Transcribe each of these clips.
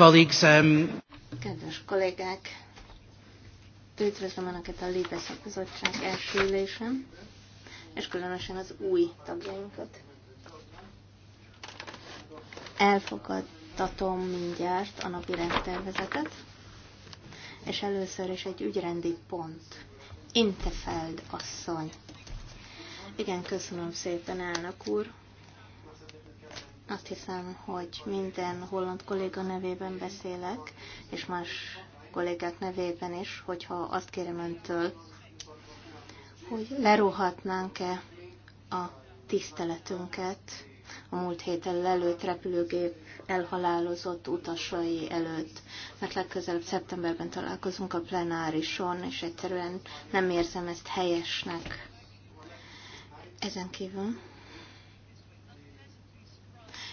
colleagues, um... Kedves kollégák, üdvözlöm Önöket a Libeszak Bizottság első ülésen, és különösen az új tagjainkat. Elfogadtatom mindjárt a napi rendtervezetet, és először is egy ügyrendi pont. Intefeld asszony. Igen, köszönöm szépen, elnök úr azt hiszem, hogy minden holland kolléga nevében beszélek, és más kollégák nevében is, hogyha azt kérem öntől, hogy leruhatnánk-e a tiszteletünket a múlt héten lelőtt repülőgép elhalálozott utasai előtt, mert legközelebb szeptemberben találkozunk a plenárison, és egyszerűen nem érzem ezt helyesnek. Ezen kívül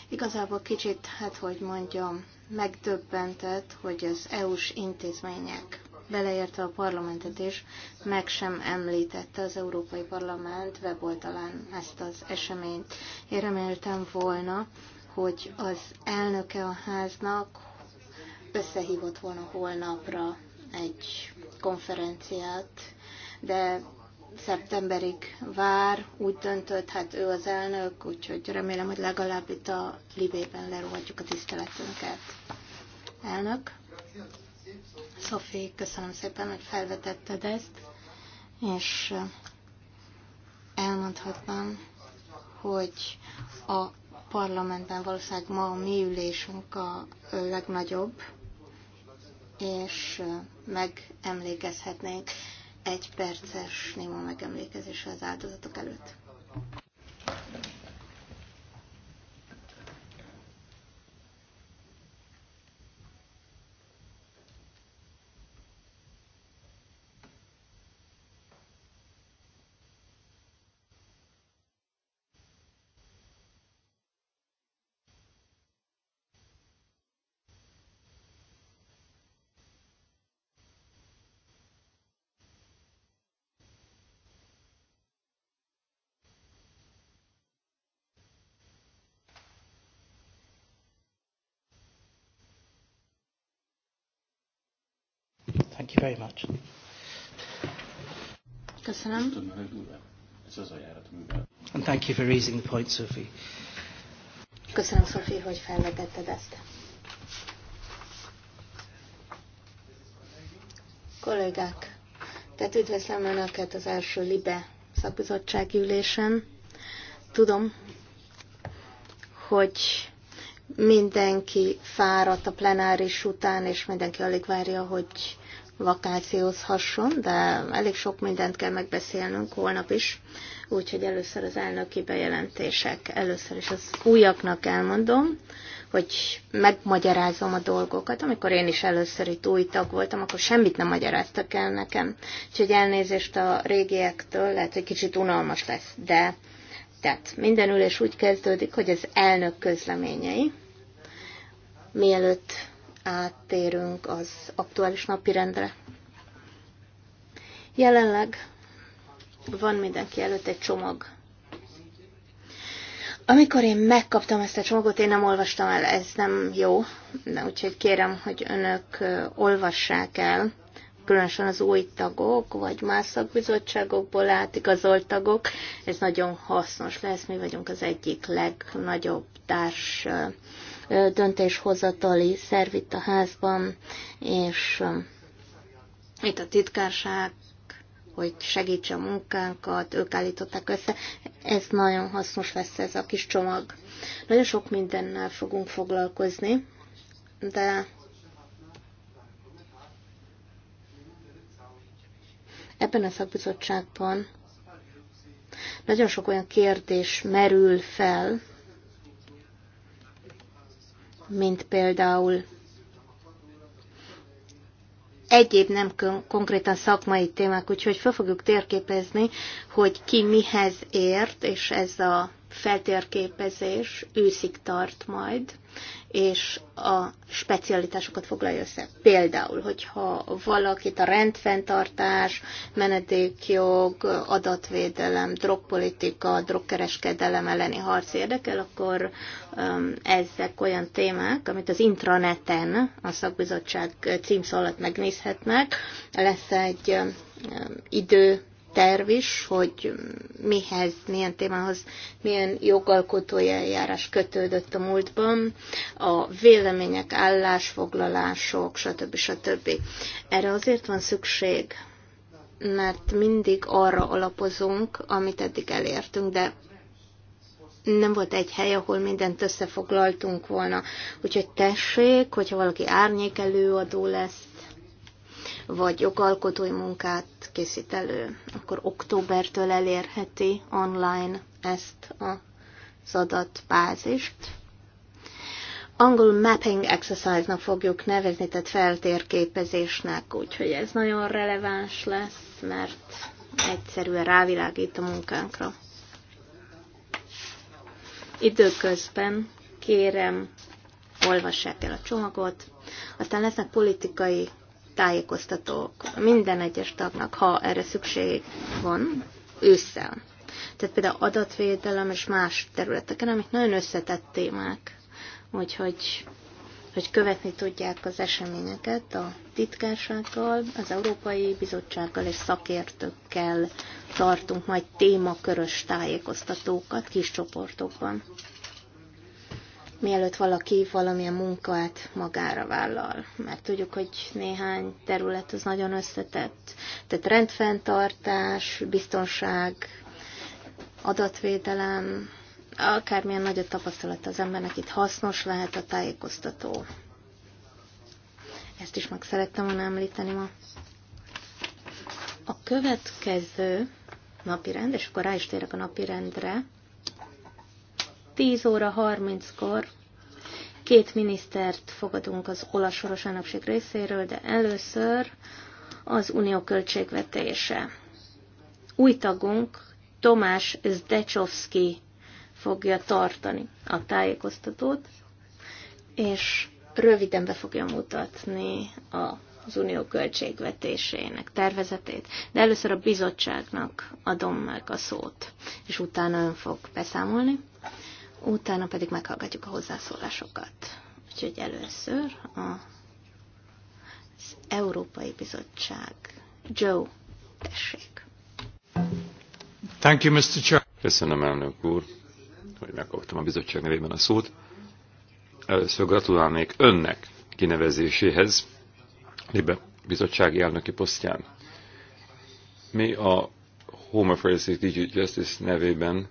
Igazából kicsit, hát hogy mondjam, megdöbbentett, hogy az EU-s intézmények, beleértve a parlamentet is, meg sem említette az Európai Parlament weboldalán ezt az eseményt. Én reméltem volna, hogy az elnöke a háznak összehívott volna holnapra egy konferenciát, de szeptemberig vár, úgy döntött, hát ő az elnök, úgyhogy remélem, hogy legalább itt a libében lerúhatjuk a tiszteletünket. Elnök, Szofi, köszönöm szépen, hogy felvetetted ezt, és elmondhatnám, hogy a parlamentben valószínűleg ma a mi ülésünk a legnagyobb, és megemlékezhetnénk egy perces néma megemlékezése az áldozatok előtt. very much. Köszönöm. And thank you for raising the point, Sophie. Köszönöm, Sophie, hogy felvetetted ezt. Kollégák, tehát üdvözlöm Önöket az első LIBE szakbizottsági ülésen. Tudom, hogy mindenki fáradt a plenáris után, és mindenki alig várja, hogy vakációzhasson, de elég sok mindent kell megbeszélnünk holnap is, úgyhogy először az elnöki bejelentések, először is az újaknak elmondom, hogy megmagyarázom a dolgokat. Amikor én is először itt új tag voltam, akkor semmit nem magyaráztak el nekem. Úgyhogy elnézést a régiektől, lehet, hogy kicsit unalmas lesz, de tehát minden ülés úgy kezdődik, hogy az elnök közleményei, mielőtt áttérünk az aktuális napirendre. Jelenleg van mindenki előtt egy csomag. Amikor én megkaptam ezt a csomagot, én nem olvastam el, ez nem jó, de úgyhogy kérem, hogy önök olvassák el, különösen az új tagok, vagy más szakbizottságokból átigazolt tagok, ez nagyon hasznos lesz, mi vagyunk az egyik legnagyobb társ döntéshozatali szerv itt a házban, és itt a titkárság, hogy segítse a munkánkat, ők állították össze. Ez nagyon hasznos lesz ez a kis csomag. Nagyon sok mindennel fogunk foglalkozni, de ebben a szakbizottságban nagyon sok olyan kérdés merül fel, mint például egyéb nem konkrétan szakmai témák, úgyhogy fel fogjuk térképezni, hogy ki mihez ért, és ez a feltérképezés őszig tart majd, és a specialitásokat foglalja össze. Például, hogyha valakit a rendfenntartás, menedékjog, adatvédelem, drogpolitika, drogkereskedelem elleni harc érdekel, akkor um, ezek olyan témák, amit az intraneten a szakbizottság címszó alatt megnézhetnek. Lesz egy um, idő terv is, hogy mihez, milyen témához, milyen jogalkotói eljárás kötődött a múltban, a vélemények, állásfoglalások, stb. stb. Erre azért van szükség, mert mindig arra alapozunk, amit eddig elértünk, de nem volt egy hely, ahol mindent összefoglaltunk volna. Úgyhogy tessék, hogyha valaki árnyékelőadó lesz, vagy jogalkotói munkát készít elő, akkor októbertől elérheti online ezt az adatbázist. Angol mapping exercise-nak fogjuk nevezni, tehát feltérképezésnek, úgyhogy ez nagyon releváns lesz, mert egyszerűen rávilágít a munkánkra. Időközben kérem, olvassák el a csomagot, aztán lesznek politikai tájékoztatók minden egyes tagnak, ha erre szükség van, ősszel. Tehát például adatvédelem és más területeken, amik nagyon összetett témák. Úgyhogy hogy követni tudják az eseményeket a titkársággal, az Európai Bizottsággal és szakértőkkel tartunk majd témakörös tájékoztatókat kis csoportokban mielőtt valaki valamilyen munkát magára vállal. Mert tudjuk, hogy néhány terület az nagyon összetett. Tehát rendfenntartás, biztonság, adatvédelem, akármilyen nagy a tapasztalat az embernek, itt hasznos lehet a tájékoztató. Ezt is meg szerettem volna említeni ma. A következő napi rend, és akkor rá is térek a napi rendre, 10 óra 30-kor két minisztert fogadunk az olasz soros elnökség részéről, de először az unió költségvetése. Új tagunk Tomás Zdechowski fogja tartani a tájékoztatót, és röviden be fogja mutatni a az unió költségvetésének tervezetét, de először a bizottságnak adom meg a szót, és utána ön fog beszámolni utána pedig meghallgatjuk a hozzászólásokat. Úgyhogy először a, az Európai Bizottság. Joe, tessék. Thank you, Mr. Chair. Köszönöm, elnök úr, hogy megkaptam a bizottság nevében a szót. Először gratulálnék önnek kinevezéséhez, Libe bizottsági elnöki posztján. Mi a Home Affairs Digital Justice nevében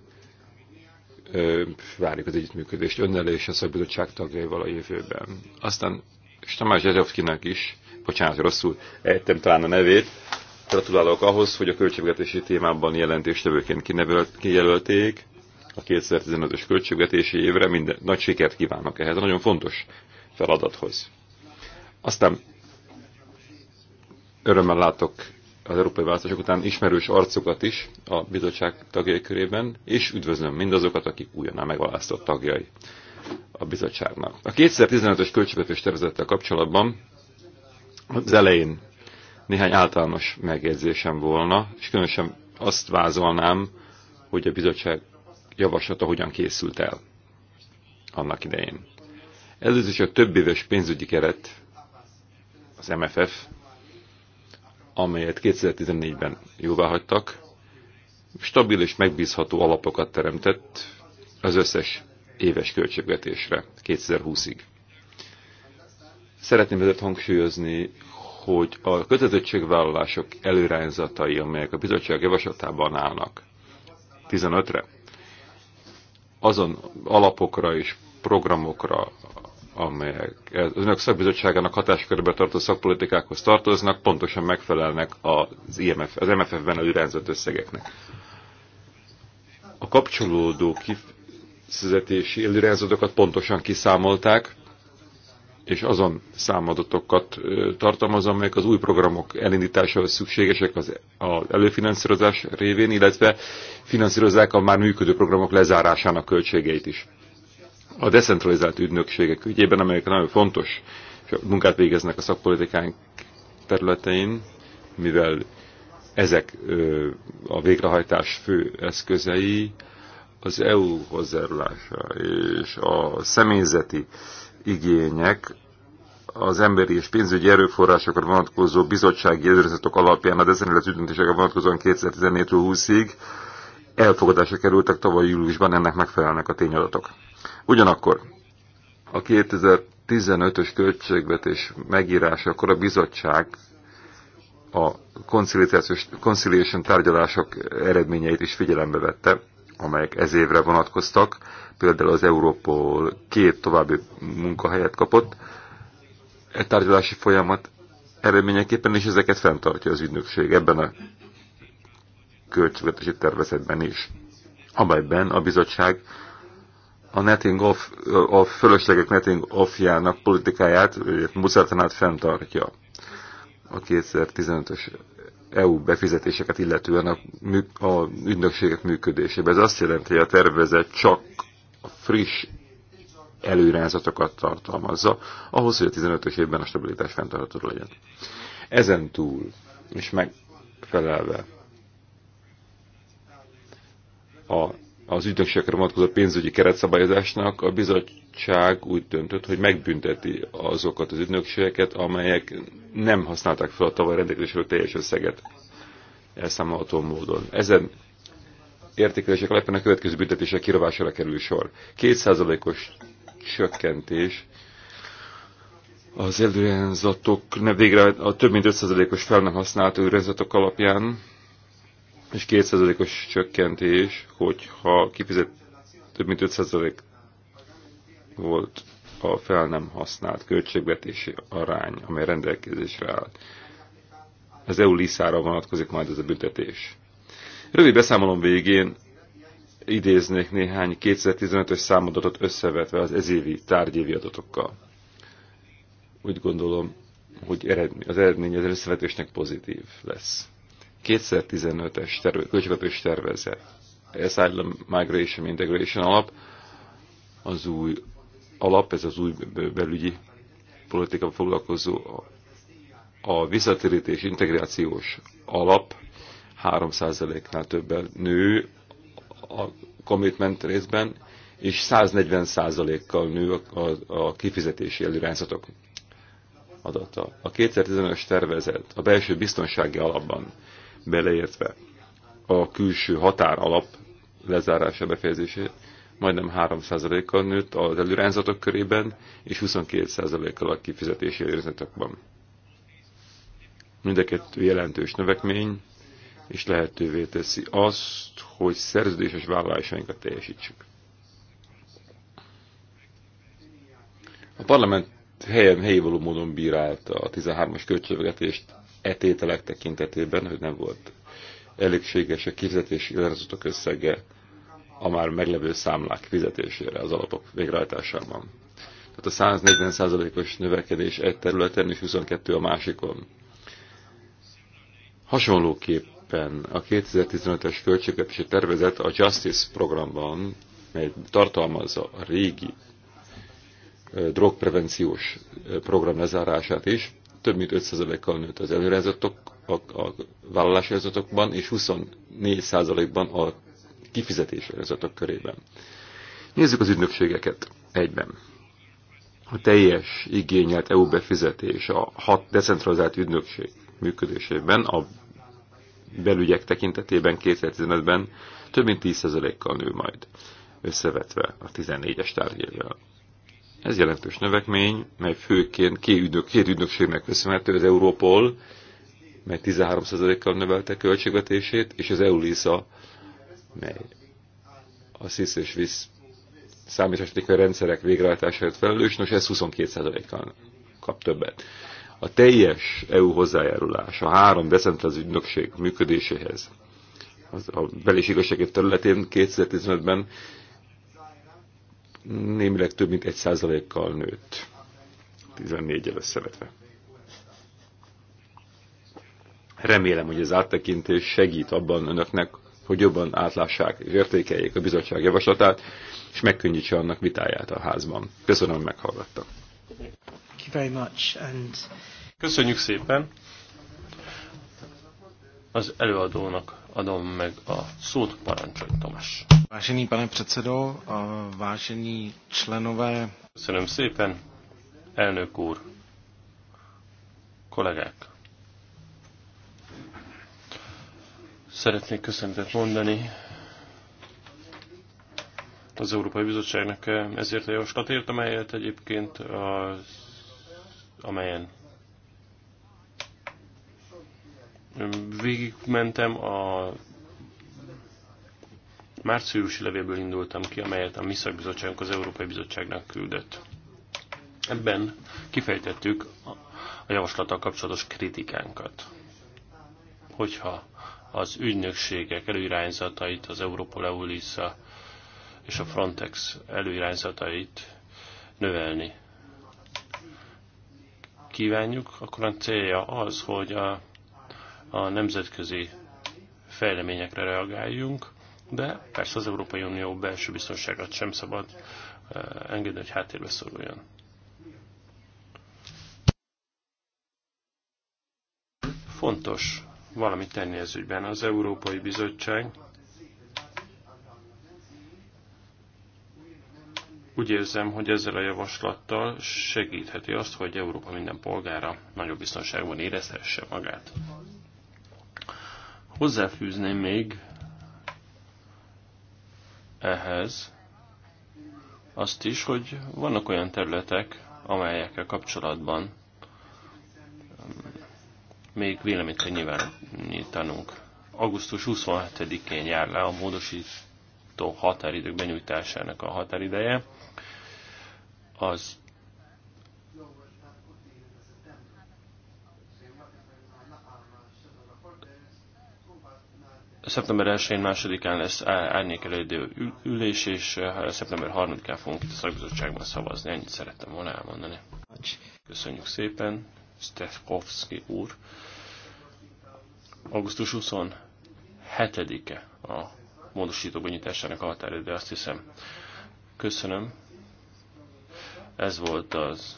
várjuk az együttműködést önnel és a szakbizottság tagjaival a jövőben. Aztán Tamás Zsezsovszkinek is, bocsánat, rosszul ejtem talán a nevét, gratulálok ahhoz, hogy a költségvetési témában jelentéstevőként kijelölték a 2015-ös költségvetési évre, minden, nagy sikert kívánok ehhez, nagyon fontos feladathoz. Aztán örömmel látok az európai választások után ismerős arcokat is a bizottság tagjai körében, és üdvözlöm mindazokat, akik újonnan megválasztott tagjai a bizottságnak. A 2015-ös költségvetés tervezettel kapcsolatban az elején néhány általános megjegyzésem volna, és különösen azt vázolnám, hogy a bizottság javaslata hogyan készült el annak idején. Először is a több éves pénzügyi keret, az MFF amelyet 2014-ben jóvá hagytak, stabil és megbízható alapokat teremtett az összes éves költségvetésre 2020-ig. Szeretném ezért hangsúlyozni, hogy a kötelezettségvállalások előrányzatai, amelyek a bizottság javaslatában állnak 15-re, azon alapokra és programokra, amelyek az önök szakbizottságának hatáskörbe tartó szakpolitikákhoz tartoznak, pontosan megfelelnek az, IMF, az MFF-ben előrendezett összegeknek. A kapcsolódó kifizetési előrendezőket pontosan kiszámolták, és azon számadatokat tartalmaz, amelyek az új programok elindításához szükségesek az, az előfinanszírozás révén, illetve finanszírozzák a már működő programok lezárásának költségeit is a decentralizált ügynökségek ügyében, amelyek nagyon fontos munkát végeznek a szakpolitikánk területein, mivel ezek a végrehajtás fő eszközei, az EU hozzárulása és a személyzeti igények az emberi és pénzügyi erőforrásokat vonatkozó bizottsági előzetok alapján a decentralizált ügynökségekre vonatkozóan 2014-20-ig elfogadásra kerültek tavaly júliusban, ennek megfelelnek a tényadatok. Ugyanakkor a 2015-ös költségvetés akkor a bizottság a conciliation tárgyalások eredményeit is figyelembe vette, amelyek ez évre vonatkoztak. Például az Európol két további munkahelyet kapott. E tárgyalási folyamat eredményeképpen is ezeket fenntartja az ügynökség ebben a költségvetési tervezetben is, amelyben a bizottság a netting off, a fölöslegek netting offjának politikáját Mozarten át fenntartja a 2015-ös EU befizetéseket illetően a, a ügynökségek működésében. Ez azt jelenti, hogy a tervezet csak a friss előrázatokat tartalmazza, ahhoz, hogy a 15-ös évben a stabilitás fenntartható legyen. Ezen túl, és megfelelve a az ügynökségekre vonatkozó pénzügyi keretszabályozásnak a bizottság úgy döntött, hogy megbünteti azokat az ügynökségeket, amelyek nem használták fel a tavaly rendelkezésről teljes összeget elszámolható módon. Ezen értékelések alapján a következő büntetések kirovására kerül sor. Kétszázalékos csökkentés az előrenzatok, nem végre a több mint 5%-os fel nem használt előrenzatok alapján és 2%-os csökkentés, hogyha kifizet több mint 5% volt a fel nem használt költségvetési arány, amely rendelkezésre állt. Az EU liszára vonatkozik majd ez a büntetés. Rövid beszámolom végén idéznék néhány 2015-ös számadatot összevetve az ezévi tárgyévi adatokkal. Úgy gondolom, hogy az eredmény az összevetésnek pozitív lesz. 2015-es költségvetős költségvetés tervezet, Asylum Migration Integration alap, az új alap, ez az új belügyi politika foglalkozó a visszatérítés integrációs alap 3%-nál többen nő a commitment részben, és 140%-kal nő a, a, a kifizetési előrányzatok adata. A 2015-ös tervezet a belső biztonsági alapban beleértve a külső határ alap lezárása, befejezése majdnem 3%-kal nőtt az előrányzatok körében, és 22%-kal a kifizetési előrányzatokban. Mindeket jelentős növekmény, és lehetővé teszi azt, hogy szerződéses vállalásainkat teljesítsük. A parlament helyen, helyi való módon bírálta a 13-as költségvetést etételek tekintetében, hogy nem volt elégséges a kifizetési önrezatok összege a már meglevő számlák fizetésére az alapok végrehajtásában. Tehát a 140%-os növekedés egy területen és 22 a másikon. Hasonlóképpen a 2015-es költségvetési tervezet a Justice programban, mely tartalmazza a régi drogprevenciós program lezárását is, több mint 5%-kal nőtt az előrejelzatok, a, a vállalási előrejelzatokban, és 24%-ban a kifizetési előrejelzatok körében. Nézzük az ügynökségeket egyben. A teljes igényelt EU befizetés a hat decentralizált ügynökség működésében, a belügyek tekintetében 2015-ben több mint 10%-kal nő majd, összevetve a 14-es tárgyével. Ez jelentős növekmény, mely főként két, ügynök, két ügynökségnek köszönhető az Európol, mely 13%-kal növelte költségvetését, és az EULISA, mely a SIS és VISZ számítástechnikai rendszerek végrehajtásáért felelős, nos ez 22%-kal kap többet. A teljes EU hozzájárulás a három decentralizált ügynökség működéséhez az a bel- és területén 2015-ben némileg több mint egy százalékkal nőtt, 14 éves szeretve. Remélem, hogy ez áttekintés segít abban önöknek, hogy jobban átlássák és értékeljék a bizottság javaslatát, és megkönnyítse annak vitáját a házban. Köszönöm, hogy meghallgattam. Köszönjük szépen az előadónak adom meg a szót, parancsolj Tomás. Vážený pane předsedo, vážení členové. Köszönöm szépen, elnök úr, kollégák. Szeretnék köszöntet mondani az Európai Bizottságnak ezért a javaslatért, amelyet egyébként az, amelyen Végigmentem a márciusi levélből indultam ki, amelyet a mi szakbizottságunk az Európai Bizottságnak küldött. Ebben kifejtettük a javaslattal kapcsolatos kritikánkat. Hogyha az ügynökségek előirányzatait, az Európol EULISA és a Frontex előirányzatait növelni kívánjuk, akkor a célja az, hogy a a nemzetközi fejleményekre reagáljunk, de persze az Európai Unió belső biztonságát sem szabad eh, engedni, hogy háttérbe szoruljon. Fontos valamit tenni ez ügyben. Az Európai Bizottság úgy érzem, hogy ezzel a javaslattal segítheti azt, hogy Európa minden polgára nagyobb biztonságban érezhesse magát. Hozzáfűzném még ehhez azt is, hogy vannak olyan területek, amelyekkel kapcsolatban um, még véleményt kell nyilvánítanunk. Augusztus 27-én jár le a módosító határidők benyújtásának a határideje. Az szeptember 1-én, 2-án lesz árnyékelődő ülés, és eh, szeptember 3-án fogunk itt a szakbizottságban szavazni. Ennyit szerettem volna elmondani. Köszönjük szépen, Stefkovski úr. Augusztus 27-e a módosító benyújtásának a határidő, azt hiszem. Köszönöm. Ez volt az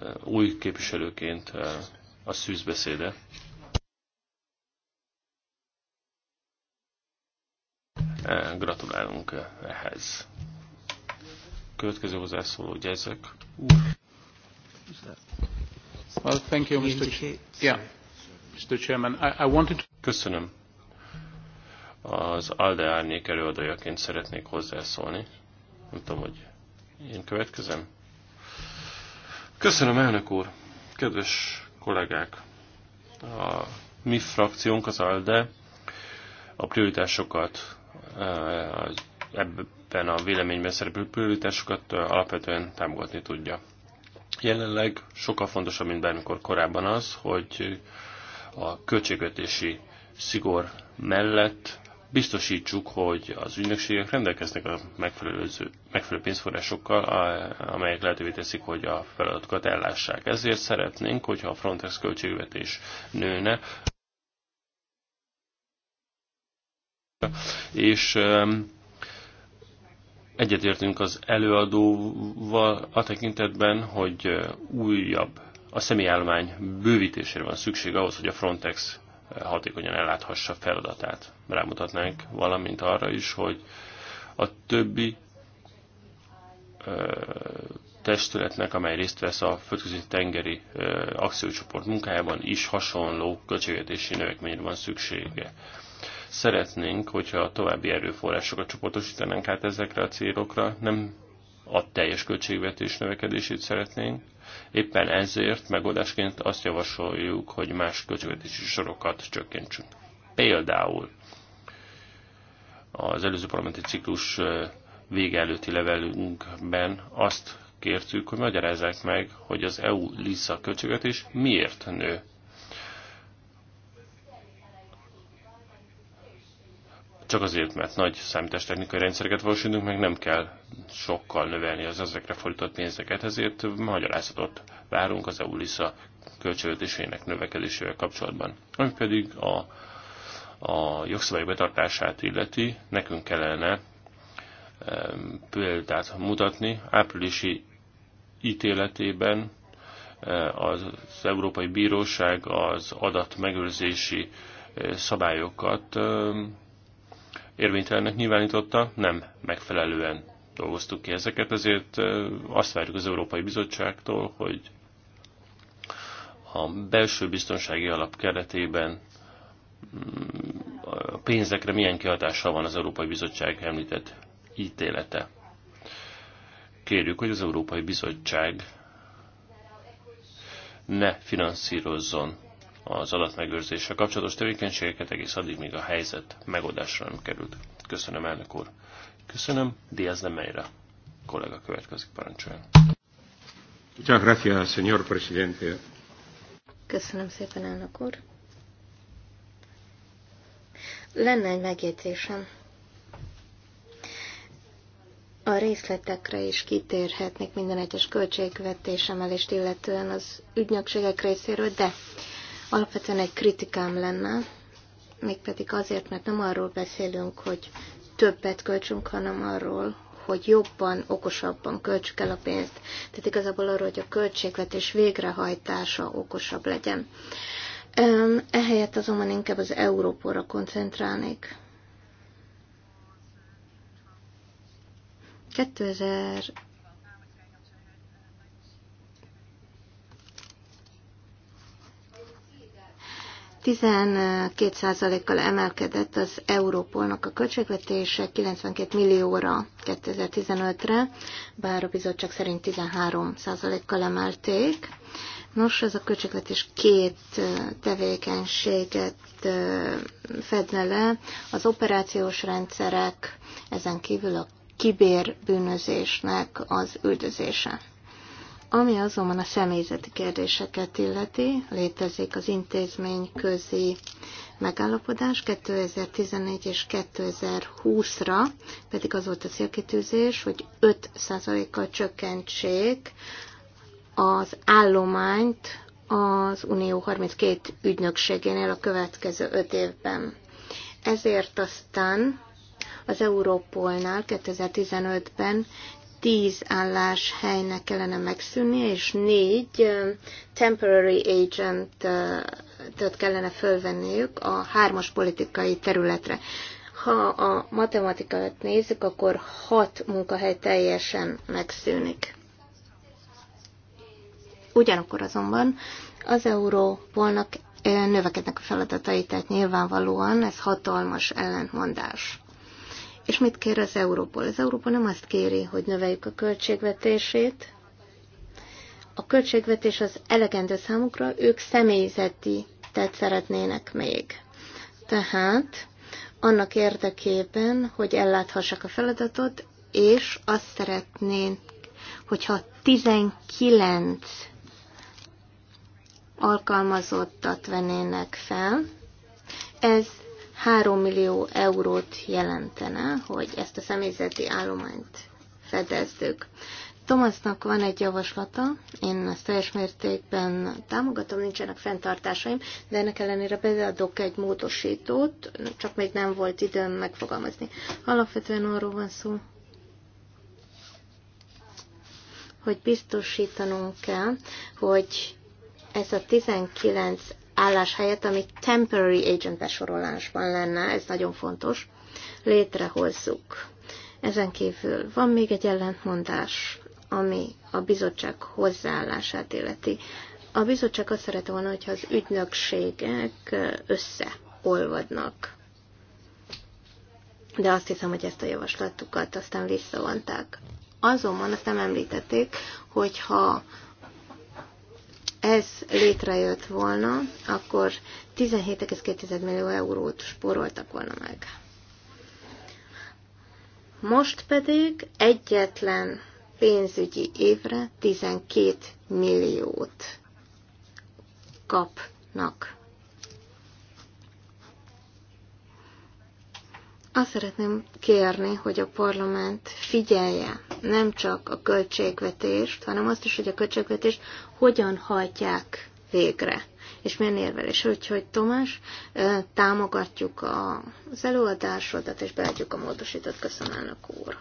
eh, új képviselőként eh, a szűzbeszéde. Gratulálunk ehhez. Következő hozzászóló gyerzek. Well, thank you, Mr. yeah. Mr. Chairman. I, I wanted to... Köszönöm. Az ALDE árnyék előadójaként szeretnék hozzászólni. Nem tudom, hogy én következem. Köszönöm, elnök úr. Kedves kollégák, a mi frakciónk, az ALDE, a prioritásokat ebben a véleményben szereplő prioritásokat alapvetően támogatni tudja. Jelenleg sokkal fontosabb, mint bármikor korábban az, hogy a költségvetési szigor mellett biztosítsuk, hogy az ügynökségek rendelkeznek a megfelelő, megfelelő pénzforrásokkal, amelyek lehetővé teszik, hogy a feladatokat ellássák. Ezért szeretnénk, hogyha a Frontex költségvetés nőne, és egyetértünk az előadóval a tekintetben, hogy újabb a személyállomány bővítésére van szükség ahhoz, hogy a Frontex hatékonyan elláthassa feladatát. Rámutatnánk valamint arra is, hogy a többi testületnek, amely részt vesz a földközi tengeri akciócsoport munkájában is hasonló költségvetési növekményre van szüksége. Szeretnénk, hogyha a további erőforrásokat csoportosítanánk át ezekre a célokra, nem a teljes költségvetés növekedését szeretnénk. Éppen ezért megoldásként azt javasoljuk, hogy más költségvetési sorokat csökkentsünk. Például az előző parlamenti ciklus vége előtti levelünkben azt kértük, hogy magyarázzák meg, hogy az EU LISZA költségvetés miért nő csak azért, mert nagy számítástechnikai rendszereket valósítunk, meg nem kell sokkal növelni az ezekre fordított pénzeket, ezért magyarázatot várunk az EULISA költségvetésének növekedésével kapcsolatban. Ami pedig a, a jogszabályok betartását illeti, nekünk kellene e, példát mutatni. Áprilisi ítéletében e, az Európai Bíróság az adatmegőrzési e, szabályokat érvénytelennek nyilvánította, nem megfelelően dolgoztuk ki ezeket, ezért azt várjuk az Európai Bizottságtól, hogy a belső biztonsági alap keretében mm, a pénzekre milyen kihatással van az Európai Bizottság említett ítélete. Kérjük, hogy az Európai Bizottság ne finanszírozzon az adatmegőrzéssel kapcsolatos tevékenységeket egész addig, míg a helyzet megoldásra nem került. Köszönöm, elnök úr. Köszönöm, Diaz de Meira. Kollega következik, parancsoljon. Muchas gracias, señor presidente. Köszönöm szépen, elnök úr. Lenne egy megjegyzésem. A részletekre is kitérhetnék minden egyes költségvetésemelést, illetően az ügynökségek részéről, de Alapvetően egy kritikám lenne, mégpedig azért, mert nem arról beszélünk, hogy többet költsünk, hanem arról, hogy jobban, okosabban költsük el a pénzt. Tehát igazából arról, hogy a költségvetés végrehajtása okosabb legyen. Ehelyett azonban inkább az Európóra koncentrálnék. 2000 12%-kal emelkedett az Európolnak a költségvetése 92 millióra 2015-re, bár a bizottság szerint 13%-kal emelték. Nos, ez a költségvetés két tevékenységet fedne le, az operációs rendszerek, ezen kívül a kibérbűnözésnek az üldözése. Ami azonban a személyzeti kérdéseket illeti, létezik az intézmény közi megállapodás 2014 és 2020-ra, pedig az volt a célkitűzés, hogy 5%-kal csökkentsék az állományt az Unió 32 ügynökségénél a következő 5 évben. Ezért aztán az Európolnál 2015-ben tíz helynek kellene megszűnni és négy temporary agent tehát kellene fölvenniük a hármas politikai területre. Ha a matematikát nézzük, akkor hat munkahely teljesen megszűnik. Ugyanakkor azonban az európolnak növekednek a feladatai, tehát nyilvánvalóan ez hatalmas ellentmondás. És mit kér az Európa? Az Európa nem azt kéri, hogy növeljük a költségvetését. A költségvetés az elegendő számukra, ők személyzeti tehát szeretnének még. Tehát annak érdekében, hogy elláthassák a feladatot, és azt szeretnén, hogyha 19 alkalmazottat vennének fel, ez 3 millió eurót jelentene, hogy ezt a személyzeti állományt fedezzük. Thomasnak van egy javaslata, én ezt teljes mértékben támogatom, nincsenek fenntartásaim, de ennek ellenére beadok egy módosítót, csak még nem volt időm megfogalmazni. Alapvetően arról van szó, hogy biztosítanunk kell, hogy ez a 19 állás helyett, ami temporary agent besorolásban lenne, ez nagyon fontos, létrehozzuk. Ezen kívül van még egy ellentmondás, ami a bizottság hozzáállását illeti. A bizottság azt szerette volna, hogyha az ügynökségek összeolvadnak. De azt hiszem, hogy ezt a javaslatukat aztán visszavonták. Azonban azt nem említették, hogyha ez létrejött volna, akkor 17,2 millió eurót spóroltak volna meg. Most pedig egyetlen pénzügyi évre 12 milliót kapnak Azt szeretném kérni, hogy a parlament figyelje nem csak a költségvetést, hanem azt is, hogy a költségvetést hogyan hajtják végre, és milyen érvelés. Úgyhogy Tomás, támogatjuk az előadásodat, és beadjuk a módosított Köszönöm, elnök úr.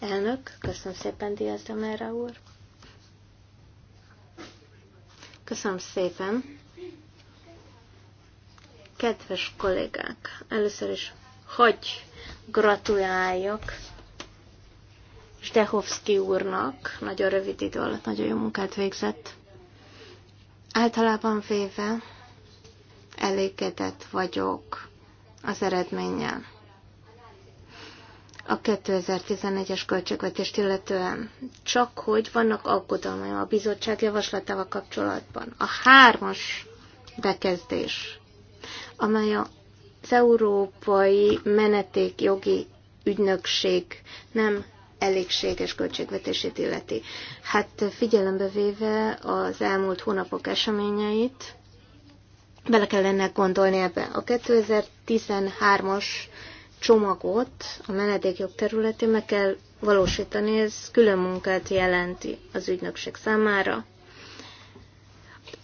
Elnök, köszönöm szépen, Diaz Damera úr. Köszönöm szépen. Kedves kollégák, először is hogy gratuláljak Stehovski úrnak, nagyon rövid idő alatt nagyon jó munkát végzett. Általában véve elégedett vagyok az eredménnyel. A 2011-es költségvetést illetően csak hogy vannak aggodalmaim a bizottság javaslatával kapcsolatban. A hármas bekezdés, amely a az Európai Menetékjogi Ügynökség nem elégséges költségvetését illeti. Hát figyelembe véve az elmúlt hónapok eseményeit, bele kellene gondolni ebbe. A 2013-as csomagot a menedékjog területén meg kell valósítani, ez külön munkát jelenti az ügynökség számára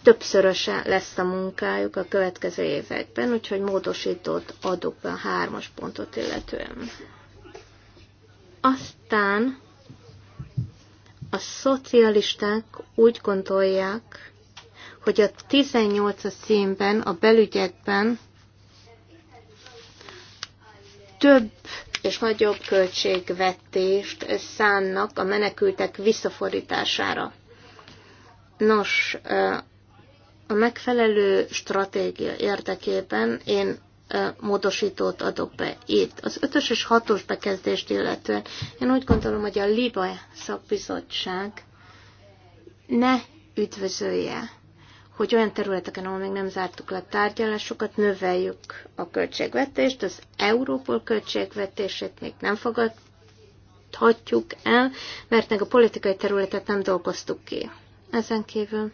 többszöröse lesz a munkájuk a következő években, úgyhogy módosított adok be a hármas pontot illetően. Aztán a szocialisták úgy gondolják, hogy a 18-as színben, a belügyekben több és nagyobb költségvetést szánnak a menekültek visszafordítására. Nos, a megfelelő stratégia érdekében én módosítót adok be itt. Az ötös és hatos bekezdést illetően én úgy gondolom, hogy a LIBA szakbizottság ne üdvözölje, hogy olyan területeken, ahol még nem zártuk le a tárgyalásokat, növeljük a költségvetést, az Európol költségvetését még nem fogadhatjuk el, mert meg a politikai területet nem dolgoztuk ki. Ezen kívül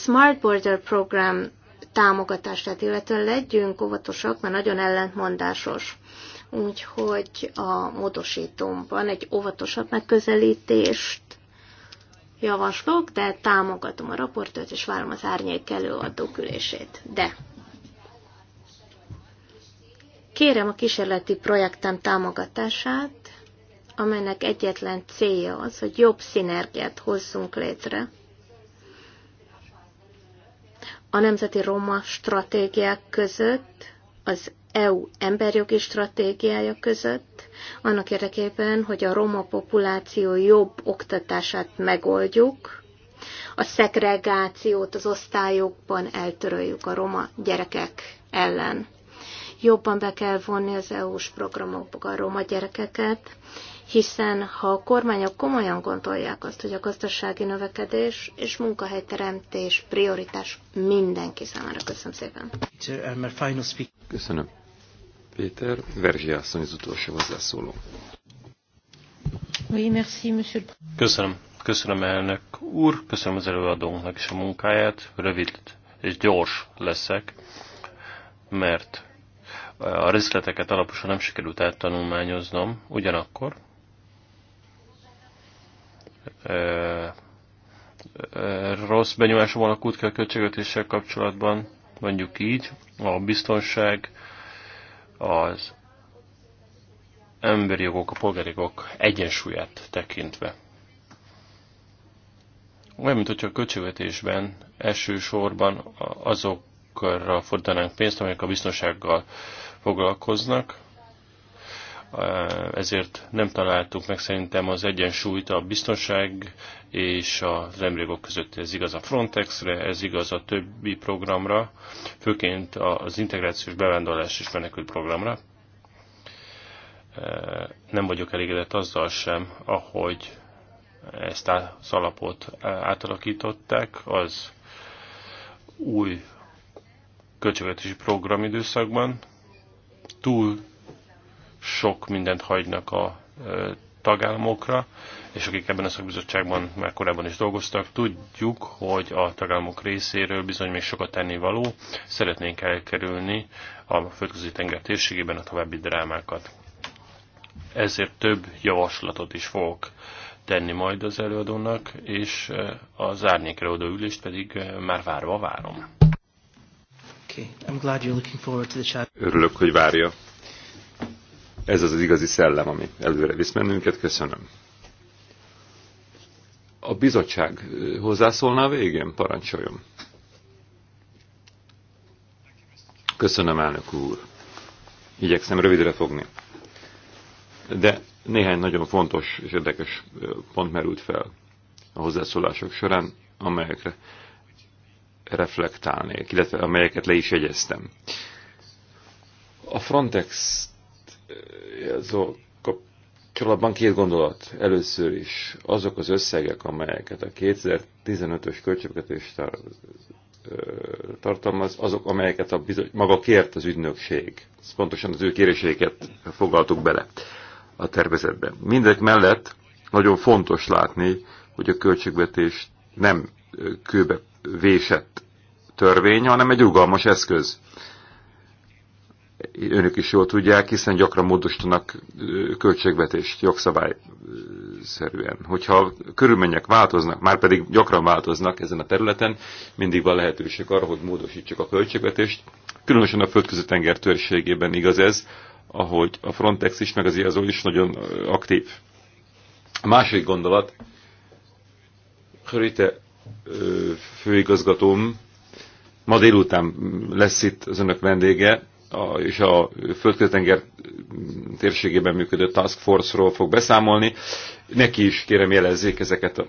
Smart Border Program támogatását, illetve legyünk óvatosak, mert nagyon ellentmondásos. Úgyhogy a módosítomban egy óvatosabb megközelítést javaslok, de támogatom a raportőt, és várom az árnyék előadó külését. De kérem a kísérleti projektem támogatását, amelynek egyetlen célja az, hogy jobb szinergiát hozzunk létre a nemzeti roma stratégiák között, az EU emberjogi stratégiája között, annak érdekében, hogy a roma populáció jobb oktatását megoldjuk, a szegregációt az osztályokban eltöröljük a roma gyerekek ellen. Jobban be kell vonni az EU-s programokba a roma gyerekeket, hiszen ha a kormányok komolyan gondolják azt, hogy a gazdasági növekedés és munkahelyteremtés prioritás mindenki számára. Köszönöm szépen. Köszönöm. Péter, Verzsia asszony az utolsó hozzászóló. Köszönöm. Köszönöm elnök úr, köszönöm az előadónknak is a munkáját. Rövid és gyors leszek, mert a részleteket alaposan nem sikerült áttanulmányoznom, ugyanakkor rossz benyomásom van a költségvetéssel kapcsolatban, mondjuk így, a biztonság, az emberi jogok, a polgári jogok egyensúlyát tekintve. Olyan, mint hogyha a költségvetésben elsősorban azokra fordítanánk pénzt, amelyek a biztonsággal foglalkoznak, ezért nem találtuk meg szerintem az egyensúlyt a biztonság és az emlékok között. Ez igaz a Frontexre, ez igaz a többi programra, főként az integrációs bevándorlás és menekült programra. E, nem vagyok elégedett azzal sem, ahogy ezt az alapot átalakították, az új költségvetési programidőszakban túl sok mindent hagynak a tagállamokra, és akik ebben a szakbizottságban már korábban is dolgoztak, tudjuk, hogy a tagállamok részéről bizony még sokat tenni való, szeretnénk elkerülni a földközi tenger térségében a további drámákat. Ezért több javaslatot is fogok tenni majd az előadónak, és az árnyékelődő ülést pedig már várva várom. Okay. I'm glad you're looking forward to the chat. Örülök, hogy várja ez az az igazi szellem, ami előre visz mennünket. Köszönöm. A bizottság hozzászólná a végén? Parancsoljon. Köszönöm, elnök úr. Igyekszem rövidre fogni. De néhány nagyon fontos és érdekes pont merült fel a hozzászólások során, amelyekre reflektálnék, illetve amelyeket le is jegyeztem. A Frontex azok kapcsolatban két gondolat. Először is azok az összegek, amelyeket a 2015-ös költségvetés tartalmaz, azok, amelyeket a bizony, maga kért az ügynökség. Ez pontosan az ő kéréseiket foglaltuk bele a tervezetben. Mindek mellett nagyon fontos látni, hogy a költségvetés nem kőbe vésett törvény, hanem egy rugalmas eszköz önök is jól tudják, hiszen gyakran módosítanak költségvetést jogszabályszerűen. Hogyha körülmények változnak, már pedig gyakran változnak ezen a területen, mindig van lehetőség arra, hogy módosítsuk a költségvetést. Különösen a földközi tenger törzségében igaz ez, ahogy a Frontex is, meg az IAZO is nagyon aktív. A másik gondolat, Hörite főigazgatóm, ma délután lesz itt az önök vendége, a, és a földközi-tenger térségében működő Task Force-ról fog beszámolni. Neki is kérem jelezzék ezeket a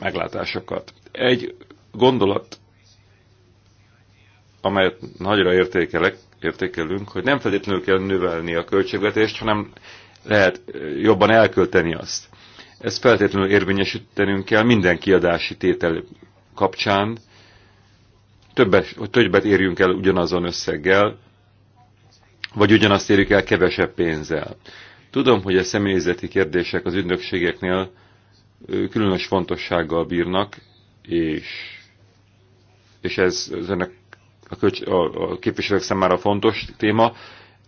meglátásokat. Egy gondolat, amelyet nagyra értékelek, értékelünk, hogy nem feltétlenül kell növelni a költségvetést, hanem lehet jobban elkölteni azt. Ezt feltétlenül érvényesítenünk kell minden kiadási tétel kapcsán, többet, hogy többet érjünk el ugyanazon összeggel, vagy ugyanazt érjük el kevesebb pénzzel. Tudom, hogy a személyzeti kérdések az ügynökségeknél különös fontossággal bírnak, és, és ez az önök a, köcs, a, a képviselők számára fontos téma,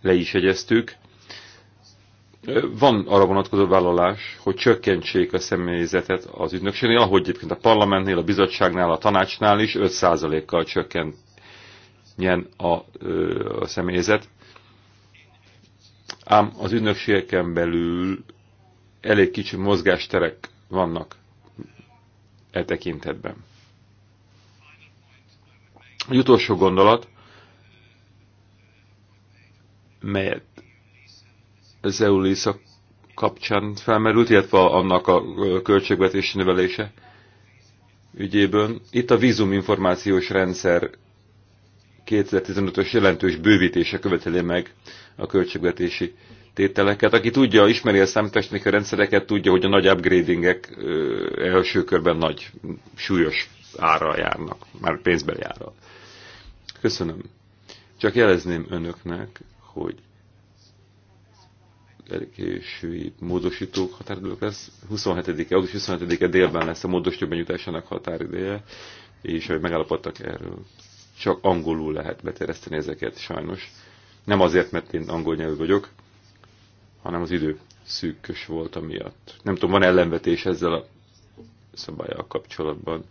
le is egyeztük. Van arra vonatkozó vállalás, hogy csökkentsék a személyzetet az ügynökségnél, ahogy egyébként a parlamentnél, a bizottságnál, a tanácsnál is 5%-kal csökkentjen a, a személyzet ám az ügynökségeken belül elég kicsi mozgásterek vannak e tekintetben. Egy utolsó gondolat, melyet az EULISA kapcsán felmerült, illetve annak a költségvetési növelése ügyében. Itt a vízuminformációs rendszer 2015-ös jelentős bővítése követeli meg a költségvetési tételeket. Aki tudja, ismeri a számítástechnikai rendszereket, tudja, hogy a nagy upgradingek első körben nagy, súlyos árral járnak, már pénzben járral. Köszönöm. Csak jelezném önöknek, hogy késői módosítók határidők lesz. 27-e, augusztus 27-e délben lesz a módosítók benyújtásának határideje, és hogy megállapodtak erről csak angolul lehet betereszteni ezeket sajnos. Nem azért, mert én angol nyelvű vagyok, hanem az idő szűkös volt amiatt. Nem tudom, van ellenvetés ezzel a szabályjal kapcsolatban.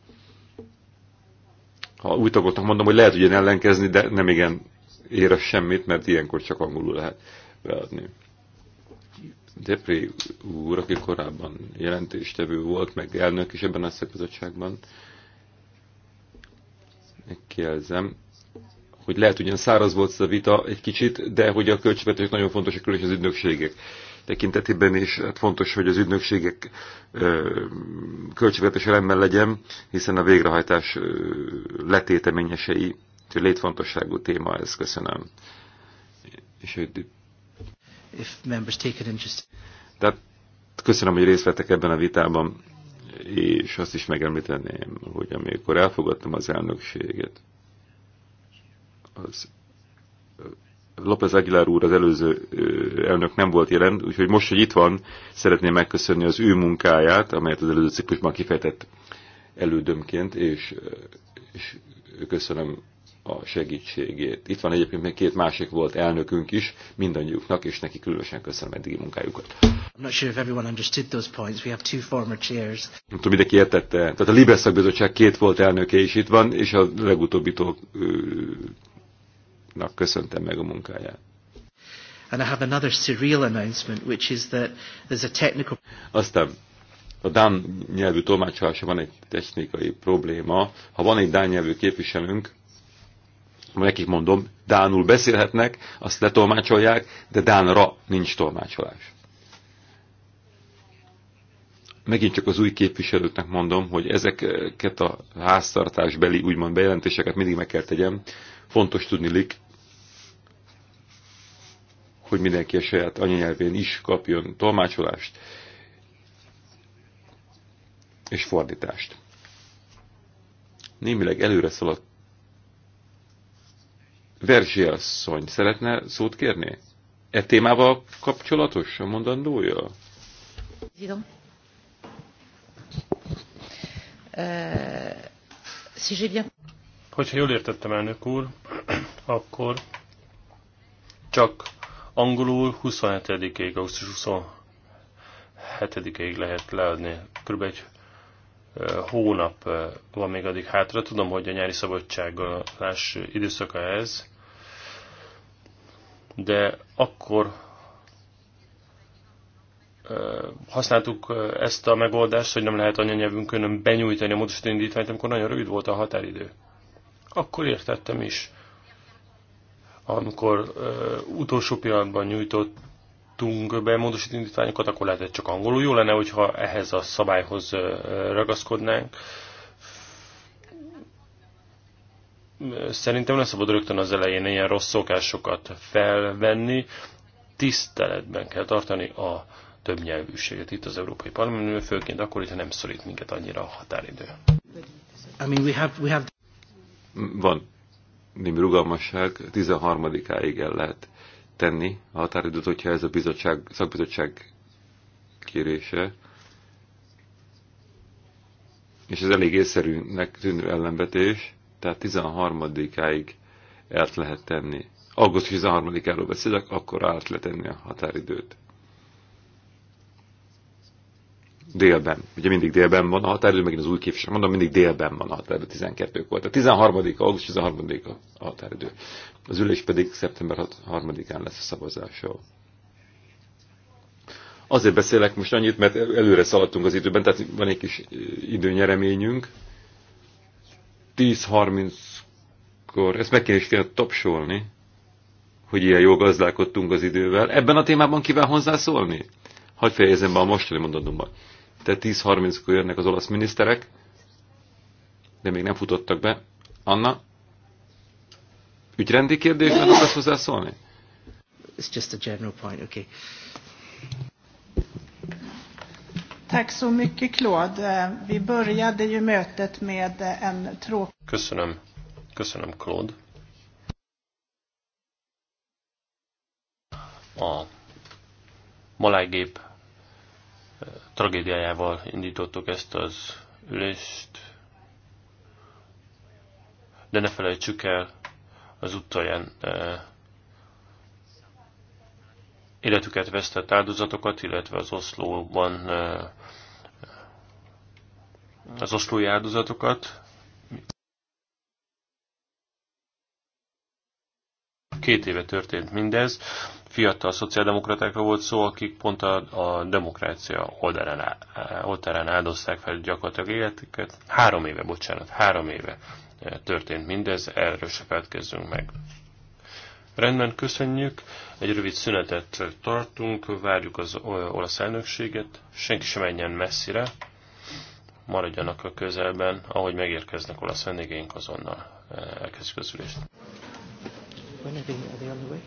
Ha úgy tagoknak mondom, hogy lehet ugyan ellenkezni, de nem igen ér semmit, mert ilyenkor csak angolul lehet beadni. Depré úr, aki korábban jelentéstevő volt, meg elnök is ebben a szakbizottságban, Kérdezem, hogy lehet ugyan száraz volt ez a vita egy kicsit, de hogy a költségvetések nagyon fontosak, különösen az ügynökségek tekintetében is hát fontos, hogy az ügynökségek költségvetés elemmel legyen, hiszen a végrehajtás ö, letéteményesei, egy létfontosságú téma ez, köszönöm. És, hogy... If members take an interest. Tehát köszönöm, hogy részt vettek ebben a vitában és azt is megemlíteném, hogy amikor elfogadtam az elnökséget, az López Aguilar úr az előző elnök nem volt jelen, úgyhogy most, hogy itt van, szeretném megköszönni az ő munkáját, amelyet az előző ciklusban kifejtett elődömként, és, és köszönöm a segítségét. Itt van egyébként még két másik volt elnökünk is, mindannyiuknak, és neki különösen köszönöm eddigi munkájukat. I'm not sure if everyone understood those points. We have two former chairs. Nem tudom, mindenki értette. Tehát a Libeszak Bizottság két volt elnöke is itt van, és a legutóbbitoknak köszöntem meg a munkáját. And I have another surreal announcement, which is that there's a technical... Aztán a dán nyelvű tolmácsolása van egy technikai probléma. Ha van egy dán nyelvű képviselőnk, nekik mondom, Dánul beszélhetnek, azt letolmácsolják, de Dánra nincs tolmácsolás. Megint csak az új képviselőknek mondom, hogy ezeket a háztartásbeli úgymond bejelentéseket mindig meg kell tegyem. Fontos tudni lik, hogy mindenki a saját anyanyelvén is kapjon tolmácsolást és fordítást némileg előre szaladt Verzsi asszony szeretne szót kérni? E témával kapcsolatos a mondandója? Tudom. Euh, Hogyha jól értettem, elnök úr, akkor csak angolul 27-ig, augusztus 27-ig lehet leadni. Körülbelül egy hónap van még addig hátra. Tudom, hogy a nyári szabadságolás időszaka ez, de akkor használtuk ezt a megoldást, hogy nem lehet anyanyelvünkön benyújtani a módosító indítványt, amikor nagyon rövid volt a határidő. Akkor értettem is, amikor utolsó pillanatban nyújtott nyújtottunk be módosító indítványokat, akkor lehet hogy csak angolul. Jó lenne, hogyha ehhez a szabályhoz ragaszkodnánk. Szerintem nem szabad rögtön az elején ilyen rossz szokásokat felvenni. Tiszteletben kell tartani a többnyelvűséget itt az Európai Parlamentben, főként akkor, hogyha nem szorít minket annyira a határidő. I mean, we have, we have... Van némi rugalmasság, 13-áig el lehet tenni a határidőt, hogyha ez a bizottság, szakbizottság kérése. És ez elég észszerűnek tűnő ellenvetés, tehát 13-áig el lehet tenni. Augusztus 13-áról beszélek, akkor át lehet tenni a határidőt délben. Ugye mindig délben van a határidő, megint az új képviselő, mondom, mindig délben van a határidő, 12 volt. A 13 augusztus 13 a határidő. Az ülés pedig szeptember 3-án lesz a szavazása. Azért beszélek most annyit, mert előre szaladtunk az időben, tehát van egy kis időnyereményünk. 10.30-kor, ezt meg kéne is kéne tapsolni, hogy ilyen jól gazdálkodtunk az idővel. Ebben a témában kíván hozzászólni? Hadd fejezem be a mostani mondatomban de 10.30-kor jönnek az olasz miniszterek, de még nem futottak be. Anna, ügyrendi kérdésben akarsz hozzászólni? It's just a general point, okay. Tack så mycket Claude. Vi började ju mötet med en tråk... Köszönöm. Köszönöm Claude. A malágép tragédiájával indítottuk ezt az ülést, de ne felejtsük el az utolsó eh, életüket vesztett áldozatokat, illetve az oszlóban eh, az oszlói áldozatokat. Két éve történt mindez, fiatal szociáldemokratákra volt szó, akik pont a, a demokrácia oldalán, oldalán áldozták fel gyakorlatilag életüket. Három éve, bocsánat, három éve e, történt mindez, erről se feltkezzünk meg. Rendben, köszönjük. Egy rövid szünetet tartunk, várjuk az olasz elnökséget. Senki sem menjen messzire, maradjanak a közelben, ahogy megérkeznek olasz vendégeink azonnal e, elkezdjük az ülést. When are they, are they way?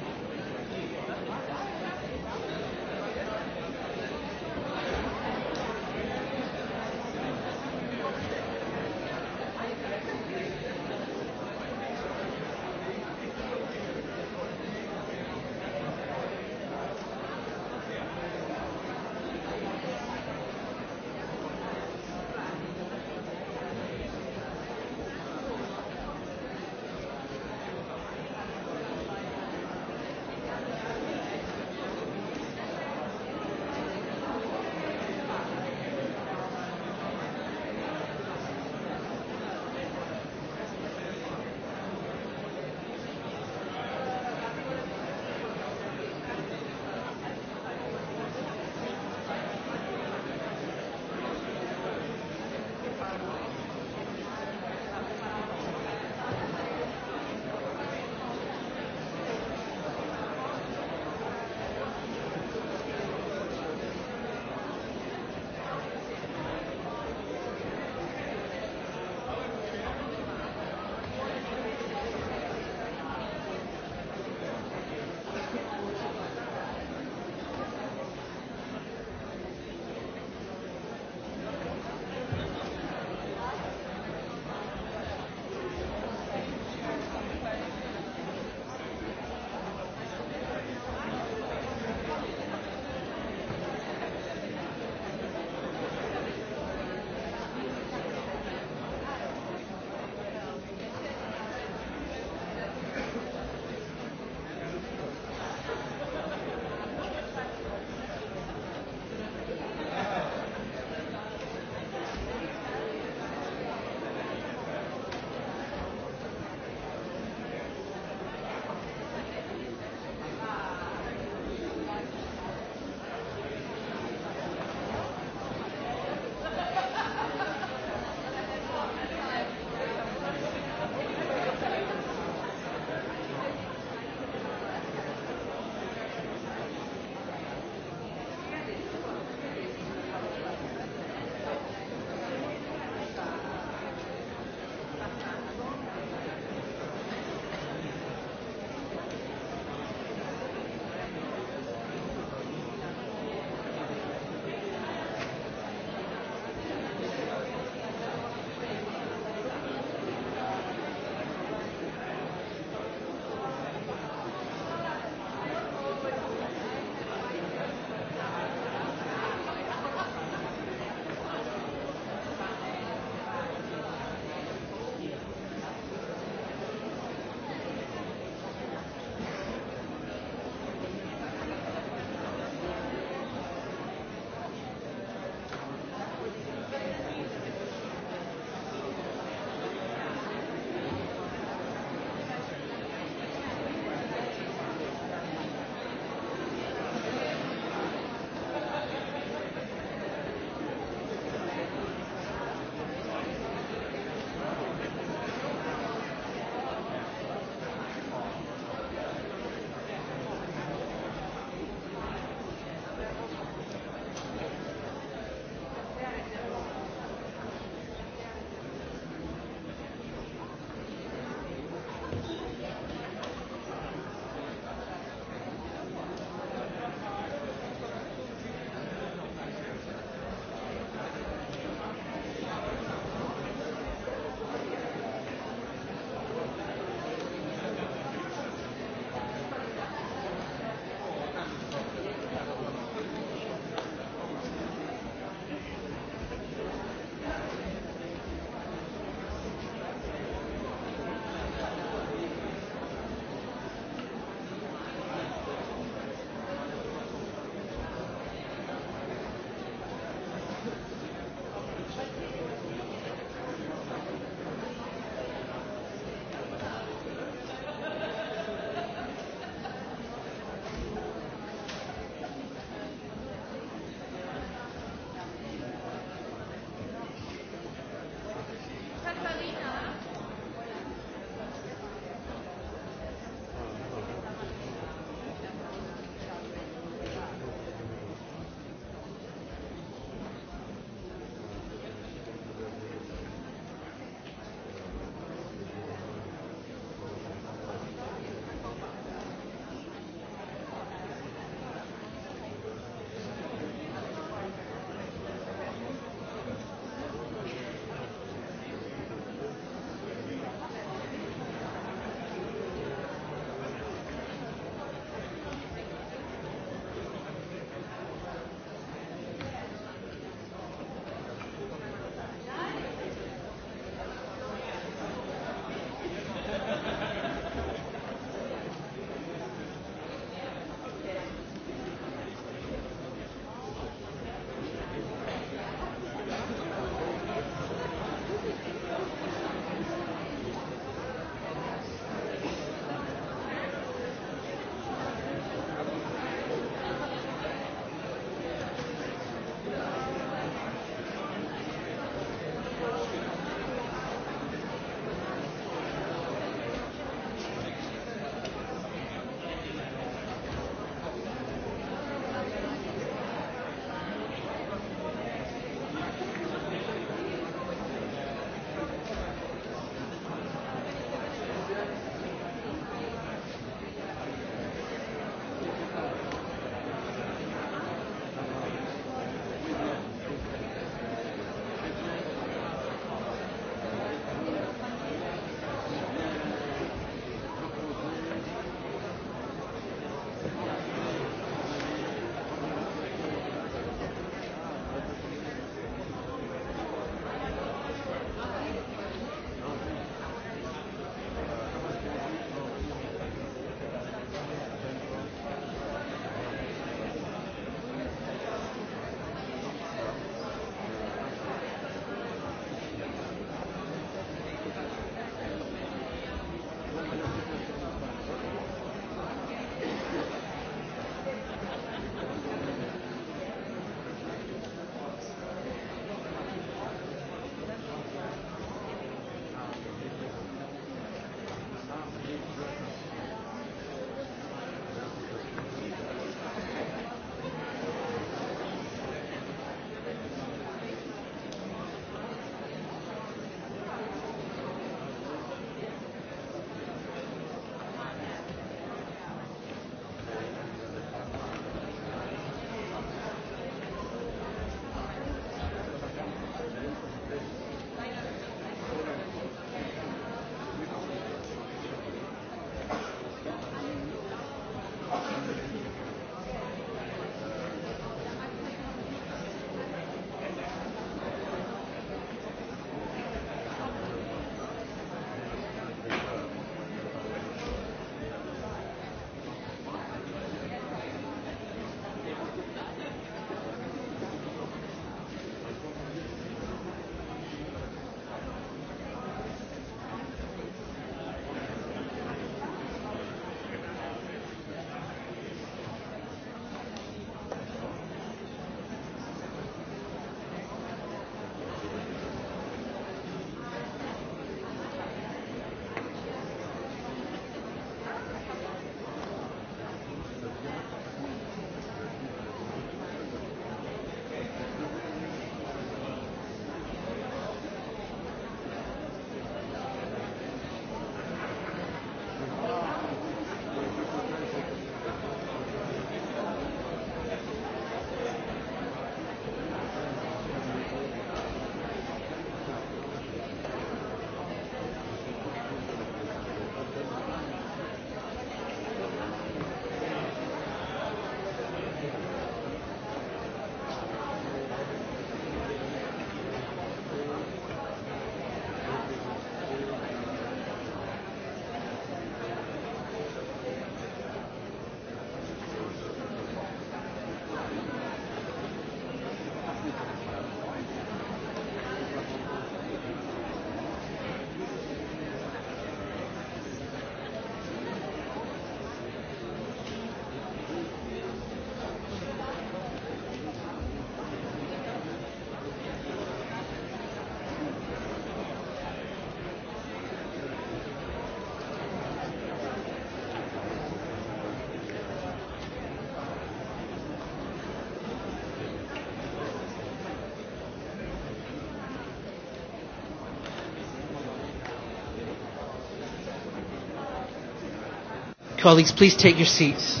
Colleagues, please take your seats.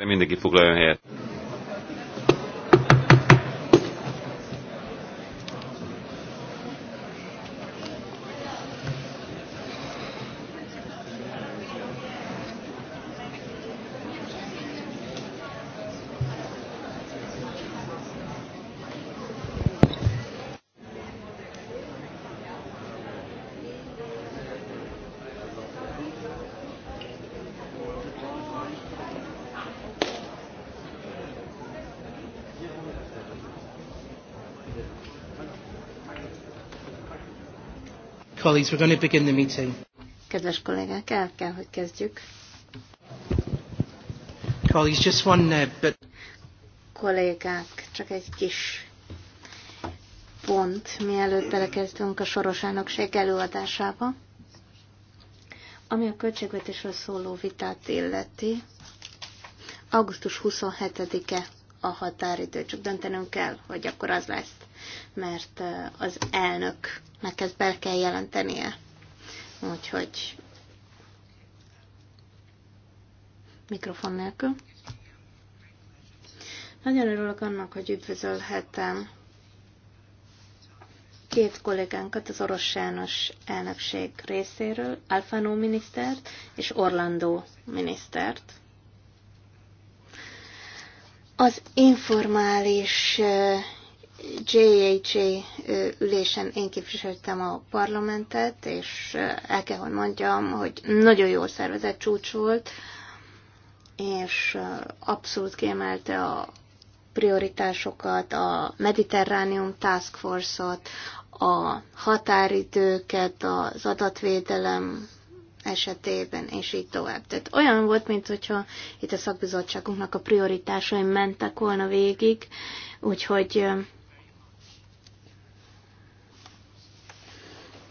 Mindenki foglaljon helyet. colleagues, we're going to begin the meeting. Kedves kollégák, el kell, hogy kezdjük. Colleagues, just one, uh, but... Kollégák, csak egy kis pont, mielőtt belekezdünk a soros elnökség előadásába. Ami a költségvetésről szóló vitát illeti, augusztus 27-e a határidő, csak döntenünk kell, hogy akkor az lesz, mert uh, az elnök mert ezt be kell jelentenie. Úgyhogy mikrofon nélkül. Nagyon örülök annak, hogy üdvözölhetem két kollégánkat az orosz János elnökség részéről, Alfano minisztert és Orlandó minisztert. Az informális JHA ülésen én képviseltem a parlamentet, és el kell, hogy mondjam, hogy nagyon jól szervezett csúcs volt, és abszolút kiemelte a prioritásokat, a Mediterránium Task Force-ot, a határidőket, az adatvédelem esetében, és így tovább. Tehát olyan volt, hogyha itt a szakbizottságunknak a prioritásai mentek volna végig, úgyhogy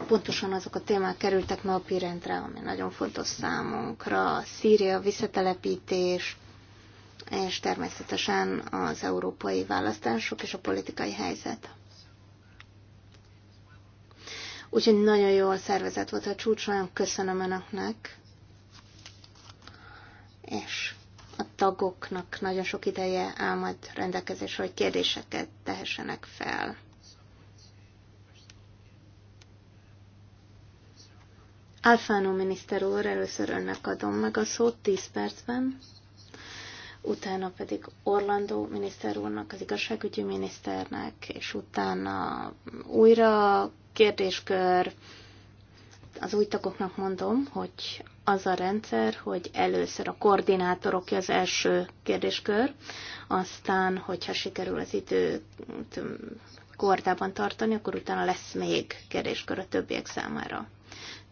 pontosan azok a témák kerültek napirendre, ami nagyon fontos számunkra, Szíria visszatelepítés, és természetesen az európai választások és a politikai helyzet. Úgyhogy nagyon jól szervezett volt a csúcs, nagyon köszönöm Önöknek, és a tagoknak nagyon sok ideje áll majd rendelkezésre, hogy kérdéseket tehessenek fel. Alfánó miniszter úr, először önnek adom meg a szót 10 percben, utána pedig Orlandó miniszter úrnak, az igazságügyi miniszternek, és utána újra kérdéskör. Az új tagoknak mondom, hogy az a rendszer, hogy először a koordinátorok az első kérdéskör, aztán, hogyha sikerül az időt mm, kordában tartani, akkor utána lesz még kérdéskör a többiek számára.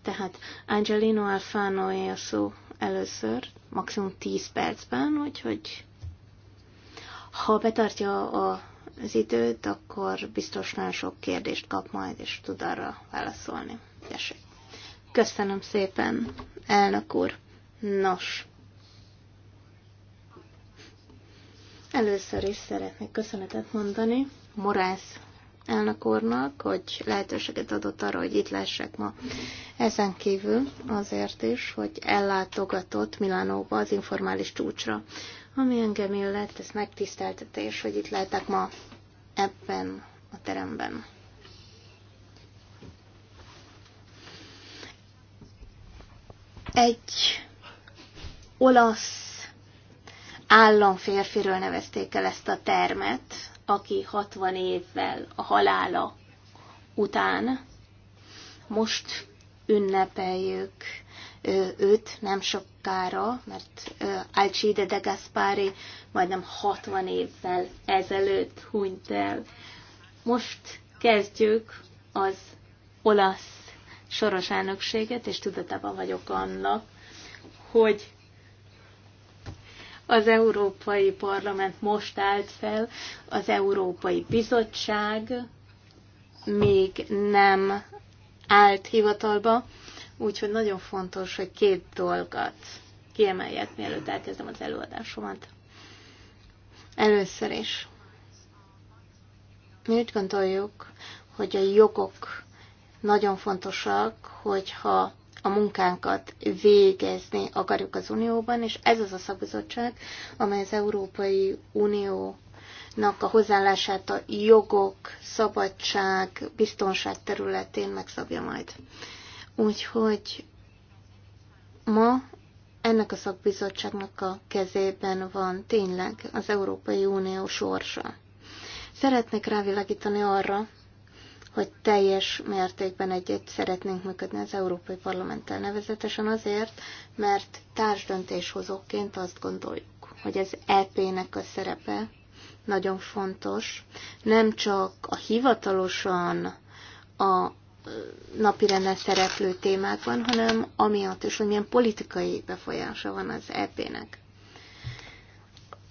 Tehát Angelino alfano a szó először, maximum 10 percben, úgyhogy ha betartja a az időt, akkor biztos nagyon sok kérdést kap majd, és tud arra válaszolni. Tessék. Köszönöm szépen, elnök úr. Nos. Először is szeretnék köszönetet mondani Morász elnök úrnak, hogy lehetőséget adott arra, hogy itt lássák ma. Ezen kívül azért is, hogy ellátogatott Milánóba az informális csúcsra. Ami engem illet, ez megtiszteltetés, hogy itt lehetek ma ebben a teremben. Egy olasz államférfiről nevezték el ezt a termet, aki 60 évvel a halála után most ünnepeljük őt nem sokára, mert Alcide de Gaspari majdnem 60 évvel ezelőtt hunyt el. Most kezdjük az olasz soros elnökséget, és tudatában vagyok annak, hogy az Európai Parlament most állt fel, az Európai Bizottság még nem állt hivatalba, úgyhogy nagyon fontos, hogy két dolgot kiemeljek, mielőtt elkezdem az előadásomat. Először is. Mi úgy gondoljuk, hogy a jogok nagyon fontosak, hogyha a munkánkat végezni akarjuk az Unióban, és ez az a szakbizottság, amely az Európai Uniónak a hozzáállását a jogok, szabadság, biztonság területén megszabja majd. Úgyhogy ma ennek a szakbizottságnak a kezében van tényleg az Európai Unió sorsa. Szeretnék rávilágítani arra, hogy teljes mértékben egyet szeretnénk működni az Európai Parlamenttel, nevezetesen azért, mert társdöntéshozóként azt gondoljuk, hogy az EP-nek a szerepe nagyon fontos, nem csak a hivatalosan a napirenden szereplő témákban, hanem amiatt is, hogy milyen politikai befolyása van az EP-nek.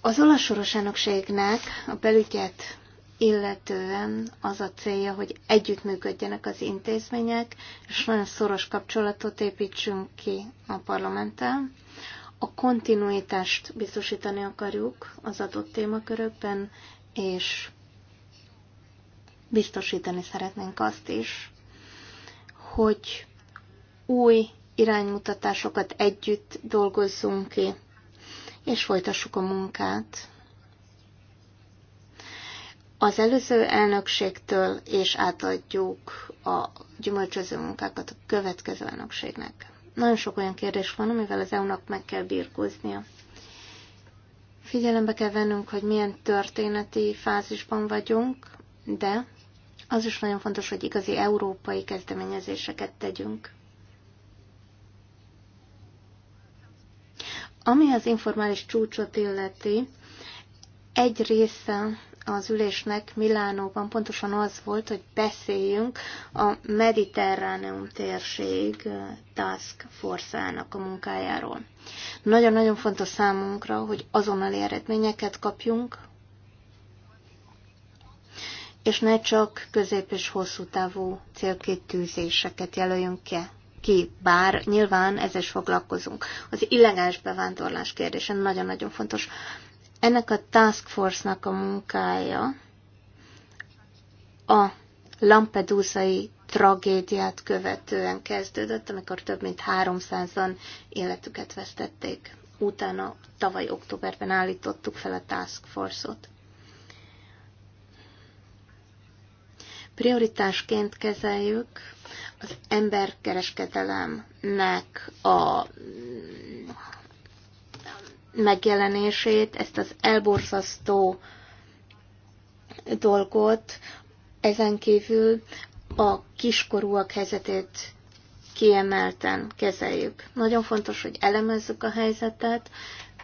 Az olasz soros elnökségnek a belügyet illetően az a célja, hogy együttműködjenek az intézmények, és nagyon szoros kapcsolatot építsünk ki a parlamenttel. A kontinuitást biztosítani akarjuk az adott témakörökben, és biztosítani szeretnénk azt is, hogy új iránymutatásokat együtt dolgozzunk ki, és folytassuk a munkát az előző elnökségtől, és átadjuk a gyümölcsöző munkákat a következő elnökségnek. Nagyon sok olyan kérdés van, amivel az EU-nak meg kell birkóznia. Figyelembe kell vennünk, hogy milyen történeti fázisban vagyunk, de az is nagyon fontos, hogy igazi európai kezdeményezéseket tegyünk. Ami az informális csúcsot illeti, egy része az ülésnek Milánóban pontosan az volt, hogy beszéljünk a Mediterráneum térség Task Force-ának a munkájáról. Nagyon-nagyon fontos számunkra, hogy azonnali eredményeket kapjunk, és ne csak közép- és hosszú távú célkétűzéseket jelöljünk ki. Ki, bár nyilván ezzel is foglalkozunk. Az illegális bevándorlás kérdése nagyon-nagyon fontos. Ennek a task force-nak a munkája a Lampedusai tragédiát követően kezdődött, amikor több mint 300-an életüket vesztették. Utána tavaly októberben állítottuk fel a task force-ot. Prioritásként kezeljük az emberkereskedelemnek a megjelenését, ezt az elborzasztó dolgot, ezen kívül a kiskorúak helyzetét kiemelten kezeljük. Nagyon fontos, hogy elemezzük a helyzetet,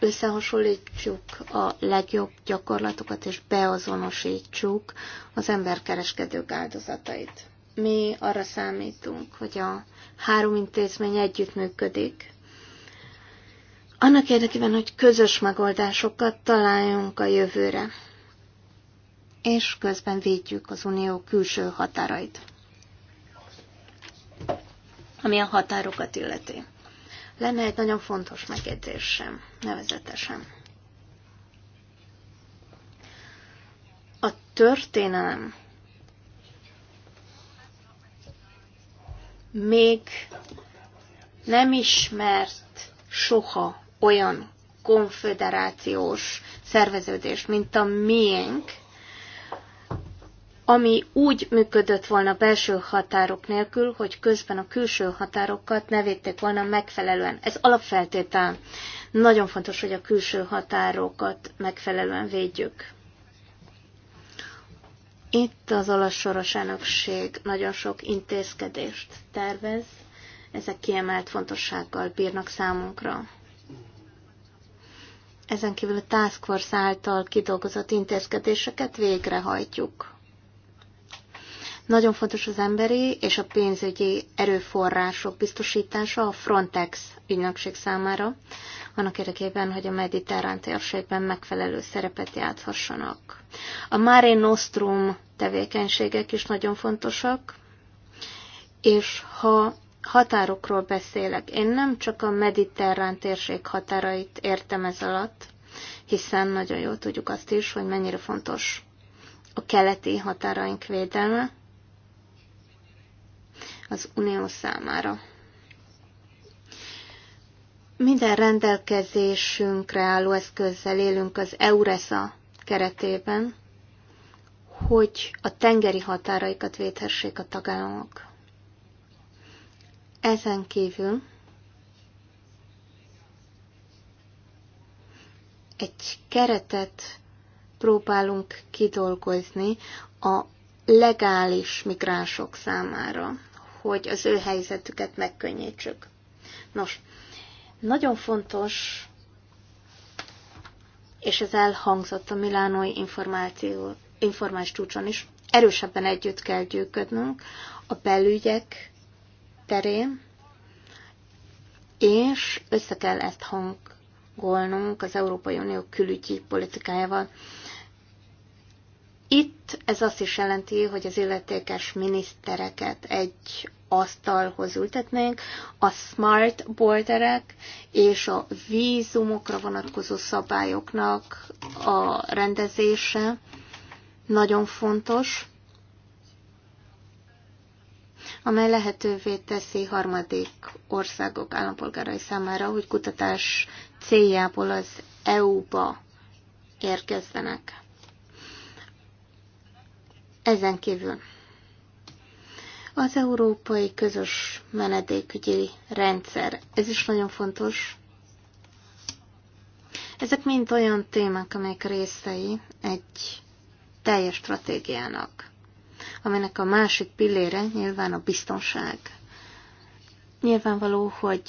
összehasonlítsuk a legjobb gyakorlatokat, és beazonosítsuk az emberkereskedők áldozatait. Mi arra számítunk, hogy a három intézmény együttműködik, annak érdekében, hogy közös megoldásokat találjunk a jövőre, és közben védjük az unió külső határait, ami a határokat illeti. Lenne egy nagyon fontos megjegyzésem, nevezetesen. A történelem még nem ismert soha olyan konfederációs szerveződés, mint a miénk, ami úgy működött volna belső határok nélkül, hogy közben a külső határokat ne védték volna megfelelően. Ez alapfeltétel. Nagyon fontos, hogy a külső határokat megfelelően védjük. Itt az olasz soros elnökség nagyon sok intézkedést tervez, ezek kiemelt fontossággal bírnak számunkra ezen kívül a Task Force által kidolgozott intézkedéseket végrehajtjuk. Nagyon fontos az emberi és a pénzügyi erőforrások biztosítása a Frontex ügynökség számára, annak érdekében, hogy a mediterrán térségben megfelelő szerepet játszhassanak. A Mare Nostrum tevékenységek is nagyon fontosak, és ha határokról beszélek. Én nem csak a mediterrán térség határait értem ez alatt, hiszen nagyon jól tudjuk azt is, hogy mennyire fontos a keleti határaink védelme az Unió számára. Minden rendelkezésünkre álló eszközzel élünk az EURESA keretében, hogy a tengeri határaikat védhessék a tagállamok. Ezen kívül egy keretet próbálunk kidolgozni a legális migránsok számára, hogy az ő helyzetüket megkönnyítsük. Nos, nagyon fontos, és ez elhangzott a Milánói információ, információs csúcson is, erősebben együtt kell gyűködnünk a belügyek terén, és össze kell ezt hangolnunk az Európai Unió külügyi politikájával. Itt ez azt is jelenti, hogy az illetékes minisztereket egy asztalhoz ültetnénk, a smart borderek és a vízumokra vonatkozó szabályoknak a rendezése nagyon fontos, amely lehetővé teszi harmadik országok állampolgárai számára, hogy kutatás céljából az EU-ba érkezzenek. Ezen kívül az európai közös menedékügyi rendszer, ez is nagyon fontos. Ezek mind olyan témák, amelyek részei egy teljes stratégiának aminek a másik pillére nyilván a biztonság. Nyilvánvaló, hogy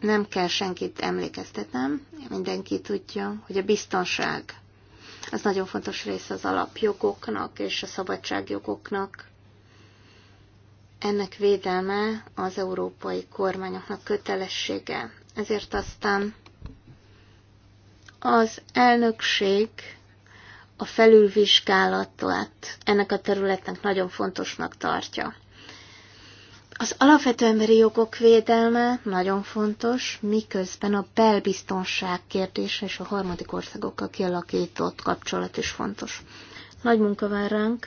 nem kell senkit emlékeztetnem, mindenki tudja, hogy a biztonság az nagyon fontos része az alapjogoknak és a szabadságjogoknak. Ennek védelme az európai kormányoknak kötelessége. Ezért aztán az elnökség a felülvizsgálatot ennek a területnek nagyon fontosnak tartja. Az alapvető emberi jogok védelme nagyon fontos, miközben a belbiztonság kérdése és a harmadik országokkal kialakított kapcsolat is fontos. Nagy munka vár ránk,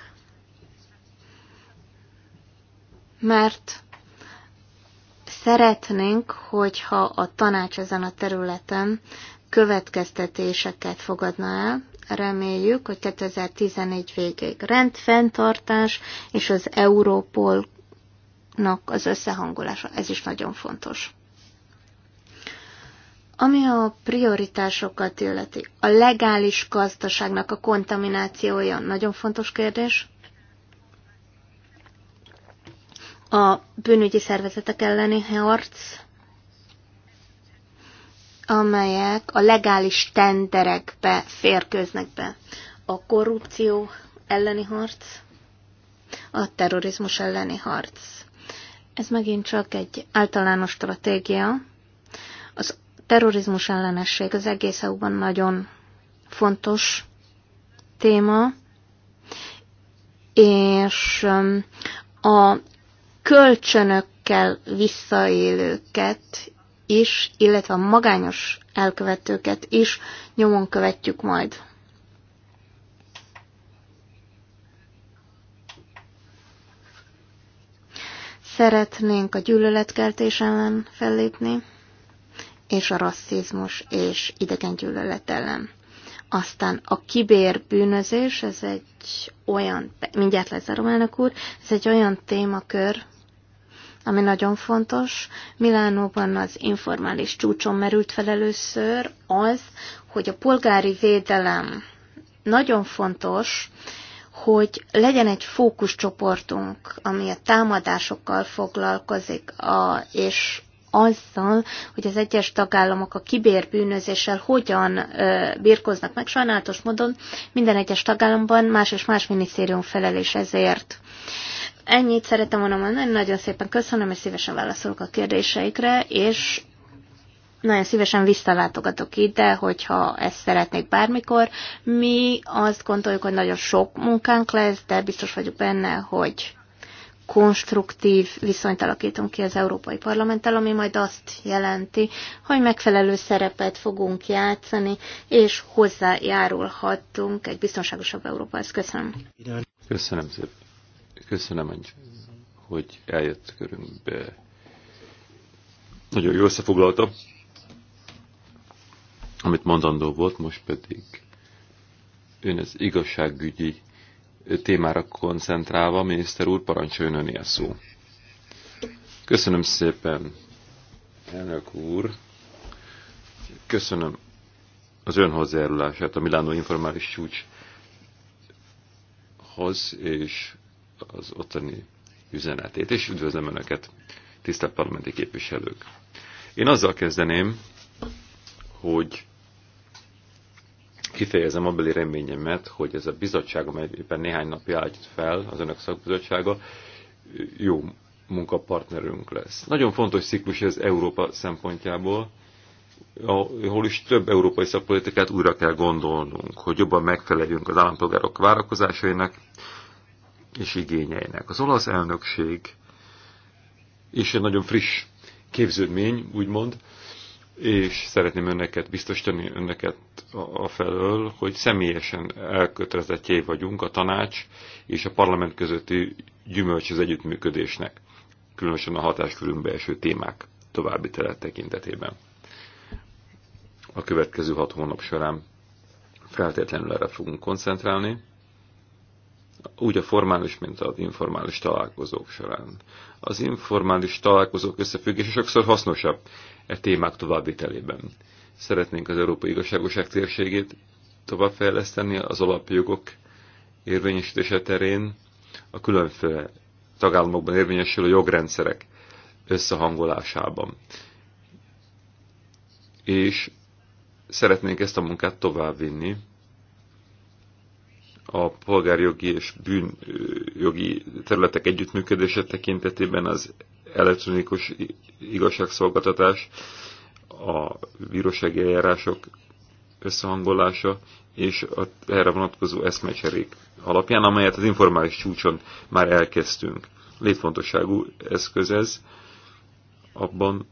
mert szeretnénk, hogyha a tanács ezen a területen következtetéseket fogadna el, reméljük, hogy 2014 végéig rendfenntartás és az Európolnak az összehangolása, ez is nagyon fontos. Ami a prioritásokat illeti, a legális gazdaságnak a kontaminációja nagyon fontos kérdés. A bűnügyi szervezetek elleni harc, amelyek a legális tenderekbe férkőznek be. A korrupció elleni harc, a terrorizmus elleni harc. Ez megint csak egy általános stratégia. Az terrorizmus ellenesség az egész EU-ban nagyon fontos téma, és um, a kölcsönökkel visszaélőket is, illetve a magányos elkövetőket is nyomon követjük majd. Szeretnénk a gyűlöletkeltés ellen fellépni, és a rasszizmus és idegengyűlölet ellen. Aztán a kibérbűnözés, ez egy olyan, mindjárt lezárom elnök úr, ez egy olyan témakör, ami nagyon fontos. Milánóban az informális csúcson merült fel először az, hogy a polgári védelem nagyon fontos, hogy legyen egy fókuszcsoportunk, ami a támadásokkal foglalkozik, a, és azzal, hogy az egyes tagállamok a kibérbűnözéssel hogyan birkoznak meg. Sajnálatos módon minden egyes tagállamban más és más minisztérium felelés ezért. Ennyit szeretem volna mondani, nagyon szépen köszönöm, és szívesen válaszolok a kérdéseikre, és nagyon szívesen visszalátogatok ide, hogyha ezt szeretnék bármikor. Mi azt gondoljuk, hogy nagyon sok munkánk lesz, de biztos vagyok benne, hogy konstruktív viszonyt alakítunk ki az Európai Parlamenttel, ami majd azt jelenti, hogy megfelelő szerepet fogunk játszani, és hozzájárulhatunk egy biztonságosabb Európához. Köszönöm. Köszönöm szépen. Köszönöm, hogy eljött körünkbe. Nagyon jó összefoglalta, amit mondandó volt, most pedig ön az igazságügyi témára koncentrálva, miniszter úr, parancsoljon a szó. Köszönöm szépen, elnök úr. Köszönöm az ön hozzájárulását a Milánó Informális Csúcshoz és az ottani üzenetét, és üdvözlöm Önöket, tisztelt parlamenti képviselők. Én azzal kezdeném, hogy kifejezem abbeli reményemet, hogy ez a bizottság, amely éppen néhány napja állt fel, az önök szakbizottsága, jó munkapartnerünk lesz. Nagyon fontos ciklus ez Európa szempontjából, ahol is több európai szakpolitikát újra kell gondolnunk, hogy jobban megfeleljünk az állampolgárok várakozásainak és igényeinek. Az olasz elnökség és egy nagyon friss képződmény, úgymond, és szeretném önöket biztosítani önöket a felől, hogy személyesen elkötelezettjé vagyunk a tanács és a parlament közötti gyümölcs az együttműködésnek, különösen a hatáskörünkbe belső témák további telet tekintetében. A következő hat hónap során feltétlenül erre fogunk koncentrálni, úgy a formális, mint az informális találkozók során az informális találkozók összefüggése sokszor hasznosabb e témák továbbvitelében. Szeretnénk az Európai Igazságoság térségét továbbfejleszteni az alapjogok érvényesítése terén, a különféle tagállamokban érvényesülő jogrendszerek összehangolásában. És szeretnénk ezt a munkát továbbvinni a polgárjogi és bűnjogi területek együttműködése tekintetében az elektronikus igazságszolgáltatás, a bírósági eljárások összehangolása és a erre vonatkozó eszmecserék alapján, amelyet az informális csúcson már elkezdtünk. Létfontosságú eszköz ez abban,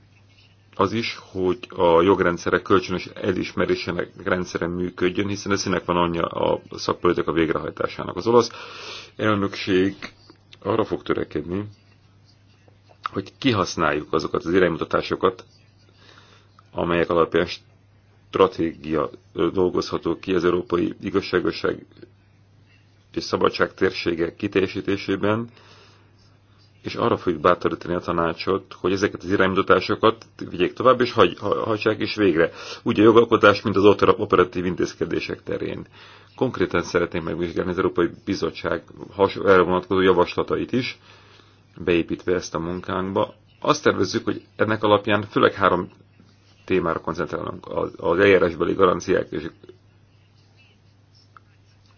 az is, hogy a jogrendszerek kölcsönös elismerésének rendszeren működjön, hiszen ez színek van anyja a szakpolitika végrehajtásának. Az olasz elnökség arra fog törekedni, hogy kihasználjuk azokat az iránymutatásokat, amelyek alapján stratégia dolgozható ki az európai igazságosság és szabadság térsége kiteljesítésében, és arra fogjuk bátorítani a tanácsot, hogy ezeket az iránymutatásokat vigyék tovább, és hagy, hagyják is végre. Úgy a jogalkotás, mint az operatív intézkedések terén. Konkrétan szeretném megvizsgálni az Európai Bizottság erre vonatkozó javaslatait is, beépítve ezt a munkánkba. Azt tervezzük, hogy ennek alapján főleg három témára koncentrálunk. Az, az eljárásbeli garanciák és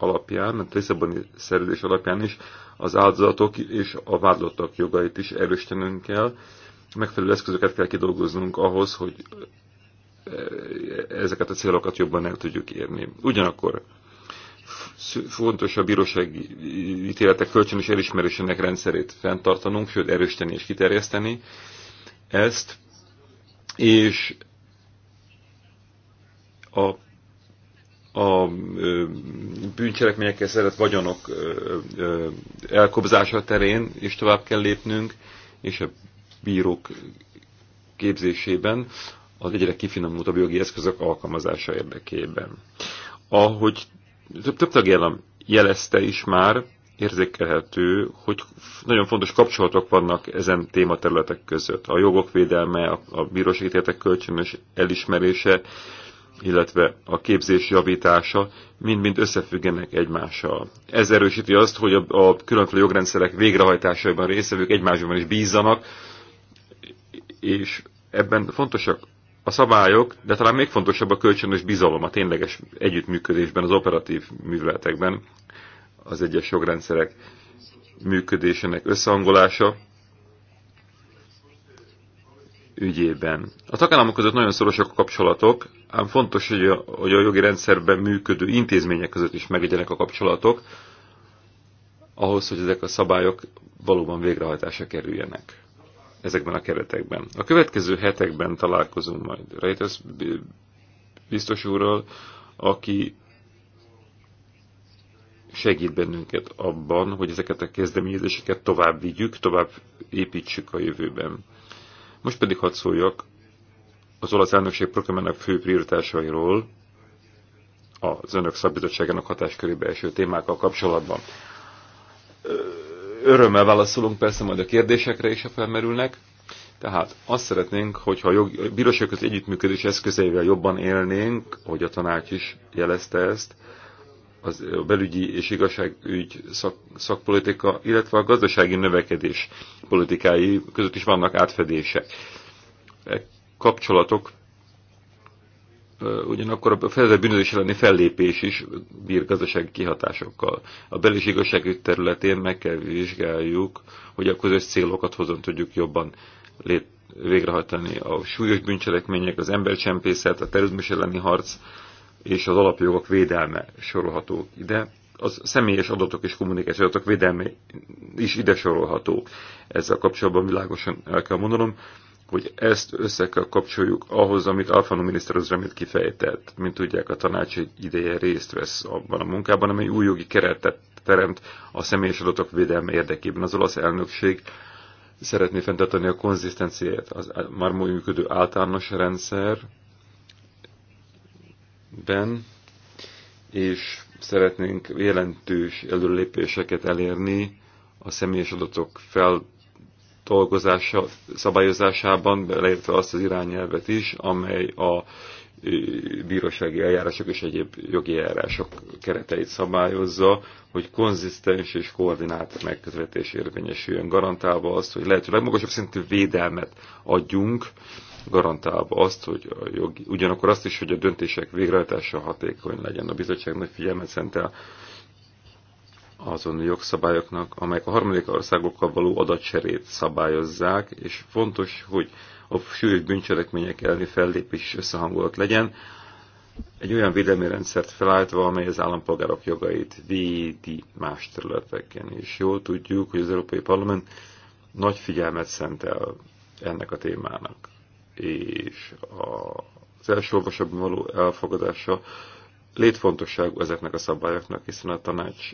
alapján, a Lisszaboni szerződés alapján is az áldozatok és a vádlottak jogait is erősítenünk kell. Megfelelő eszközöket kell kidolgoznunk ahhoz, hogy eh, ezeket a célokat jobban el tudjuk érni. Ugyanakkor fontos a bírósági ítéletek kölcsönös elismerésének rendszerét fenntartanunk, sőt erősíteni és kiterjeszteni ezt, és a a bűncselekményekkel szeret vagyonok elkobzása terén is tovább kell lépnünk, és a bírók képzésében az egyre kifinomultabb jogi eszközök alkalmazása érdekében. Ahogy több, több tagállam jelezte is már, érzékelhető, hogy nagyon fontos kapcsolatok vannak ezen tématerületek között. A jogok védelme, a, a bírósági kölcsönös elismerése, illetve a képzés javítása mind-mind összefüggenek egymással. Ez erősíti azt, hogy a, a különféle jogrendszerek végrehajtásaiban részevők egymásban is bízzanak, és ebben fontosak a szabályok, de talán még fontosabb a kölcsönös bizalom a tényleges együttműködésben, az operatív műveletekben, az egyes jogrendszerek működésének összehangolása, ügyében. A tagállamok között nagyon szorosak a kapcsolatok, ám fontos, hogy a, hogy a jogi rendszerben működő intézmények között is meglegyenek a kapcsolatok, ahhoz, hogy ezek a szabályok valóban végrehajtásra kerüljenek ezekben a keretekben. A következő hetekben találkozunk majd Reuters biztos úrral, aki segít bennünket abban, hogy ezeket a kezdeményezéseket tovább vigyük, tovább építsük a jövőben. Most pedig hadd szóljak az olasz elnökség programjának fő prioritásairól, az önök szakbizottságának hatáskörébe eső témákkal kapcsolatban. Örömmel válaszolunk persze majd a kérdésekre is, ha felmerülnek. Tehát azt szeretnénk, hogyha a bíróság együttműködés eszközeivel jobban élnénk, hogy a tanács is jelezte ezt, az, a belügyi és igazságügy szak, szakpolitika, illetve a gazdasági növekedés politikái között is vannak átfedések. E kapcsolatok ugyanakkor a fedezett bűnözés elleni fellépés is bír gazdasági kihatásokkal. A belügyi igazságügy területén meg kell vizsgáljuk, hogy a közös célokat hozon tudjuk jobban lét, végrehajtani. A súlyos bűncselekmények, az embercsempészet, a terrorizmus elleni harc, és az alapjogok védelme sorolható ide. Az személyes adatok és kommunikációs adatok védelme is ide sorolható. Ezzel kapcsolatban világosan el kell mondanom, hogy ezt össze kell kapcsoljuk ahhoz, amit Alfano miniszter az remélt kifejtett. Mint tudják, a tanács egy ideje részt vesz abban a munkában, amely új jogi keretet teremt a személyes adatok védelme érdekében. Az olasz elnökség szeretné fenntartani a konzisztenciát, az már működő általános rendszer, ben, és szeretnénk jelentős előlépéseket elérni a személyes adatok feldolgozása, szabályozásában, beleértve azt az irányelvet is, amely a bírósági eljárások és egyéb jogi eljárások kereteit szabályozza, hogy konzisztens és koordinált megkövetés érvényesüljön, garantálva azt, hogy lehető legmagasabb szintű védelmet adjunk garantálva azt, hogy a jogi, ugyanakkor azt is, hogy a döntések végrehajtása hatékony legyen. A bizottság nagy figyelmet szentel azon jogszabályoknak, amelyek a harmadik országokkal való adatcserét szabályozzák, és fontos, hogy a súlyos bűncselekmények elleni fellépés is összehangolt legyen, egy olyan védelmi rendszert felállítva, amely az állampolgárok jogait védi más területeken is. Jól tudjuk, hogy az Európai Parlament nagy figyelmet szentel ennek a témának és az első olvasatban való elfogadása létfontosságú ezeknek a szabályoknak, hiszen a tanács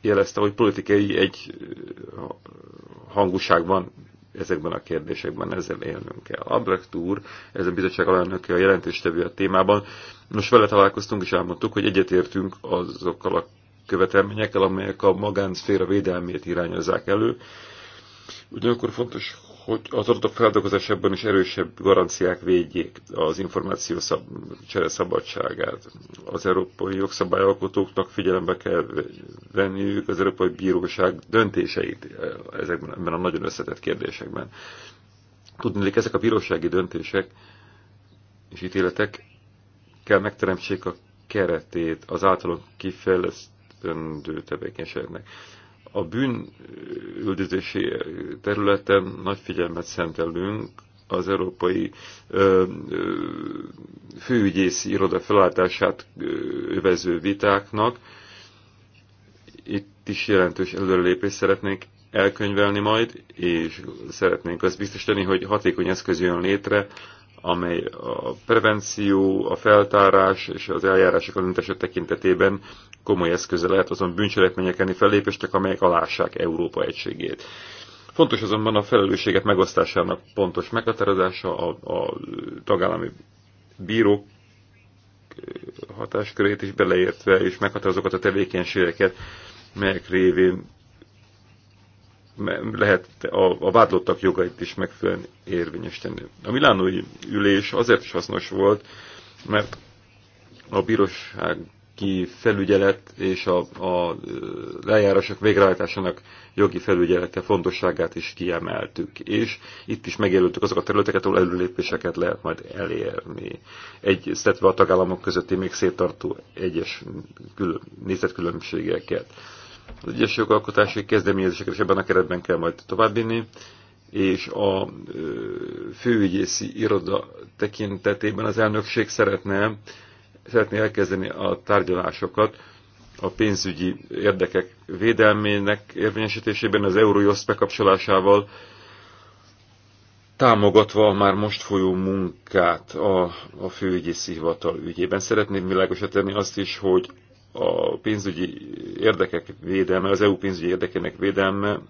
jelezte, hogy politikai egy hangúságban ezekben a kérdésekben ezzel élnünk kell. Abrecht úr, ez a bizottság alelnöke a jelentéstevő a témában. Most vele találkoztunk és elmondtuk, hogy egyetértünk azokkal a követelményekkel, amelyek a magánszféra védelmét irányozzák elő. Ugyanakkor fontos, hogy az adatok feldolgozásában is erősebb garanciák védjék az információ szab csere szabadságát. Az európai jogszabályalkotóknak figyelembe kell venniük az Európai Bíróság döntéseit eh, ezekben ebben a nagyon összetett kérdésekben. Tudnék, ezek a bírósági döntések és ítéletek kell megteremtsék a keretét az általunk kifejlesztendő tevékenységnek. A bűn üldözési területen nagy figyelmet szentelünk az európai ö, ö, főügyészi iroda felállítását övező vitáknak. Itt is jelentős előrelépést szeretnénk elkönyvelni majd, és szeretnénk azt biztosítani, hogy hatékony eszköz jön létre amely a prevenció, a feltárás és az eljárások az tekintetében komoly eszköze lehet azon bűncselekmények elleni fellépéstek, amelyek alássák Európa egységét. Fontos azonban a felelősséget megosztásának pontos meghatározása, a, a tagállami bírók hatáskörét is beleértve, és meghatározókat a tevékenységeket, melyek révén lehet a, a vádlottak jogait is megfelelően érvényesíteni. A milánói ülés azért is hasznos volt, mert a bírósági felügyelet és a, a lejárások végrehajtásának jogi felügyelete fontosságát is kiemeltük, és itt is megjelöltük azokat a területeket, ahol előlépéseket lehet majd elérni. Egyeztetve a tagállamok közötti még széttartó egyes külön, nézetkülönbségeket az egyes jogalkotási kezdeményezéseket és ebben a keretben kell majd továbbvinni, és a főügyészi iroda tekintetében az elnökség szeretne, szeretné elkezdeni a tárgyalásokat a pénzügyi érdekek védelmének érvényesítésében az Eurojust bekapcsolásával, támogatva a már most folyó munkát a, a főügyészi hivatal ügyében. Szeretném világosítani tenni azt is, hogy a pénzügyi érdekek védelme, az EU pénzügyi érdekének védelme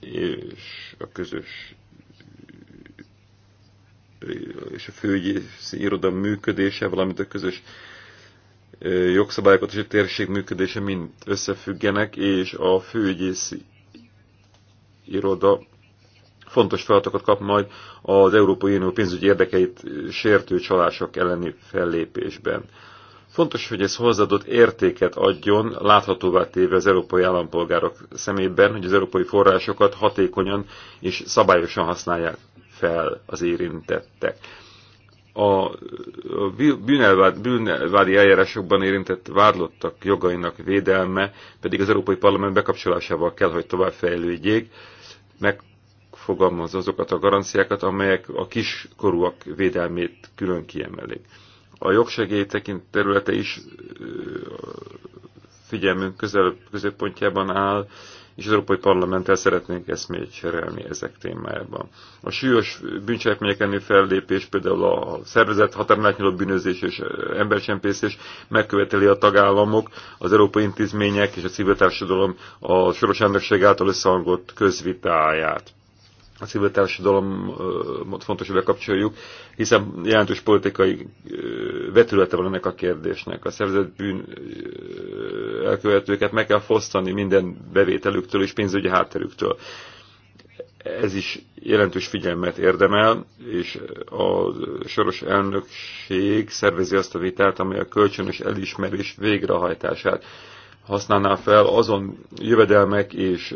és a közös és a főügyi iroda működése, valamint a közös jogszabályokat és a térség működése mind összefüggenek, és a főügyi iroda fontos feladatokat kap majd az Európai Unió pénzügyi érdekeit sértő csalások elleni fellépésben. Fontos, hogy ez hozzáadott értéket adjon, láthatóvá téve az európai állampolgárok szemében, hogy az európai forrásokat hatékonyan és szabályosan használják fel az érintettek. A bűnelvádi eljárásokban érintett vádlottak jogainak védelme pedig az Európai Parlament bekapcsolásával kell, hogy tovább fejlődjék, megfogalmaz azokat a garanciákat, amelyek a kiskorúak védelmét külön kiemelik a jogsegély tekint területe is figyelmünk közel, középpontjában áll, és az Európai Parlamenttel szeretnénk eszmét cserélni ezek témájában. A súlyos bűncselekmények elleni fellépés, például a szervezet határon bűnözés és embercsempészés megköveteli a tagállamok, az európai intézmények és a civil társadalom a soros elnökség által összehangolt közvitáját a civil társadalomot fontos, hogy bekapcsoljuk, hiszen jelentős politikai vetülete van ennek a kérdésnek. A szervezett bűn elkövetőket meg kell fosztani minden bevételüktől és pénzügyi hátterüktől. Ez is jelentős figyelmet érdemel, és a soros elnökség szervezi azt a vitát, amely a kölcsönös elismerés végrehajtását használná fel azon jövedelmek és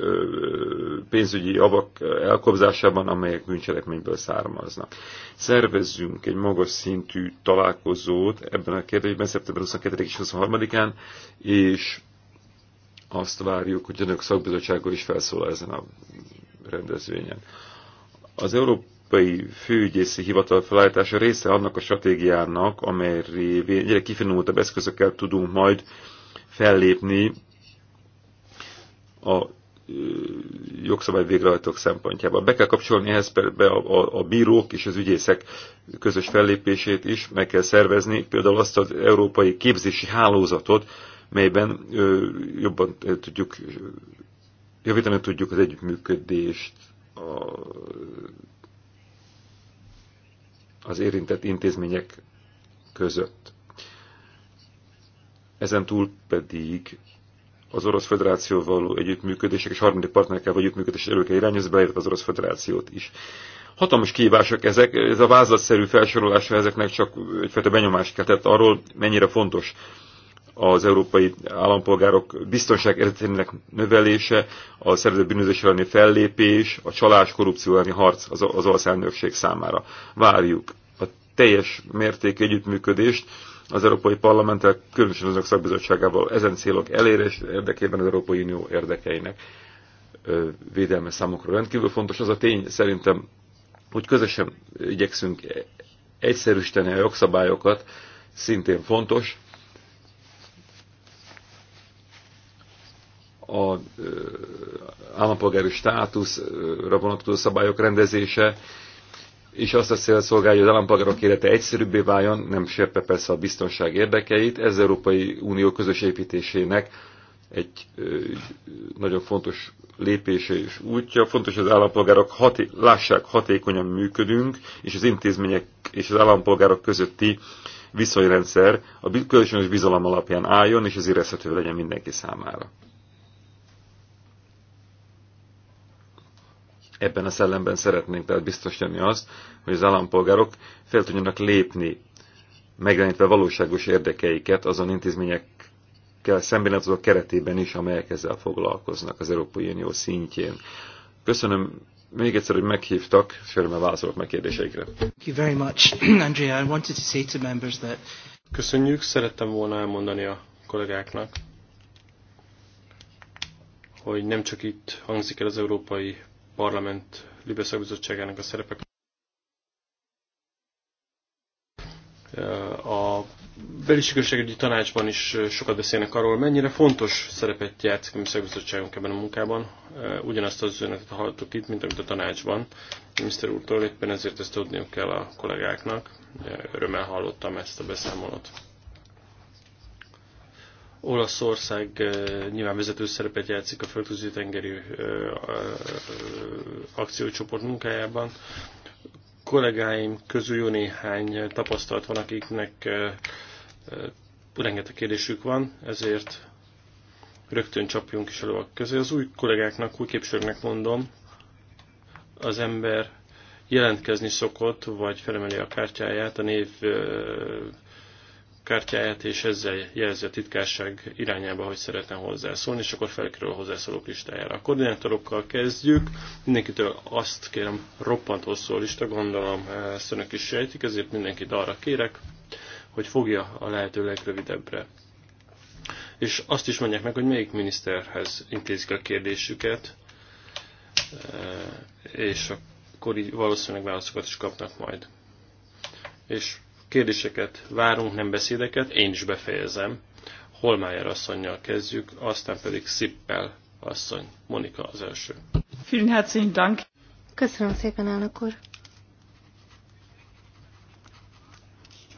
pénzügyi javak elkobzásában, amelyek bűncselekményből származnak. Szervezzünk egy magas szintű találkozót ebben a kérdésben szeptember 22 és 23-án, és azt várjuk, hogy önök szakbizottsága is felszólal ezen a rendezvényen. Az Európai Európai Főügyészi Hivatal felállítása része annak a stratégiának, amely révén egyre kifinomultabb eszközökkel tudunk majd fellépni a jogszabály végrehajtók szempontjából. Be kell kapcsolni ehhez be a, a, a bírók és az ügyészek közös fellépését is, meg kell szervezni például azt az európai képzési hálózatot, melyben ö, jobban tudjuk, javítani tudjuk az együttműködést a, az érintett intézmények között. Ezen túl pedig az Orosz Föderáció való együttműködések és harmadik partnerekkel vagy együttműködés előke kell beleértve az Orosz Föderációt is. Hatalmas kívások ezek, ez a vázlatszerű felsorolása ezeknek csak egyfajta benyomást keltett arról, mennyire fontos az európai állampolgárok biztonság biztonságérzetének növelése, a szervezett bűnözés elleni fellépés, a csalás, korrupció elleni harc az, az ország számára. Várjuk a teljes mértékű együttműködést, az Európai Parlamenttel, különösen azok szakbizottságával ezen célok elérés érdekében az Európai Unió érdekeinek védelme számukra rendkívül fontos. Az a tény szerintem, hogy közösen igyekszünk egyszerűsíteni a jogszabályokat, szintén fontos. A állampolgári státuszra vonatkozó szabályok rendezése és azt a cél szolgálja, hogy az állampolgárok élete egyszerűbbé váljon, nem sérte persze a biztonság érdekeit. Ez Európai Unió közös építésének egy nagyon fontos lépése és útja. Fontos, hogy az állampolgárok haté lássák, hatékonyan működünk, és az intézmények és az állampolgárok közötti viszonyrendszer a kölcsönös bizalom alapján álljon, és ez érezhető legyen mindenki számára. Ebben a szellemben szeretnénk tehát biztosítani azt, hogy az állampolgárok fel tudjanak lépni, megjelenítve valóságos érdekeiket azon intézményekkel szemben, azok keretében is, amelyek ezzel foglalkoznak az Európai Unió szintjén. Köszönöm még egyszer, hogy meghívtak, és örömmel válaszolok meg kérdéseikre. Köszönjük, szerettem volna elmondani a kollégáknak, hogy nem csak itt hangzik el az Európai Parlament Libeszakbizottságának a szerepe. A belisikerségügyi tanácsban is sokat beszélnek arról, mennyire fontos szerepet játszik a mi szakbizottságunk ebben a munkában. Ugyanazt az üzenetet hallottuk itt, mint amit a tanácsban. Mr. úrtól éppen ezért ezt tudniuk kell a kollégáknak. Örömmel hallottam ezt a beszámolót. Olaszország eh, nyilván vezető szerepet játszik a földközi tengeri eh, eh, akciócsoport munkájában. Kollégáim közül jó néhány tapasztalt van, akiknek rengeteg kérdésük van, ezért rögtön csapjunk is a lovak közé. Az új kollégáknak, új képviselőknek mondom, az ember jelentkezni szokott, vagy felemeli a kártyáját a név kártyáját, és ezzel jelzi a titkárság irányába, hogy szeretne hozzászólni, és akkor felkerül a hozzászólók listájára. A koordinátorokkal kezdjük. Mindenkitől azt kérem, roppant hosszú a lista, gondolom eh, ezt önök is sejtik, ezért mindenkit arra kérek, hogy fogja a lehető legrövidebbre. És azt is mondják meg, hogy melyik miniszterhez intézik a kérdésüket, eh, és akkor így valószínűleg válaszokat is kapnak majd. És Kérdéseket várunk, nem beszédeket. Én is befejezem. Holmájer asszonynal kezdjük, aztán pedig Szippel asszony. Monika az első. Vielen herzlichen Dank. Köszönöm szépen, elnök úr.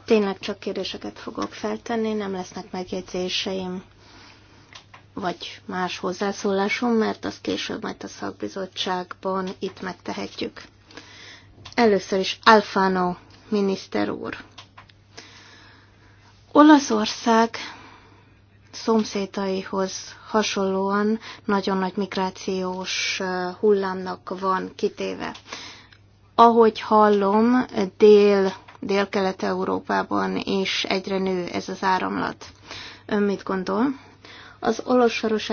Tényleg csak kérdéseket fogok feltenni, nem lesznek megjegyzéseim vagy más hozzászólásom, mert azt később majd a szakbizottságban itt megtehetjük. Először is Alfano miniszter úr. Olaszország szomszédaihoz hasonlóan nagyon nagy migrációs hullámnak van kitéve. Ahogy hallom, dél, dél-kelet-európában is egyre nő ez az áramlat. Ön mit gondol? Az olasz soros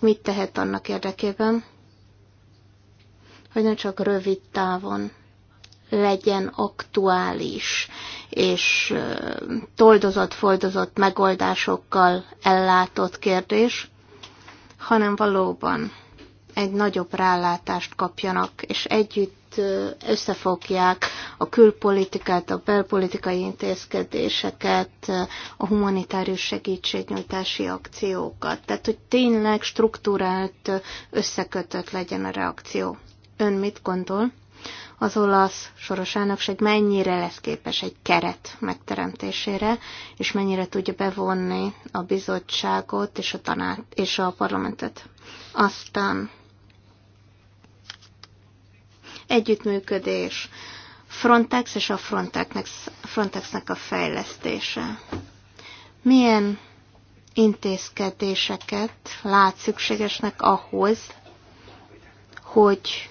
mit tehet annak érdekében, hogy ne csak rövid távon legyen aktuális, és toldozott-foldozott megoldásokkal ellátott kérdés, hanem valóban egy nagyobb rálátást kapjanak, és együtt összefogják a külpolitikát, a belpolitikai intézkedéseket, a humanitárius segítségnyújtási akciókat. Tehát, hogy tényleg struktúrált, összekötött legyen a reakció. Ön mit gondol? az olasz soros elnökség mennyire lesz képes egy keret megteremtésére, és mennyire tudja bevonni a bizottságot és a, tanát, és a parlamentet. Aztán együttműködés, Frontex és a Frontexnek, Frontexnek a fejlesztése. Milyen intézkedéseket lát szükségesnek ahhoz, hogy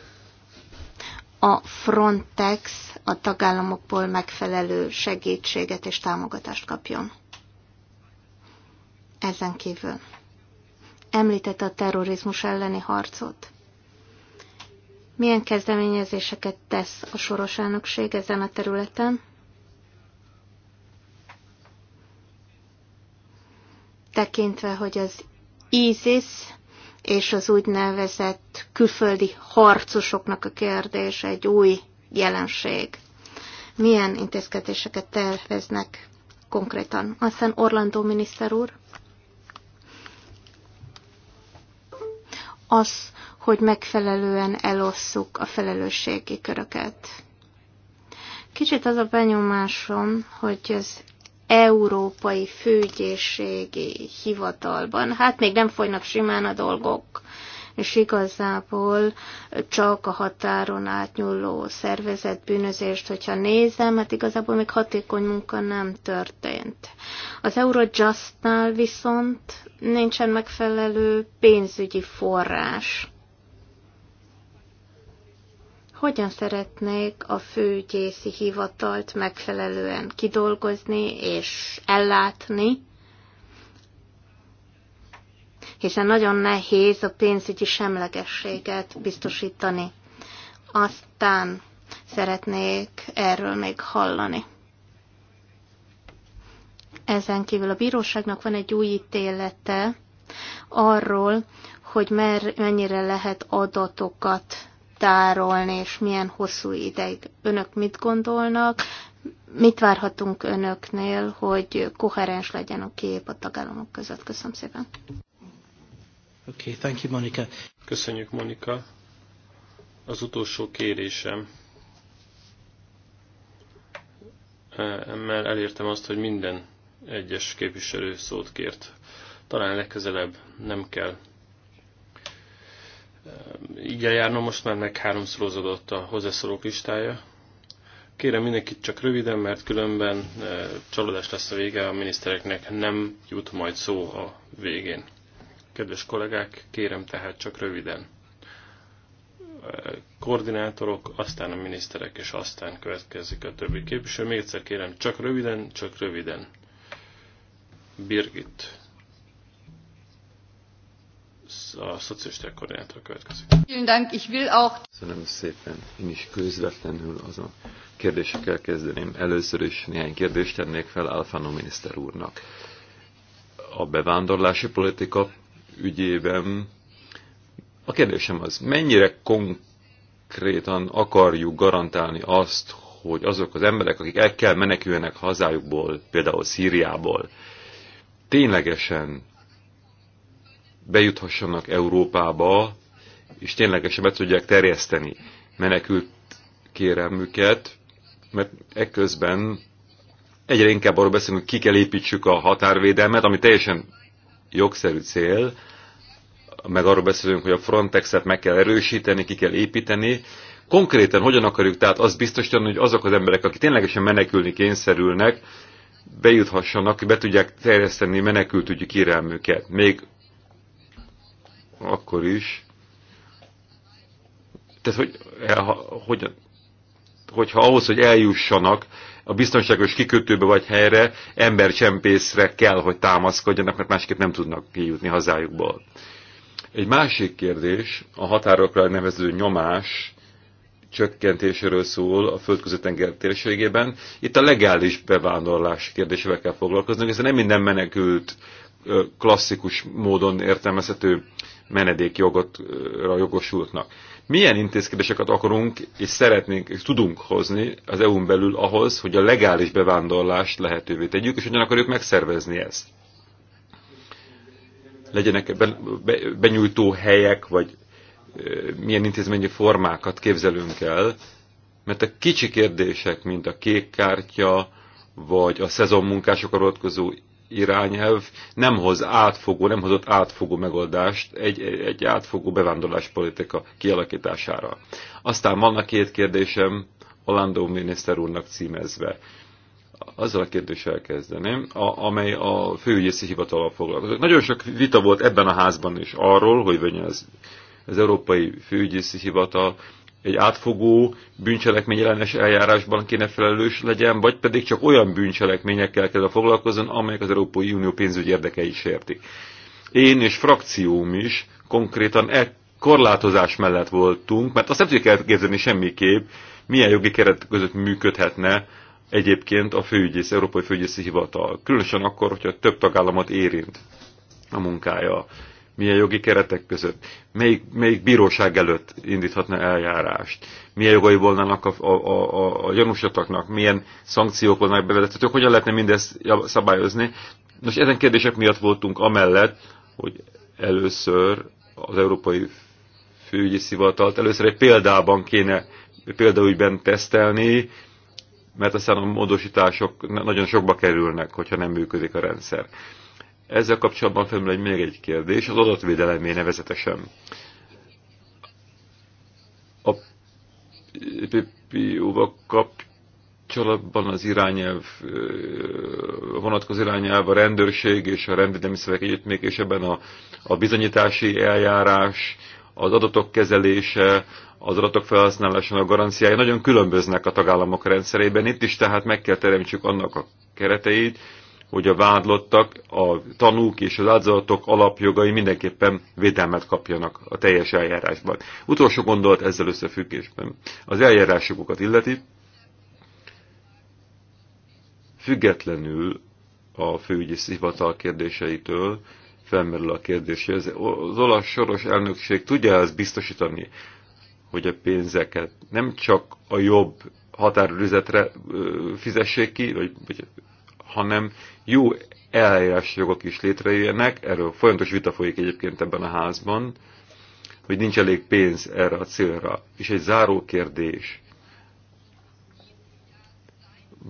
a Frontex a tagállamokból megfelelő segítséget és támogatást kapjon. Ezen kívül említette a terrorizmus elleni harcot. Milyen kezdeményezéseket tesz a soros elnökség ezen a területen? Tekintve, hogy az ISIS és az úgynevezett külföldi harcosoknak a kérdése egy új jelenség. Milyen intézkedéseket terveznek konkrétan? Aztán Orlandó miniszter úr. Az, hogy megfelelően elosszuk a felelősségi köröket. Kicsit az a benyomásom, hogy az európai főgyészségi hivatalban. Hát még nem folynak simán a dolgok, és igazából csak a határon átnyúló szervezet bűnözést, hogyha nézem, hát igazából még hatékony munka nem történt. Az Eurojustnál viszont nincsen megfelelő pénzügyi forrás hogyan szeretnék a főügyészi hivatalt megfelelően kidolgozni és ellátni, hiszen nagyon nehéz a pénzügyi semlegességet biztosítani. Aztán szeretnék erről még hallani. Ezen kívül a bíróságnak van egy új ítélete arról, hogy mer, mennyire lehet adatokat tárolni, és milyen hosszú ideig. Önök mit gondolnak? Mit várhatunk önöknél, hogy koherens legyen a kép a tagállamok között? Köszönöm szépen. Okay, thank you, Monica. Köszönjük, Monika. Az utolsó kérésem. Emmel elértem azt, hogy minden egyes képviselő szót kért. Talán legközelebb nem kell így járnom most már meg háromszorozódott a hozzászólók listája. Kérem mindenkit csak röviden, mert különben e, csalódás lesz a vége, a minisztereknek nem jut majd szó a végén. Kedves kollégák, kérem tehát csak röviden. E, koordinátorok, aztán a miniszterek, és aztán következik a többi képviselő. Még egyszer kérem, csak röviden, csak röviden. Birgit a szocialisták koordinátor következik. Köszönöm szépen. Én is közvetlenül azon kérdésekkel kezdeném. Először is néhány kérdést tennék fel Alfano miniszter úrnak. A bevándorlási politika ügyében a kérdésem az, mennyire konkrétan akarjuk garantálni azt, hogy azok az emberek, akik el kell meneküljenek hazájukból, például Szíriából, ténylegesen bejuthassanak Európába, és ténylegesen be tudják terjeszteni menekült kérelmüket, mert ekközben egyre inkább arról beszélünk, ki kell építsük a határvédelmet, ami teljesen jogszerű cél, meg arról beszélünk, hogy a Frontexet meg kell erősíteni, ki kell építeni. Konkrétan hogyan akarjuk tehát azt biztosítani, hogy azok az emberek, akik ténylegesen menekülni kényszerülnek, bejuthassanak, be tudják terjeszteni menekültügyi kérelmüket, még akkor is, tehát hogy, el, hogy, hogyha ahhoz, hogy eljussanak a biztonságos kikötőbe vagy helyre, embercsempészre kell, hogy támaszkodjanak, mert másképp nem tudnak kijutni hazájukból. Egy másik kérdés, a határokra nevező nyomás csökkentéséről szól a földközi tenger térségében. Itt a legális bevándorlás kérdésével kell foglalkoznunk, hiszen nem minden menekült klasszikus módon értelmezhető menedékjogotra jogosultnak. Milyen intézkedéseket akarunk és szeretnénk és tudunk hozni az EU-n belül ahhoz, hogy a legális bevándorlást lehetővé tegyük, és hogyan akarjuk megszervezni ezt? Legyenek benyújtó helyek, vagy milyen intézményi formákat képzelünk el, mert a kicsi kérdések, mint a kék kártya, vagy a szezonmunkásokra vonatkozó irányelv nem hoz átfogó, nem hozott átfogó megoldást egy, egy átfogó bevándorláspolitika kialakítására. Aztán vannak két kérdésem Orlandó miniszter úrnak címezve. Azzal a kérdéssel kezdeném, a, amely a főügyészi hivatalal foglalkozik. Nagyon sok vita volt ebben a házban is arról, hogy az, az Európai Főügyészi Hivatal egy átfogó bűncselekmény ellenes eljárásban kéne felelős legyen, vagy pedig csak olyan bűncselekményekkel kell foglalkozni, amelyek az Európai Unió pénzügyi érdekei is értik. Én és frakcióm is konkrétan e korlátozás mellett voltunk, mert azt nem tudjuk elképzelni semmiképp, milyen jogi keret között működhetne egyébként a főügyész, Európai Főügyészi Hivatal. Különösen akkor, hogyha több tagállamot érint a munkája milyen jogi keretek között, melyik, melyik bíróság előtt indíthatna eljárást, milyen jogai volnának a, a, a, a gyanúsatoknak, milyen szankciók volnának bevezethetők, hogyan lehetne mindezt szabályozni. Nos, ezen kérdések miatt voltunk amellett, hogy először az Európai Főügyi Szivatalt először egy példában kéne példaügyben tesztelni, mert aztán a módosítások nagyon sokba kerülnek, hogyha nem működik a rendszer. Ezzel kapcsolatban felmerül egy még egy kérdés, az adatvédelemé nevezetesen. A PPO-val kapcsolatban az irányelv, vonatkozó irányelv, a rendőrség és a rendvédelmi szervek és ebben a, a bizonyítási eljárás, az adatok kezelése, az adatok felhasználásának garanciája nagyon különböznek a tagállamok rendszerében. Itt is tehát meg kell teremtsük annak a kereteit, hogy a vádlottak, a tanúk és az áldozatok alapjogai mindenképpen védelmet kapjanak a teljes eljárásban. Utolsó gondolat ezzel összefüggésben. Az eljárásokat illeti, függetlenül a főügyi hivatal kérdéseitől felmerül a kérdés, hogy az olasz soros elnökség tudja ezt biztosítani, hogy a pénzeket nem csak a jobb határőrizetre fizessék ki, vagy, vagy hanem jó eljárási jogok is létrejöjjenek, erről folyamatos vita folyik egyébként ebben a házban, hogy nincs elég pénz erre a célra. És egy záró kérdés.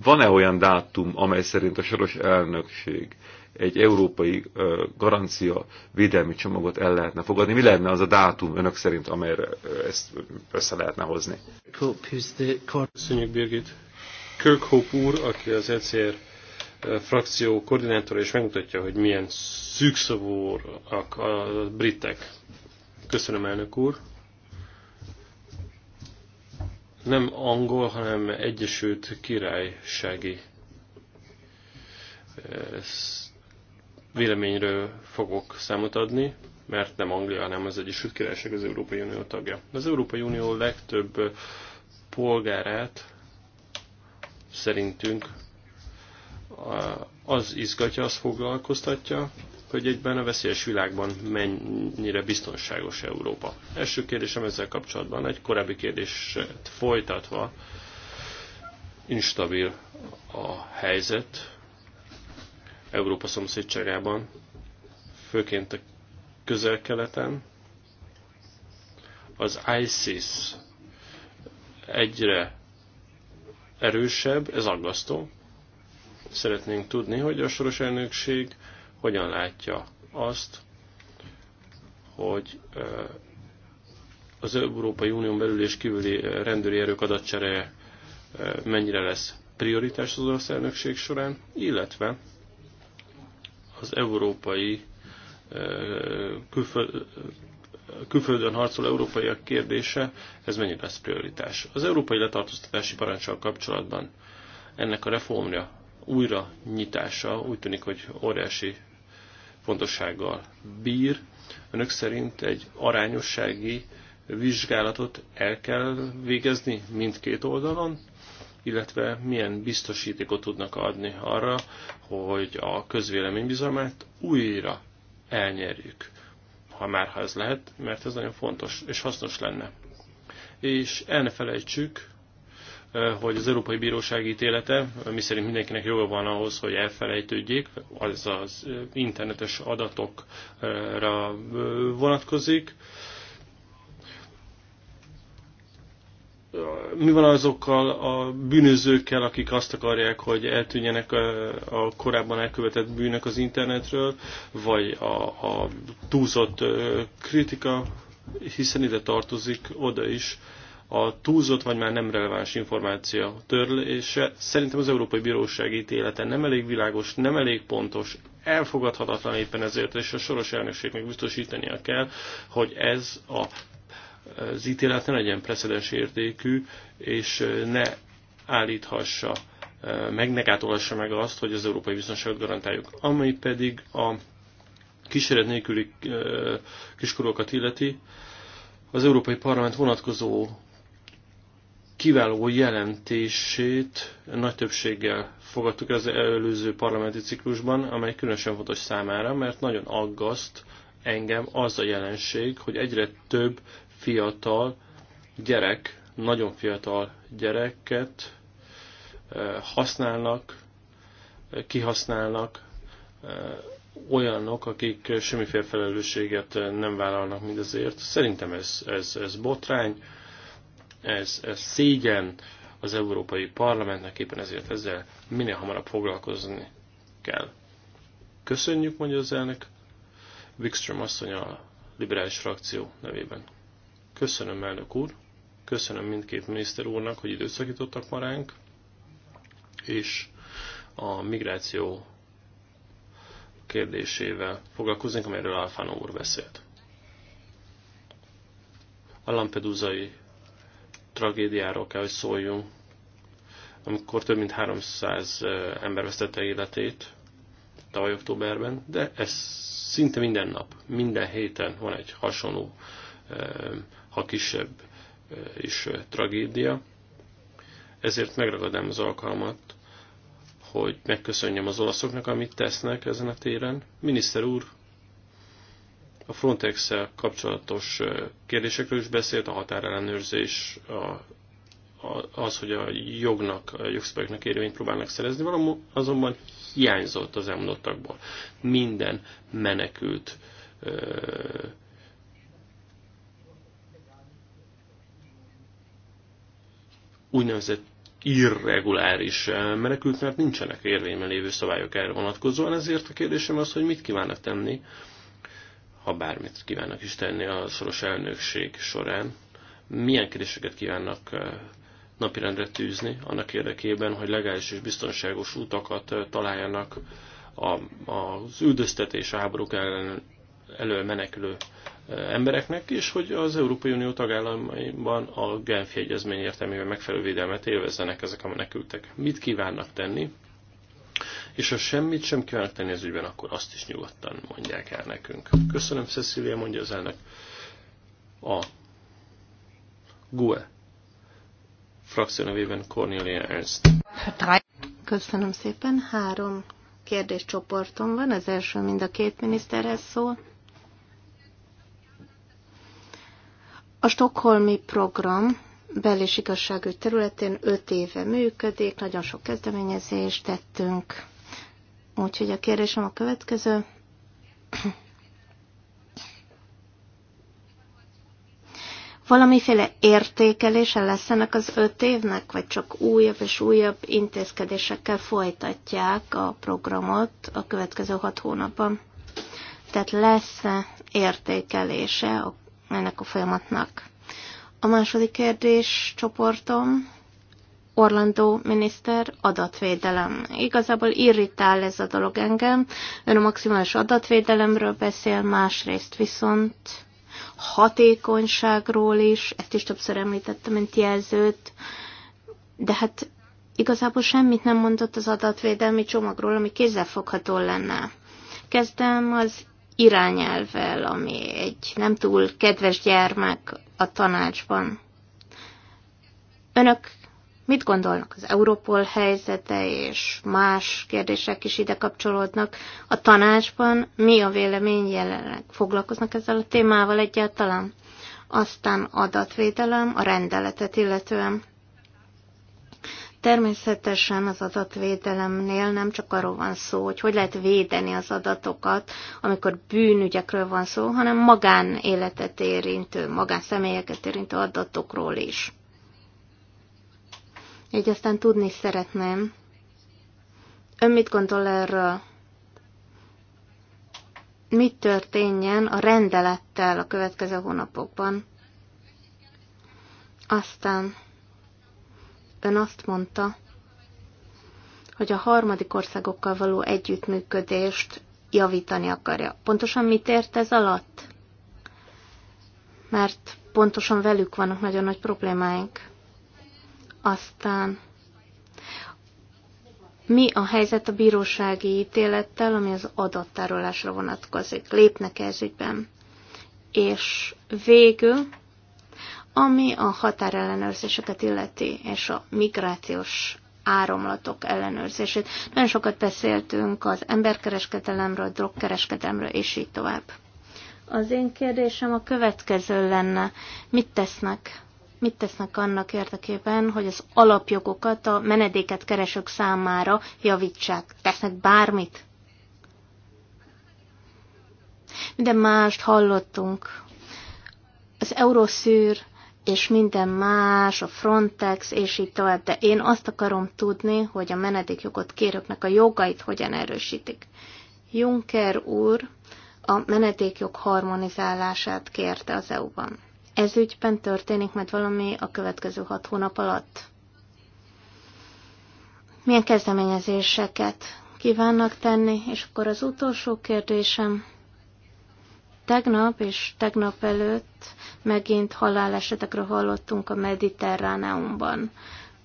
Van-e olyan dátum, amely szerint a soros elnökség egy európai garancia védelmi csomagot el lehetne fogadni? Mi lenne az a dátum önök szerint, amelyre ezt össze lehetne hozni? Köszönjük Birgit. Kirkhope úr, aki az ECR frakció koordinátora, és megmutatja, hogy milyen szűkszavúak a britek. Köszönöm, elnök úr. Nem angol, hanem Egyesült Királysági véleményről fogok számot adni, mert nem Anglia, hanem az Egyesült Királyság az Európai Unió tagja. Az Európai Unió legtöbb polgárát szerintünk az izgatja, az foglalkoztatja, hogy egyben a veszélyes világban mennyire biztonságos Európa. Első kérdésem ezzel kapcsolatban, egy korábbi kérdést folytatva, instabil a helyzet Európa szomszédságában, főként a közel-keleten. Az ISIS egyre erősebb, ez aggasztó, Szeretnénk tudni, hogy a soros elnökség hogyan látja azt, hogy az Európai Unión belül és kívüli rendőri erők adatcsere mennyire lesz prioritás az orosz elnökség során, illetve az európai külföldön harcoló európaiak kérdése, ez mennyire lesz prioritás. Az európai letartóztatási parancsal kapcsolatban ennek a reformja újra nyitása úgy tűnik, hogy óriási fontossággal bír. Önök szerint egy arányossági vizsgálatot el kell végezni mindkét oldalon, illetve milyen biztosítékot tudnak adni arra, hogy a közvéleménybizalmát újra elnyerjük, ha már ha ez lehet, mert ez nagyon fontos és hasznos lenne. És el ne felejtsük, hogy az Európai Bíróság ítélete, miszerint mindenkinek joga van ahhoz, hogy elfelejtődjék, az az internetes adatokra vonatkozik. Mi van azokkal a bűnözőkkel, akik azt akarják, hogy eltűnjenek a korábban elkövetett bűnök az internetről, vagy a, a túlzott kritika, hiszen ide tartozik oda is, a túlzott vagy már nem releváns információ törlése szerintem az Európai Bíróság ítélete nem elég világos, nem elég pontos, elfogadhatatlan éppen ezért, és a soros elnökség még biztosítania kell, hogy ez a, az ítélet ne legyen precedens értékű, és ne állíthassa meg, ne meg azt, hogy az európai biztonságot garantáljuk. Ami pedig a kísérlet nélküli kiskorokat illeti, az Európai Parlament vonatkozó kiváló jelentését nagy többséggel fogadtuk az előző parlamenti ciklusban, amely különösen fontos számára, mert nagyon aggaszt engem az a jelenség, hogy egyre több fiatal gyerek, nagyon fiatal gyereket eh, használnak, eh, kihasználnak eh, olyanok, akik semmiféle felelősséget nem vállalnak mindezért. Szerintem ez, ez, ez botrány, ez, szégyen az Európai Parlamentnek, éppen ezért ezzel minél hamarabb foglalkozni kell. Köszönjük, mondja az elnök, Wikström asszony a liberális frakció nevében. Köszönöm, elnök úr, köszönöm mindkét miniszter úrnak, hogy időszakítottak ma ránk, és a migráció kérdésével foglalkozunk, amiről Alfano úr beszélt. A Lampedusai tragédiáról kell, hogy szóljunk, amikor több mint 300 ember vesztette életét tavaly októberben, de ez szinte minden nap, minden héten van egy hasonló, ha kisebb is tragédia. Ezért megragadám az alkalmat, hogy megköszönjem az olaszoknak, amit tesznek ezen a téren. Miniszter úr, a frontex kapcsolatos kérdésekről is beszélt, a határellenőrzés, a, az, hogy a jognak, a jogszabályoknak érvényt próbálnak szerezni, valamú, azonban hiányzott az elmondottakból. Minden menekült ö, úgynevezett irreguláris menekült, mert nincsenek érvényben lévő szabályok erre vonatkozóan, ezért a kérdésem az, hogy mit kívánnak tenni ha bármit kívánnak is tenni a szoros elnökség során, milyen kérdéseket kívánnak napirendre tűzni annak érdekében, hogy legális és biztonságos utakat találjanak az üldöztetés, háborúk ellen elő menekülő embereknek, és hogy az Európai Unió tagállamaiban a Genfi Egyezmény értelmében megfelelő védelmet élvezzenek ezek a menekültek. Mit kívánnak tenni és ha semmit sem kívánok tenni az ügyben, akkor azt is nyugodtan mondják el nekünk. Köszönöm, Cecilia, mondja az elnök. A GUE frakció nevében Cornelia Ernst. Köszönöm szépen. Három kérdéscsoportom van. Az első mind a két miniszterhez szól. A Stockholmi program bel- és igazságügy területén öt éve működik, nagyon sok kezdeményezést tettünk. Úgyhogy a kérdésem a következő. Valamiféle értékelése lesz ennek az öt évnek, vagy csak újabb és újabb intézkedésekkel folytatják a programot a következő hat hónapban? Tehát lesz-e értékelése ennek a folyamatnak? A második kérdés csoportom Orlandó miniszter, adatvédelem. Igazából irritál ez a dolog engem. Ön a maximális adatvédelemről beszél, másrészt viszont hatékonyságról is, ezt is többször említettem, mint jelzőt, de hát igazából semmit nem mondott az adatvédelmi csomagról, ami kézzelfogható lenne. Kezdem az irányelvel, ami egy nem túl kedves gyermek a tanácsban. Önök Mit gondolnak az Európol helyzete és más kérdések is ide kapcsolódnak? A tanácsban mi a vélemény jelenleg? Foglalkoznak ezzel a témával egyáltalán? Aztán adatvédelem, a rendeletet illetően. Természetesen az adatvédelemnél nem csak arról van szó, hogy hogy lehet védeni az adatokat, amikor bűnügyekről van szó, hanem magánéletet érintő, magánszemélyeket érintő adatokról is. Így aztán tudni szeretném, ön mit gondol erről? Mit történjen a rendelettel a következő hónapokban? Aztán ön azt mondta, hogy a harmadik országokkal való együttműködést javítani akarja. Pontosan mit ért ez alatt? Mert pontosan velük vannak nagyon nagy problémáink. Aztán mi a helyzet a bírósági ítélettel, ami az adattárolásra vonatkozik? Lépnek -e ez ügyben? És végül, ami a határellenőrzéseket illeti, és a migrációs áramlatok ellenőrzését. Nagyon sokat beszéltünk az emberkereskedelemről, drogkereskedelemről, és így tovább. Az én kérdésem a következő lenne. Mit tesznek mit tesznek annak érdekében, hogy az alapjogokat a menedéket keresők számára javítsák? Tesznek bármit? Minden mást hallottunk. Az Euroszűr és minden más, a Frontex, és így tovább, de én azt akarom tudni, hogy a menedékjogot kérőknek a jogait hogyan erősítik. Juncker úr a menedékjog harmonizálását kérte az EU-ban ez ügyben történik majd valami a következő hat hónap alatt? Milyen kezdeményezéseket kívánnak tenni? És akkor az utolsó kérdésem. Tegnap és tegnap előtt megint halálesetekről hallottunk a Mediterráneumban.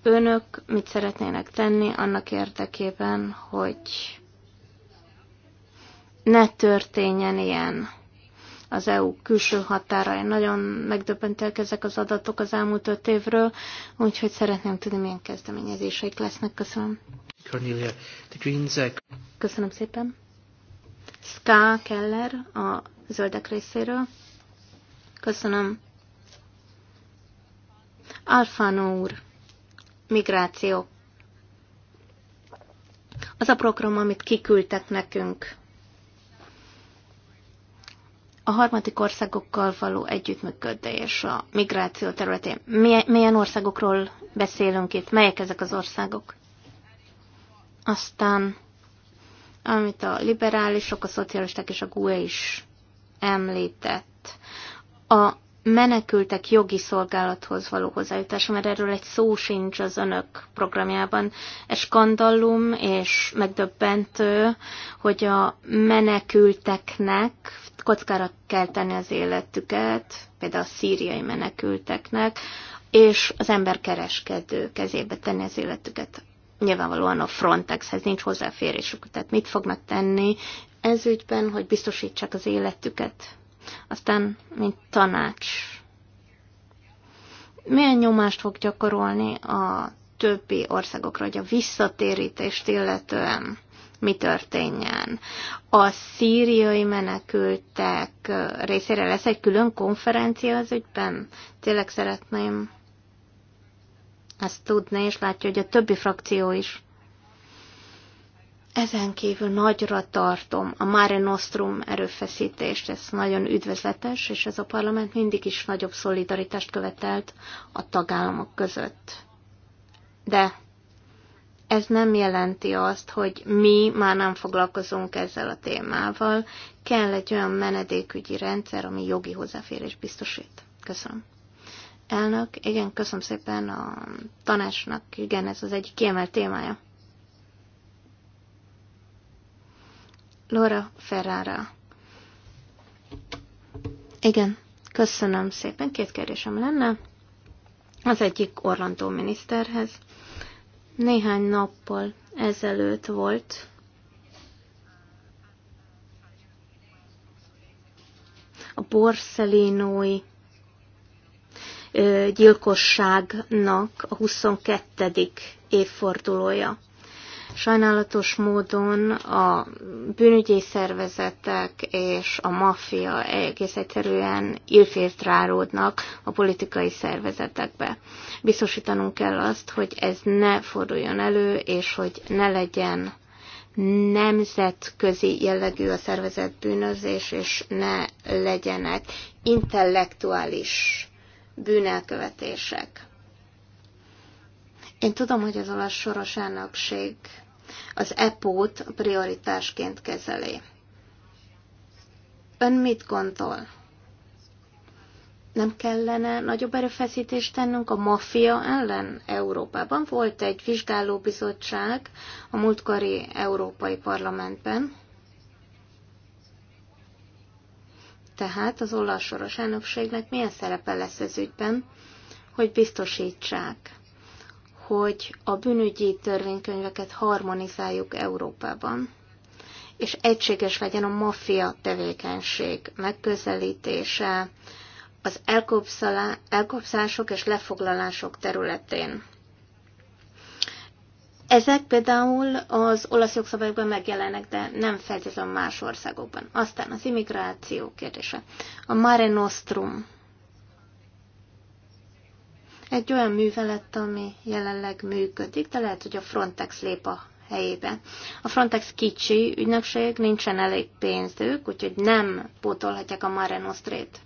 Önök mit szeretnének tenni annak érdekében, hogy ne történjen ilyen? az EU külső határain. Nagyon megdöbbentek ezek az adatok az elmúlt öt évről, úgyhogy szeretném tudni, milyen kezdeményezéseik lesznek. Köszönöm. Cornelia, the Greens are... Köszönöm szépen. Ska Keller a zöldek részéről. Köszönöm. Alfano úr, migráció. Az a program, amit kiküldtek nekünk, a harmadik országokkal való együttműködés a migráció területén. Milyen országokról beszélünk itt? Melyek ezek az országok? Aztán, amit a liberálisok, a szocialisták és a GUE is említett, a menekültek jogi szolgálathoz való hozzájutása, mert erről egy szó sincs az önök programjában. Ez skandallum és megdöbbentő, hogy a menekülteknek kockára kell tenni az életüket, például a szíriai menekülteknek, és az emberkereskedő kezébe tenni az életüket. Nyilvánvalóan a Frontexhez nincs hozzáférésük, tehát mit fognak tenni ez ügyben, hogy biztosítsák az életüket? Aztán, mint tanács, milyen nyomást fog gyakorolni a többi országokra, hogy a visszatérítést illetően mi történjen. A szíriai menekültek részére lesz egy külön konferencia az ügyben? Tényleg szeretném ezt tudni, és látja, hogy a többi frakció is ezen kívül nagyra tartom a Mare Nostrum erőfeszítést, ez nagyon üdvözletes, és ez a parlament mindig is nagyobb szolidaritást követelt a tagállamok között. De ez nem jelenti azt, hogy mi már nem foglalkozunk ezzel a témával. Kell egy olyan menedékügyi rendszer, ami jogi hozzáférés biztosít. Köszönöm. Elnök, igen, köszönöm szépen a tanácsnak, igen, ez az egyik kiemelt témája. Laura Ferrara. Igen, köszönöm szépen. Két kérdésem lenne. Az egyik Orlandó miniszterhez. Néhány nappal ezelőtt volt a borszelinói gyilkosságnak a 22. évfordulója. Sajnálatos módon a bűnügyi szervezetek és a maffia egész egyszerűen infiltrálódnak a politikai szervezetekbe. Biztosítanunk kell azt, hogy ez ne forduljon elő, és hogy ne legyen nemzetközi jellegű a szervezet bűnözés, és ne legyenek intellektuális bűnelkövetések. Én tudom, hogy az olasz soros elnökség az epót prioritásként kezeli. Ön mit gondol? nem kellene nagyobb erőfeszítést tennünk a maffia ellen Európában. Volt egy vizsgálóbizottság a múltkori Európai Parlamentben, tehát az olasz soros elnökségnek milyen szerepe lesz ez ügyben, hogy biztosítsák, hogy a bűnügyi törvénykönyveket harmonizáljuk Európában, és egységes legyen a maffia tevékenység megközelítése az elkopszások és lefoglalások területén. Ezek például az olasz jogszabályokban megjelennek, de nem feltétlenül más országokban. Aztán az immigráció kérdése. A Mare Nostrum egy olyan művelet, ami jelenleg működik, de lehet, hogy a Frontex lép a helyébe. A Frontex kicsi ügynökség, nincsen elég pénzük, úgyhogy nem pótolhatják a Mare Nostrét.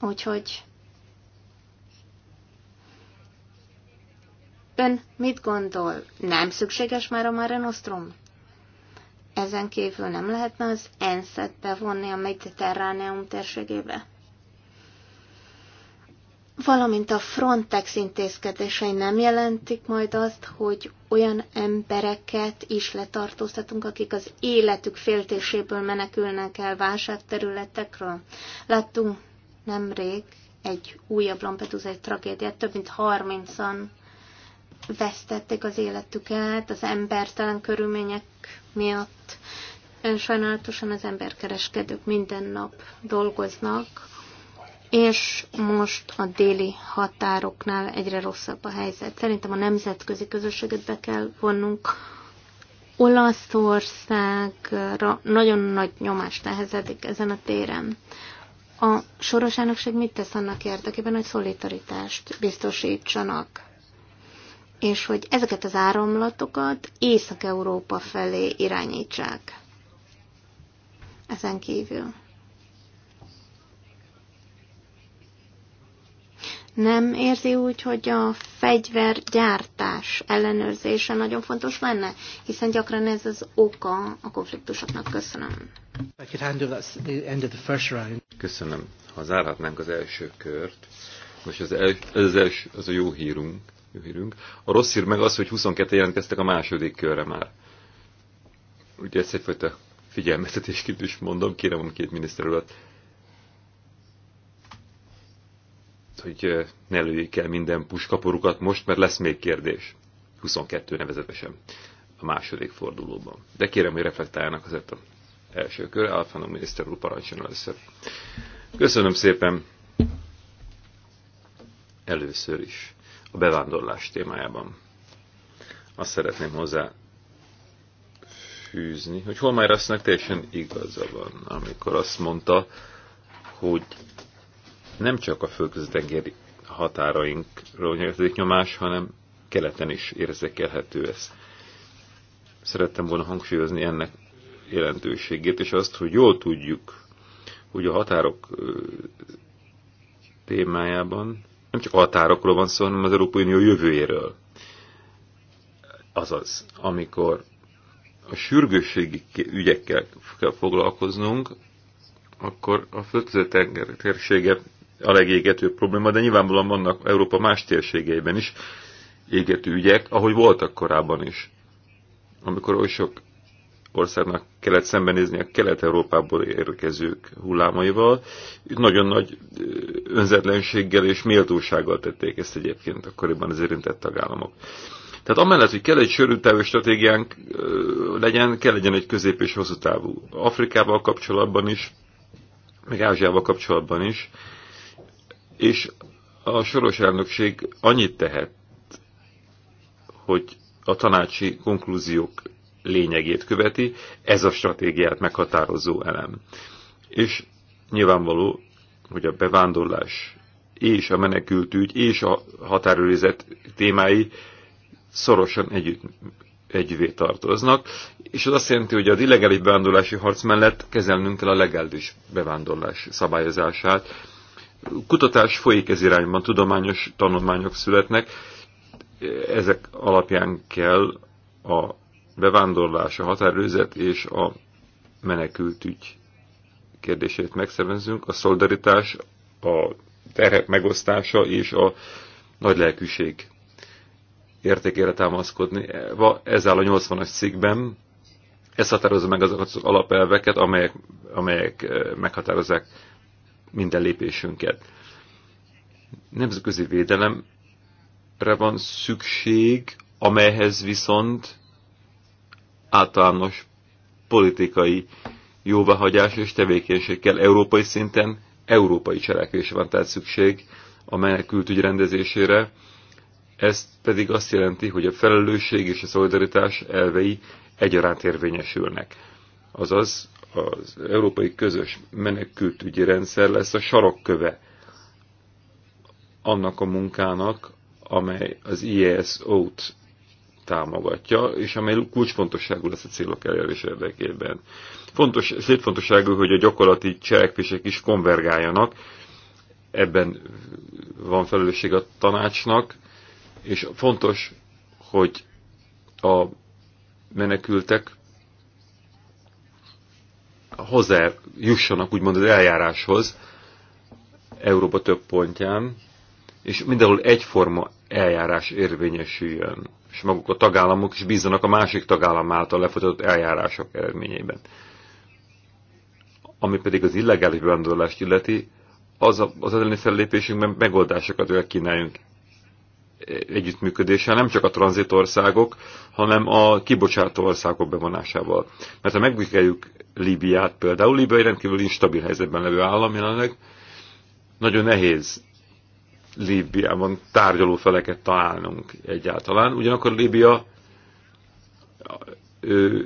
Úgyhogy ön mit gondol? Nem szükséges már a Mare Nostrum? Ezen kívül nem lehetne az ENSZ-et bevonni a Mediterráneum térségébe? valamint a Frontex intézkedései nem jelentik majd azt, hogy olyan embereket is letartóztatunk, akik az életük féltéséből menekülnek el válságterületekről. Láttunk nemrég egy újabb Lampedusa tragédiát, több mint 30-an vesztették az életüket az embertelen körülmények miatt. Sajnálatosan az emberkereskedők minden nap dolgoznak és most a déli határoknál egyre rosszabb a helyzet. Szerintem a nemzetközi közösséget be kell vonnunk. Olaszországra nagyon nagy nyomást nehezedik ezen a téren. A soros elnökség mit tesz annak érdekében, hogy szolidaritást biztosítsanak? És hogy ezeket az áramlatokat Észak-Európa felé irányítsák. Ezen kívül. nem érzi úgy, hogy a fegyvergyártás ellenőrzése nagyon fontos lenne, hiszen gyakran ez az oka a konfliktusoknak. Köszönöm. Köszönöm. Ha zárhatnánk az első kört, most az el, ez az, első, az a jó hírunk, jó hírünk. A rossz hír meg az, hogy 22 jelentkeztek a második körre már. Ugye ezt egyfajta figyelmeztetésként is mondom, kérem a két miniszter urat, hogy ne lőjék el minden puskaporukat most, mert lesz még kérdés. 22 nevezetesen a második fordulóban. De kérem, hogy reflektáljanak azért a első kör. Alfano miniszter úr parancsoljon először. Köszönöm szépen először is a bevándorlás témájában. Azt szeretném hozzá fűzni, hogy Holmeyer azt teljesen igaza van, amikor azt mondta, hogy nem csak a földközi-tengeri határainkról nyerekedik nyomás, hanem keleten is érzékelhető ez. Szerettem volna hangsúlyozni ennek jelentőségét, és azt, hogy jól tudjuk, hogy a határok témájában nem csak a határokról van szó, hanem az Európai Unió jövőjéről. Azaz, amikor a sürgősségi ügyekkel kell foglalkoznunk, akkor a földközi térsége a legégető probléma, de nyilvánvalóan vannak Európa más térségeiben is égető ügyek, ahogy voltak korábban is. Amikor oly sok országnak kellett szembenézni a kelet-európából érkezők hullámaival. nagyon nagy önzetlenséggel és méltósággal tették ezt egyébként akkoriban az érintett tagállamok. Tehát amellett, hogy kell egy sörültávú stratégiánk legyen, kell legyen egy közép és hosszú távú. Afrikával kapcsolatban is, meg Ázsiával kapcsolatban is és a soros elnökség annyit tehet, hogy a tanácsi konklúziók lényegét követi, ez a stratégiát meghatározó elem. És nyilvánvaló, hogy a bevándorlás és a menekültügy és a határőrizet témái szorosan együtt, együvé tartoznak, és az azt jelenti, hogy a illegális bevándorlási harc mellett kezelnünk kell a legális bevándorlás szabályozását, kutatás folyik ez irányban, tudományos tanulmányok születnek, ezek alapján kell a bevándorlás, a határőrzet és a menekültügy kérdését megszervezünk, a szolidaritás, a terhek megosztása és a nagy lelkűség értékére támaszkodni. Ez áll a 80-as cikkben, ez határozza meg azokat az alapelveket, amelyek, amelyek eh, meghatározzák minden lépésünket. Nemzetközi védelemre van szükség, amelyhez viszont általános politikai jóváhagyás és tevékenység kell európai szinten, európai cselekvés van tehát szükség a menekültügy rendezésére, ez pedig azt jelenti, hogy a felelősség és a szolidaritás elvei egyaránt érvényesülnek. Azaz az európai közös menekültügyi rendszer lesz a sarokköve annak a munkának, amely az IESO-t támogatja, és amely kulcsfontosságú lesz a célok elérés érdekében. Fontos, szétfontosságú, hogy a gyakorlati cselekvések is konvergáljanak, ebben van felelősség a tanácsnak, és fontos, hogy a menekültek jussanak úgymond az eljáráshoz Európa több pontján, és mindenhol egyforma eljárás érvényesüljön, és maguk a tagállamok is bízzanak a másik tagállam által lefolytatott eljárások eredményében. Ami pedig az illegális bevándorlást illeti, az, a, az elleni fellépésünkben megoldásokat kell kínáljunk együttműködéssel, nem csak a tranzitországok, hanem a kibocsátó országok bevonásával. Mert ha megvizsgáljuk Líbiát például, Líbia egy rendkívül instabil helyzetben levő állam jelenleg, nagyon nehéz Líbiában tárgyaló feleket találnunk egyáltalán. Ugyanakkor Líbia ö,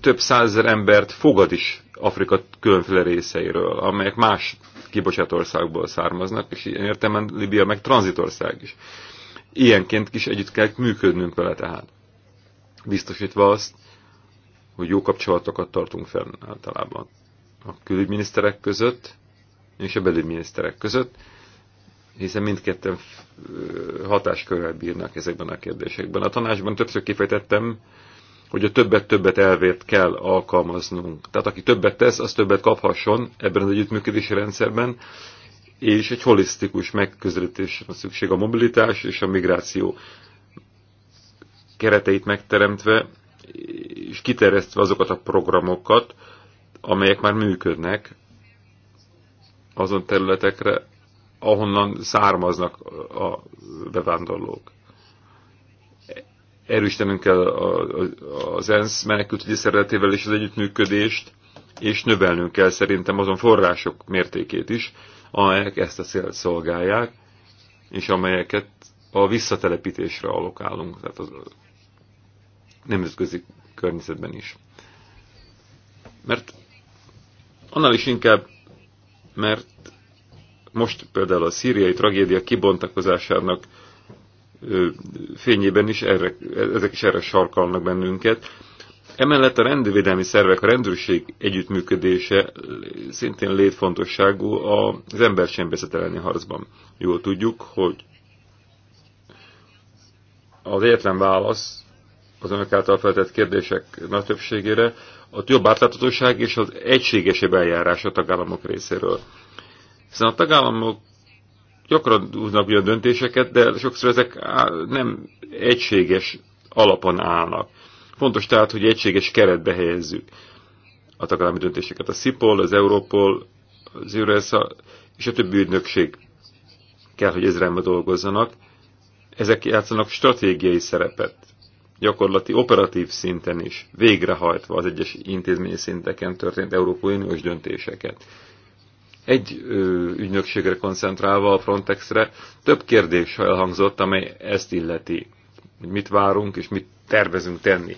több százezer embert fogad is Afrika különféle részeiről, amelyek más kibocsátországból származnak, és ilyen értelemben Libia meg tranzitország is. Ilyenként is együtt kell működnünk vele tehát. Biztosítva azt, hogy jó kapcsolatokat tartunk fenn általában a külügyminiszterek között és a belügyminiszterek között, hiszen mindketten hatáskörrel bírnak ezekben a kérdésekben. A tanácsban többször kifejtettem, hogy a többet-többet elvért kell alkalmaznunk. Tehát aki többet tesz, az többet kaphasson ebben az együttműködési rendszerben, és egy holisztikus megközelítésre van szükség a mobilitás és a migráció kereteit megteremtve, és kiterjesztve azokat a programokat, amelyek már működnek azon területekre, ahonnan származnak a bevándorlók erősítenünk kell az ENSZ menekültügyi szervezetével és az együttműködést, és növelnünk kell szerintem azon források mértékét is, amelyek ezt a célt szolgálják, és amelyeket a visszatelepítésre alokálunk, tehát az nemzetközi környezetben is. Mert annál is inkább, mert most például a szíriai tragédia kibontakozásának fényében is erre, ezek is erre sarkalnak bennünket. Emellett a rendvédelmi szervek, a rendőrség együttműködése szintén létfontosságú az embercsempészet elleni harcban. Jól tudjuk, hogy az egyetlen válasz az önök által feltett kérdések nagy többségére a jobb átláthatóság és az egységesebb eljárás a tagállamok részéről. Hiszen a tagállamok gyakran húznak olyan döntéseket, de sokszor ezek nem egységes alapon állnak. Fontos tehát, hogy egységes keretbe helyezzük a tagállami döntéseket. A Sipol, az Europol, az EURESA és a többi ügynökség kell, hogy ezrembe dolgozzanak. Ezek játszanak stratégiai szerepet, gyakorlati, operatív szinten is, végrehajtva az egyes intézményi szinteken történt Európai Uniós döntéseket egy ügynökségre koncentrálva, a Frontexre, több kérdés elhangzott, amely ezt illeti, hogy mit várunk és mit tervezünk tenni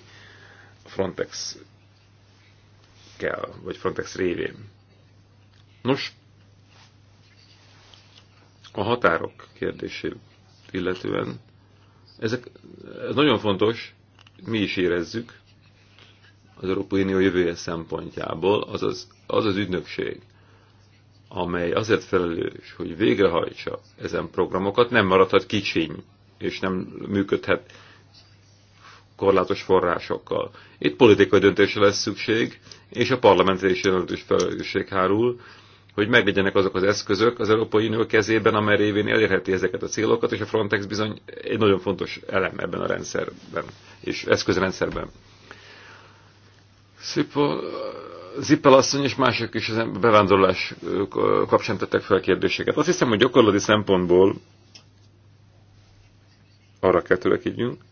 a Frontex kell, vagy Frontex révén. Nos, a határok kérdését illetően, ezek, ez nagyon fontos, mi is érezzük az Európai Unió jövője szempontjából, az az, az, az ügynökség, amely azért felelős, hogy végrehajtsa ezen programokat, nem maradhat kicsiny, és nem működhet korlátos forrásokkal. Itt politikai döntésre lesz szükség, és a parlament is jelentős felelősség hárul, hogy meglegyenek azok az eszközök az Európai Unió kezében, amely révén elérheti ezeket a célokat, és a Frontex bizony egy nagyon fontos elem ebben a rendszerben, és eszközrendszerben. Szipol Zippel asszony és mások is a bevándorlás kapcsán tettek fel kérdéseket. Azt hiszem, hogy gyakorlati szempontból arra kell törekedjünk,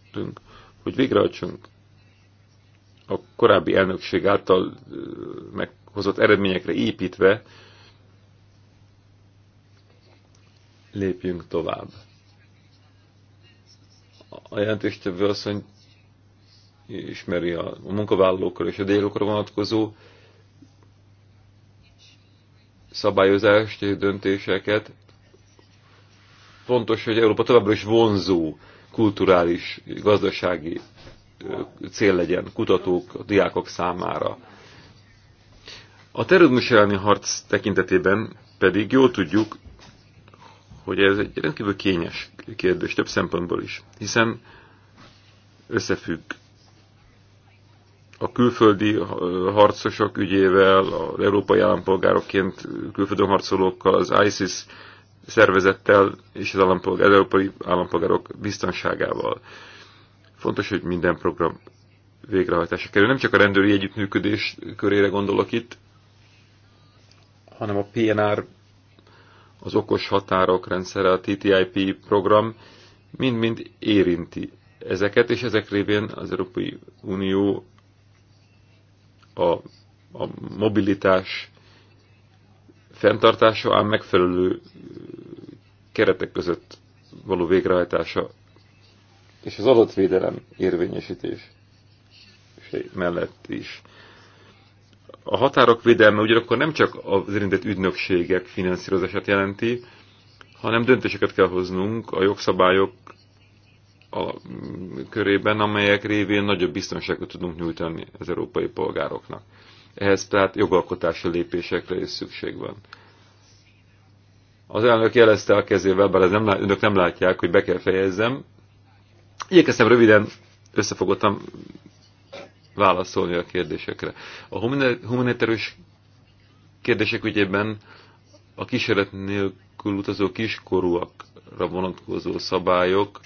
hogy végrehajtsunk a korábbi elnökség által meghozott eredményekre építve lépjünk tovább. A jelentéstevő asszony ismeri a munkavállalókra és a délokra vonatkozó szabályozást, döntéseket. Fontos, hogy Európa továbbra is vonzó kulturális, gazdasági cél legyen kutatók, a diákok számára. A terrorizmus elleni harc tekintetében pedig jól tudjuk, hogy ez egy rendkívül kényes kérdés, több szempontból is, hiszen összefügg a külföldi harcosok ügyével, az európai állampolgárokként külföldön harcolókkal, az ISIS szervezettel és az, állampolgár, az európai állampolgárok biztonságával. Fontos, hogy minden program végrehajtása kerül. Nem csak a rendőri együttműködés körére gondolok itt, hanem a PNR, az okos határok rendszere, a TTIP program mind-mind érinti ezeket, és ezek révén az Európai Unió a, a mobilitás fenntartása, ám megfelelő keretek között való végrehajtása és az adatvédelem érvényesítés mellett is. A határok védelme ugyanakkor nem csak az érintett ügynökségek finanszírozását jelenti, hanem döntéseket kell hoznunk a jogszabályok a, mm, körében, amelyek révén nagyobb biztonságot tudunk nyújtani az európai polgároknak. Ehhez tehát jogalkotási lépésekre is szükség van. Az elnök jelezte a kezével, bár ez nem, önök nem látják, hogy be kell fejezzem. Igyekeztem röviden, összefogottam válaszolni a kérdésekre. A humanitárius kérdések ügyében a kísérlet nélkül utazó kiskorúakra vonatkozó szabályok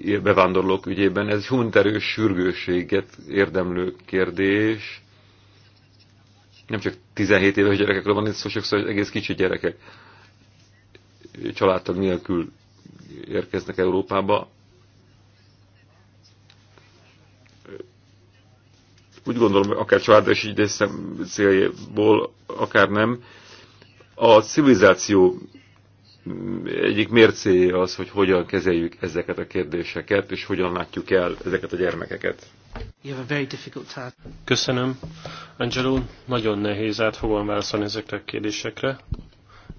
bevándorlók ügyében. Ez egy humanitárius sürgőséget érdemlő kérdés. Nem csak 17 éves gyerekekről van, itt szó, sokszor egész kicsi gyerekek családtag nélkül érkeznek Európába. Úgy gondolom, akár családos így céljából, akár nem. A civilizáció egyik mércéje az, hogy hogyan kezeljük ezeket a kérdéseket, és hogyan látjuk el ezeket a gyermekeket. Köszönöm. Angelo, nagyon nehéz át fogom válaszolni ezekre a kérdésekre,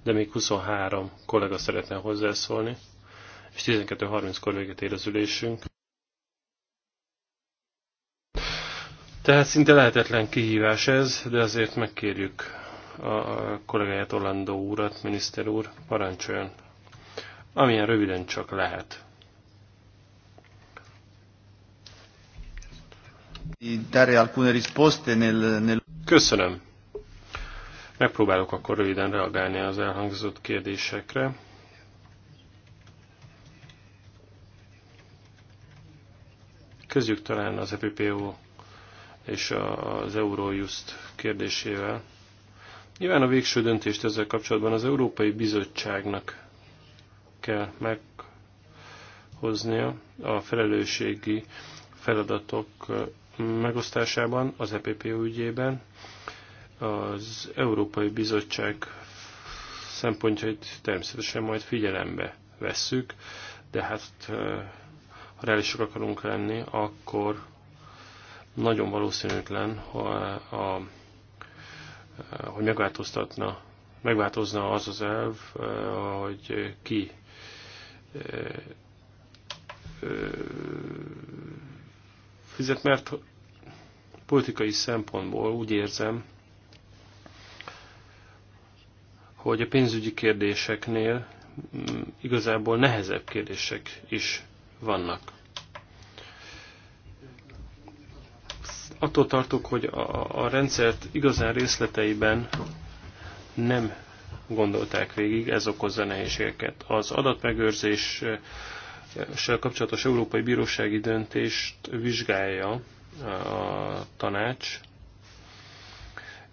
de még 23 kollega szeretne hozzászólni, és 12.30-kor véget ér az ülésünk. Tehát szinte lehetetlen kihívás ez, de azért megkérjük a kollégáját Orlandó úrat, miniszter úr, parancsoljon, amilyen röviden csak lehet. Köszönöm. Megpróbálok akkor röviden reagálni az elhangzott kérdésekre. Közjük talán az EPPO és az Eurojust kérdésével. Nyilván a végső döntést ezzel kapcsolatban az Európai Bizottságnak kell meghoznia a felelősségi feladatok megosztásában, az EPP ügyében. Az Európai Bizottság szempontjait természetesen majd figyelembe vesszük, de hát ha reálisok akarunk lenni, akkor nagyon valószínűtlen, ha a Eh, hogy megváltoztatna, megváltozna az az elv, eh, hogy ki fizet, eh, mert politikai szempontból úgy érzem, hogy a pénzügyi kérdéseknél mm, igazából nehezebb kérdések is vannak. attól tartok, hogy a, a rendszert igazán részleteiben nem gondolták végig, ez okozza nehézségeket. Az adatmegőrzéssel kapcsolatos Európai Bírósági Döntést vizsgálja a tanács,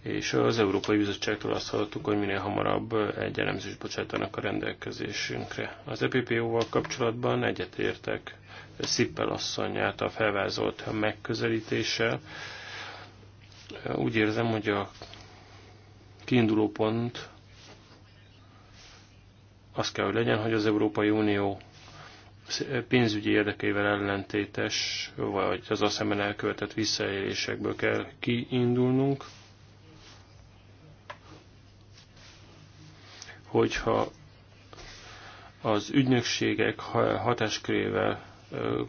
és az Európai Bizottságtól azt hallottuk, hogy minél hamarabb egy elemzést bocsátanak a rendelkezésünkre. Az EPPO-val kapcsolatban egyetértek Szippel asszonyát a felvázolt megközelítéssel. Úgy érzem, hogy a kiinduló pont az kell, hogy legyen, hogy az Európai Unió pénzügyi érdekeivel ellentétes, vagy az a szemben elkövetett visszaélésekből kell kiindulnunk. hogyha az ügynökségek hatáskörével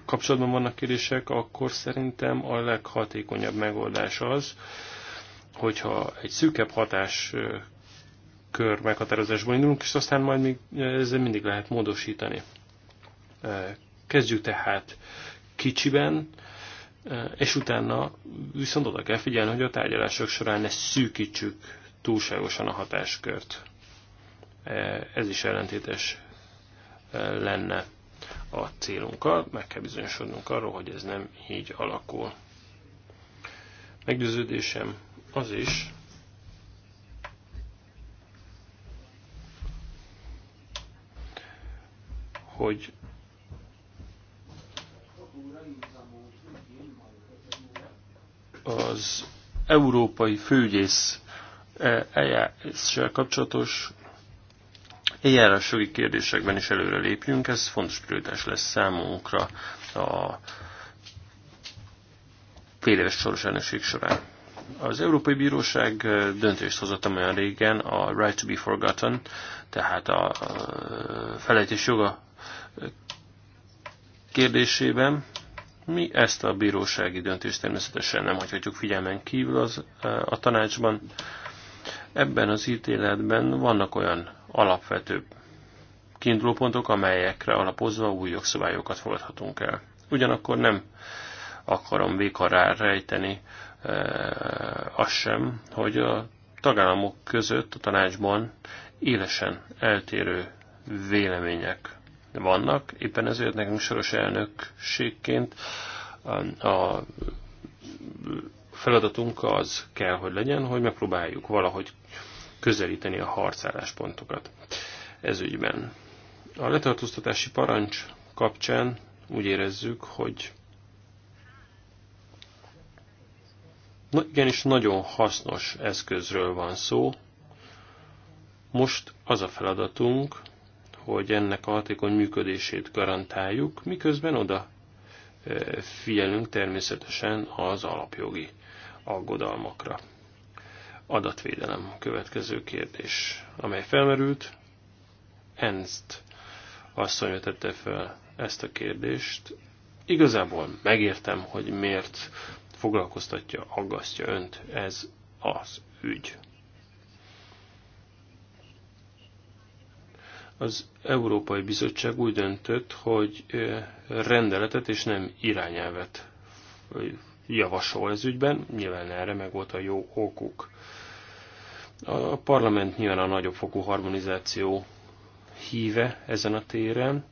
kapcsolatban vannak kérdések, akkor szerintem a leghatékonyabb megoldás az, hogyha egy szűkebb hatás kör meghatározásból indulunk, és aztán majd még ezzel mindig lehet módosítani. Kezdjük tehát kicsiben, és utána viszont oda kell figyelni, hogy a tárgyalások során ne szűkítsük túlságosan a hatáskört. Eh, ez is ellentétes eh, lenne a célunkkal, meg kell bizonyosodnunk arról, hogy ez nem így alakul. Meggyőződésem az is, hogy az európai főügyész eh, eljárással kapcsolatos eljárásjogi kérdésekben is előre lépjünk, ez fontos prioritás lesz számunkra a éves soros elnökség során. Az Európai Bíróság döntést hozott olyan régen a Right to be Forgotten, tehát a felejtés joga kérdésében. Mi ezt a bírósági döntést természetesen nem hagyhatjuk figyelmen kívül az, a tanácsban. Ebben az ítéletben vannak olyan alapvető kiindulópontok, amelyekre alapozva új jogszabályokat fogadhatunk el. Ugyanakkor nem akarom vékarrá rejteni e, azt sem, hogy a tagállamok között a tanácsban élesen eltérő vélemények vannak. Éppen ezért nekünk soros elnökségként a feladatunk az kell, hogy legyen, hogy megpróbáljuk valahogy közelíteni a harcálláspontokat ez ügyben. A letartóztatási parancs kapcsán úgy érezzük, hogy Na, igenis nagyon hasznos eszközről van szó. Most az a feladatunk, hogy ennek a hatékony működését garantáljuk, miközben oda e, figyelünk természetesen az alapjogi aggodalmakra. Adatvédelem következő kérdés, amely felmerült. Ernst asszony tette fel ezt a kérdést. Igazából megértem, hogy miért foglalkoztatja, aggasztja önt ez az ügy. Az Európai Bizottság úgy döntött, hogy rendeletet és nem irányelvet javasol ez ügyben, nyilván erre meg volt a jó okuk. A parlament nyilván a nagyobb fokú harmonizáció híve ezen a téren,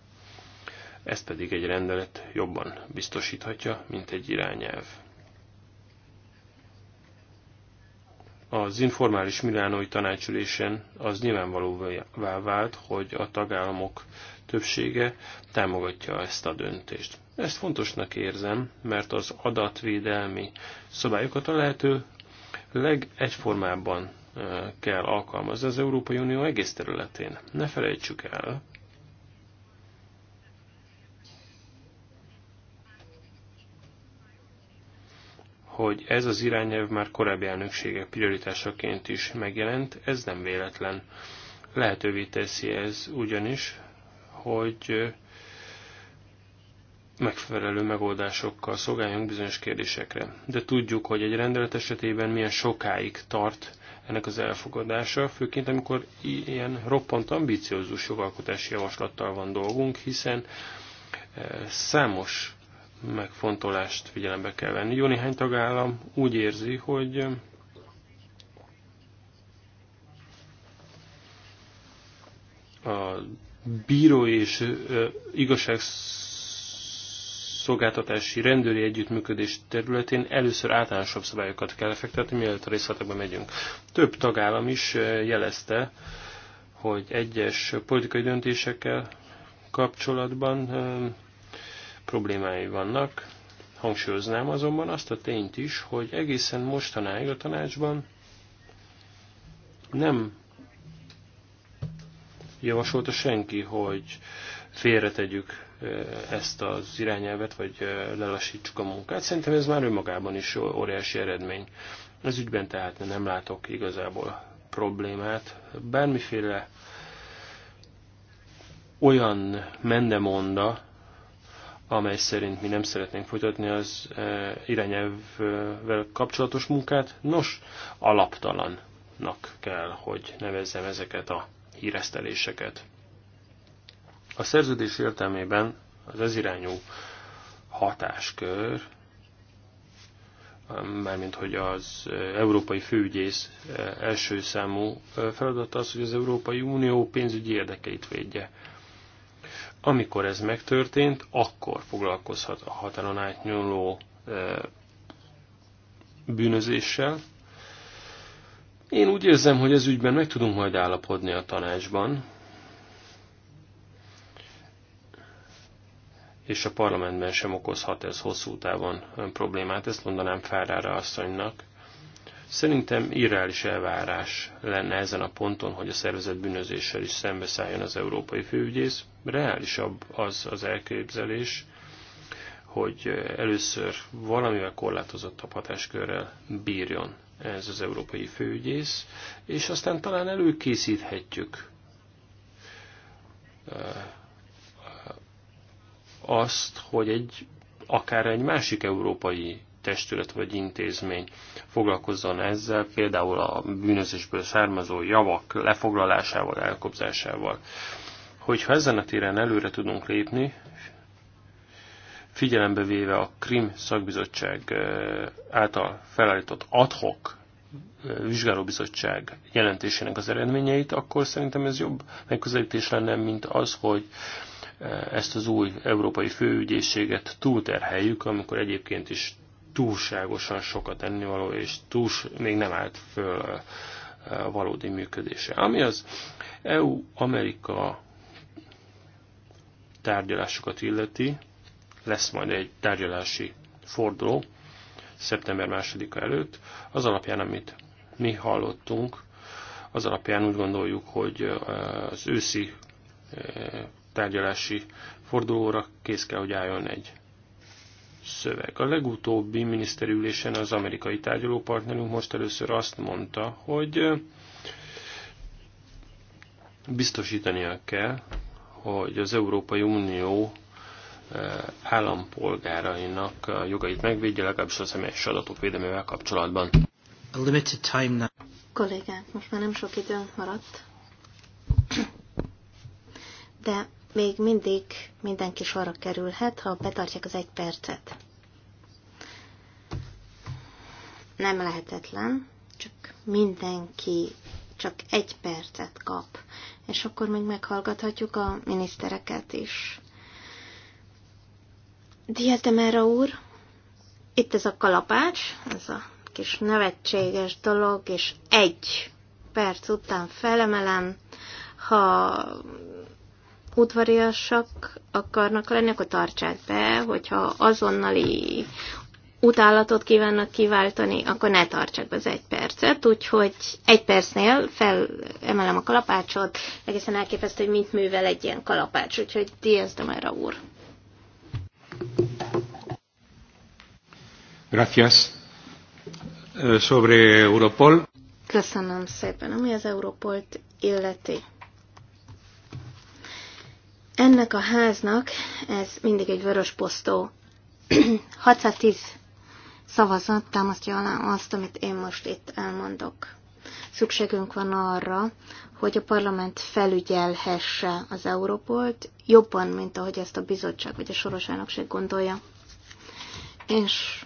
ezt pedig egy rendelet jobban biztosíthatja, mint egy irányelv. Az informális milánói tanácsülésen az nyilvánvalóvá vált, hogy a tagállamok többsége támogatja ezt a döntést. Ezt fontosnak érzem, mert az adatvédelmi szabályokat a lehető legegyformábban kell alkalmazni az Európai Unió egész területén. Ne felejtsük el, hogy ez az irányelv már korábbi elnökségek prioritásaként is megjelent, ez nem véletlen. Lehetővé teszi ez ugyanis, hogy megfelelő megoldásokkal szolgáljunk bizonyos kérdésekre. De tudjuk, hogy egy rendelet esetében milyen sokáig tart, ennek az elfogadása, főként amikor ilyen roppant ambiciózus jogalkotási javaslattal van dolgunk, hiszen eh, számos megfontolást figyelembe kell venni. Jó néhány tagállam úgy érzi, hogy eh, a bíró és eh, igazság szolgáltatási rendőri együttműködés területén először általánosabb szabályokat kell fektetni, mielőtt a részletekbe megyünk. Több tagállam is eh, jelezte, hogy egyes politikai döntésekkel kapcsolatban eh, problémái vannak. Hangsúlyoznám azonban azt a tényt is, hogy egészen mostanáig a tanácsban nem javasolta senki, hogy félretegyük ezt az irányelvet, vagy lelassítsuk a munkát. Szerintem ez már önmagában is óriási eredmény. Ez ügyben tehát nem látok igazából problémát. Bármiféle olyan mendemonda, amely szerint mi nem szeretnénk folytatni az irányelvvel kapcsolatos munkát, nos, alaptalannak kell, hogy nevezzem ezeket a híreszteléseket. A szerződés értelmében az ez irányú hatáskör, mármint hogy az európai főügyész eh, első számú eh, feladata az, hogy az Európai Unió pénzügyi érdekeit védje. Amikor ez megtörtént, akkor foglalkozhat a határon átnyúló eh, bűnözéssel. Én úgy érzem, hogy ez ügyben meg tudunk majd állapodni a tanácsban, és a parlamentben sem okozhat ez hosszú távon problémát, ezt mondanám Fárára asszonynak. Szerintem irreális elvárás lenne ezen a ponton, hogy a szervezet bűnözéssel is szembeszálljon az európai főügyész. Reálisabb az az elképzelés, hogy először valamivel korlátozottabb hatáskörrel bírjon ez az európai főügyész, és aztán talán előkészíthetjük azt, hogy egy akár egy másik európai testület vagy intézmény foglalkozzon ezzel, például a bűnözésből származó javak lefoglalásával, elkobzásával. Hogyha ezen a téren előre tudunk lépni, figyelembe véve a Krim szakbizottság által felállított adhok vizsgálóbizottság jelentésének az eredményeit, akkor szerintem ez jobb megközelítés lenne, mint az, hogy ezt az új európai főügyészséget túlterheljük, amikor egyébként is túlságosan sokat ennivaló, és túl, még nem állt föl a valódi működése. Ami az EU-Amerika tárgyalásokat illeti, lesz majd egy tárgyalási forduló szeptember 2-a előtt. Az alapján, amit mi hallottunk, az alapján úgy gondoljuk, hogy az őszi tárgyalási fordulóra kész kell, hogy álljon egy szöveg. A legutóbbi miniszterülésen az amerikai tárgyalópartnerünk most először azt mondta, hogy biztosítania kell, hogy az Európai Unió állampolgárainak a jogait megvédje, legalábbis a személyes adatok védelmével kapcsolatban. A limited time now. Kollégák, most már nem sok időn maradt, de még mindig mindenki sorra kerülhet, ha betartják az egy percet. Nem lehetetlen, csak mindenki csak egy percet kap, és akkor még meghallgathatjuk a minisztereket is. Diatemera úr, itt ez a kalapács, ez a kis nevetséges dolog, és egy perc után felemelem, ha udvariasak akarnak lenni, akkor tartsák be, hogyha azonnali utálatot kívánnak kiváltani, akkor ne tartsák be az egy percet, úgyhogy egy percnél felemelem a kalapácsot, egészen elképesztő, hogy mit művel egy ilyen kalapács, úgyhogy Diaz de Mera úr. Gracias. Eh, sobre Europol. Köszönöm szépen, ami az Europolt illeti. Ennek a háznak, ez mindig egy vörös posztó, 610 szavazat támasztja alá azt, amit én most itt elmondok. Szükségünk van arra, hogy a parlament felügyelhesse az Európolt jobban, mint ahogy ezt a bizottság vagy a soros elnökség gondolja. És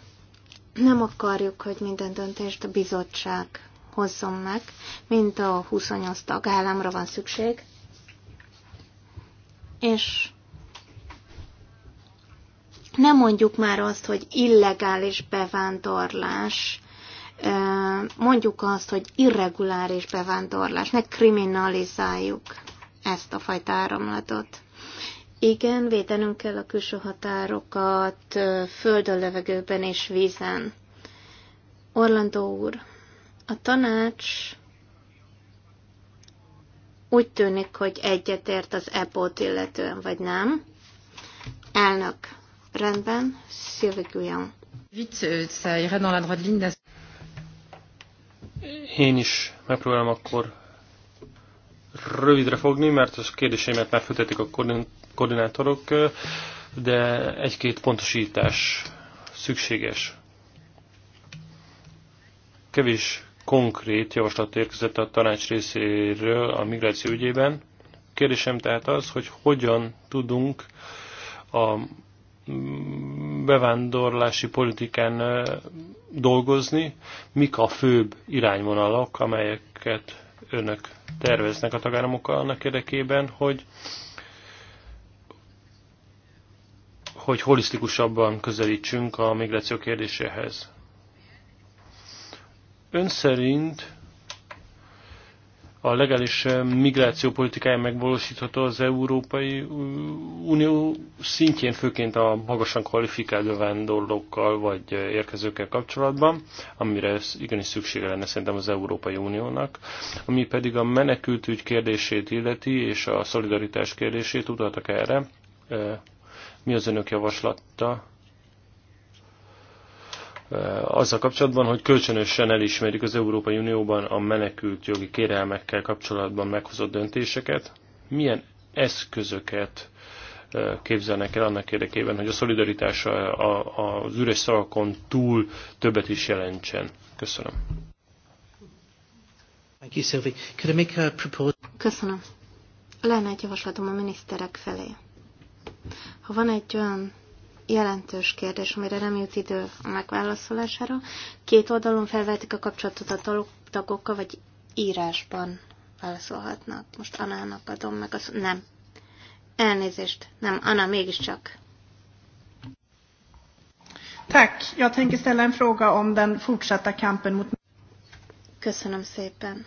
nem akarjuk, hogy minden döntést a bizottság hozzon meg, mint a 28 tagállamra van szükség, és nem mondjuk már azt, hogy illegális bevándorlás, mondjuk azt, hogy irreguláris bevándorlás, ne kriminalizáljuk ezt a fajta áramlatot. Igen, védenünk kell a külső határokat földön, levegőben és vízen. Orlandó úr, a tanács úgy tűnik, hogy egyetért az EPO-t illetően, vagy nem. Elnök, rendben, Sylvie Guillaume. Én is megpróbálom akkor rövidre fogni, mert az kérdéseimet már fütetik a koordinátorok, de egy-két pontosítás szükséges. Kevés konkrét javaslat érkezett a tanács részéről a migráció ügyében. Kérdésem tehát az, hogy hogyan tudunk a bevándorlási politikán dolgozni, mik a főbb irányvonalak, amelyeket önök terveznek a tagállamokkal annak érdekében, hogy hogy holisztikusabban közelítsünk a migráció kérdéséhez. Ön szerint a legális eh, migrációpolitikája megvalósítható az Európai Unió szintjén, főként a magasan kvalifikált vándorlókkal vagy eh, érkezőkkel kapcsolatban, amire igenis szüksége lenne szerintem az Európai Uniónak, ami pedig a menekültügy kérdését illeti, és a szolidaritás kérdését utaltak erre. Eh, mi az önök javaslata? azzal kapcsolatban, hogy kölcsönösen elismerik az Európai Unióban a menekült jogi kérelmekkel kapcsolatban meghozott döntéseket. Milyen eszközöket képzelnek el annak érdekében, hogy a szolidaritás az üres szavakon túl többet is jelentsen. Köszönöm. Köszönöm. Lenne egy javaslatom a miniszterek felé. Ha van egy olyan jelentős kérdés, amire nem jut idő a megválaszolására. Két oldalon felvetik a kapcsolatot a tagokkal, vagy írásban válaszolhatnak. Most Anának adom meg az... Nem. Elnézést. Nem, Anna, mégiscsak. Tack. Jag tänker ställa en fråga om den fortsatta kampen mot... Köszönöm szépen.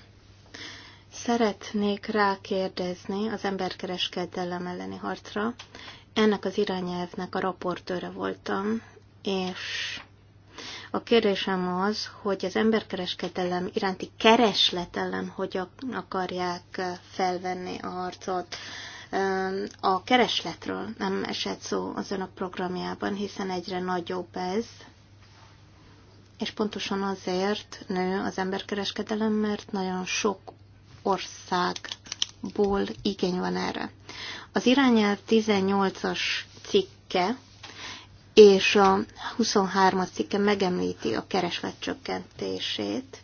Szeretnék rákérdezni az emberkereskedelem elleni harcra, ennek az irányelvnek a raportőre voltam, és a kérdésem az, hogy az emberkereskedelem iránti kereslet ellen hogy akarják felvenni a harcot. A keresletről nem esett szó az önök programjában, hiszen egyre nagyobb ez, és pontosan azért nő az emberkereskedelem, mert nagyon sok ország ból igény van erre. Az irányelv 18-as cikke és a 23-as cikke megemlíti a kereslet csökkentését,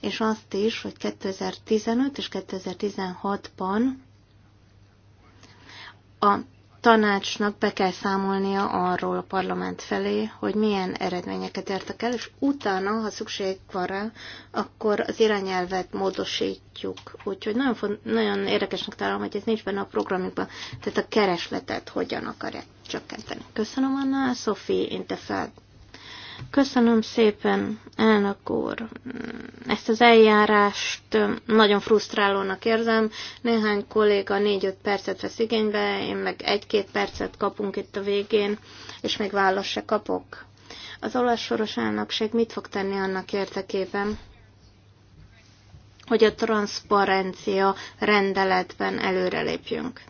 és azt is, hogy 2015 és 2016-ban a tanácsnak be kell számolnia arról a parlament felé, hogy milyen eredményeket értek el, és utána, ha szükség van rá, akkor az irányelvet módosítjuk. Úgyhogy nagyon, font, nagyon érdekesnek találom, hogy ez nincs benne a programjukban, tehát a keresletet hogyan akarják csökkenteni. Köszönöm, Anna. Sophie fel. Köszönöm szépen, elnök úr. Ezt az eljárást nagyon frusztrálónak érzem. Néhány kolléga négy-öt percet vesz igénybe, én meg egy-két percet kapunk itt a végén, és még választ se kapok. Az olasz soros elnökség mit fog tenni annak érdekében, hogy a transzparencia rendeletben előrelépjünk?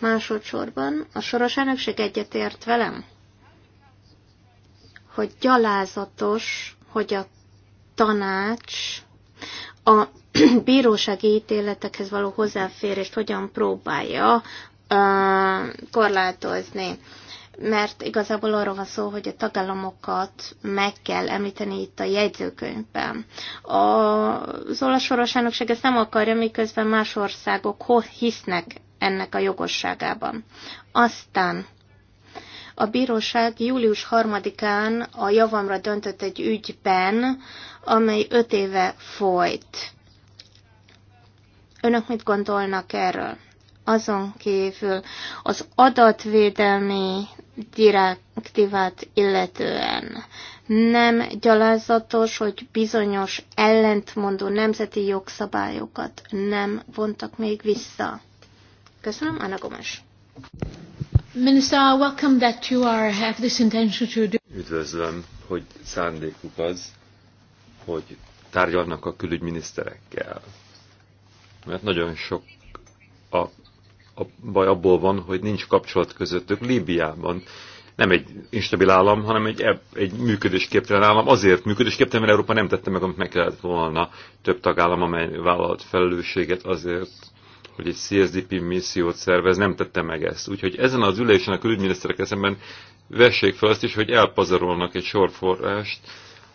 Másodszorban a soros elnökség egyetért velem? hogy gyalázatos, hogy a tanács a bírósági ítéletekhez való hozzáférést hogyan próbálja korlátozni. Mert igazából arról van szó, hogy a tagállamokat meg kell említeni itt a jegyzőkönyvben. A olasz elnökség ezt nem akarja, miközben más országok hisznek ennek a jogosságában. Aztán a bíróság július 3-án a javamra döntött egy ügyben, amely öt éve folyt. Önök mit gondolnak erről? Azon kívül az adatvédelmi direktívát illetően nem gyalázatos, hogy bizonyos ellentmondó nemzeti jogszabályokat nem vontak még vissza. Köszönöm, Anna Gomes. Minister, I welcome that you are, have this intention to do. Üdvözlöm, hogy szándékuk az, hogy tárgyalnak a külügyminiszterekkel. Mert nagyon sok a, a baj abból van, hogy nincs kapcsolat közöttük Líbiában. Nem egy instabil állam, hanem egy, egy működésképtelen állam. Azért működésképtelen, mert Európa nem tette meg, amit meg kellett volna. Több tagállam, amely vállalt felelősséget azért, hogy egy CSDP missziót szervez, nem tette meg ezt. Úgyhogy ezen az ülésen a külügyminiszterek eszemben vessék fel azt is, hogy elpazarolnak egy sor forrást,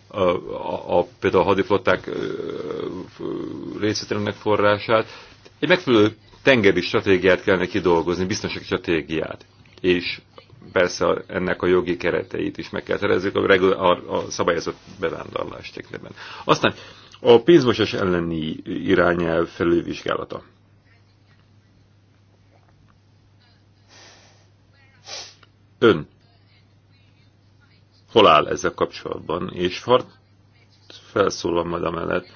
a, a, a, például a hadiflották részvételének forrását. Egy megfelelő tengeri stratégiát kellene kidolgozni, biztonsági stratégiát. És persze ennek a jogi kereteit is meg kell terezzük a, a, a szabályozott bevándorlás tekintetben. Aztán a pénzmosás elleni irányelv felülvizsgálata. ön hol áll ezzel kapcsolatban, és hart felszólal majd amellett,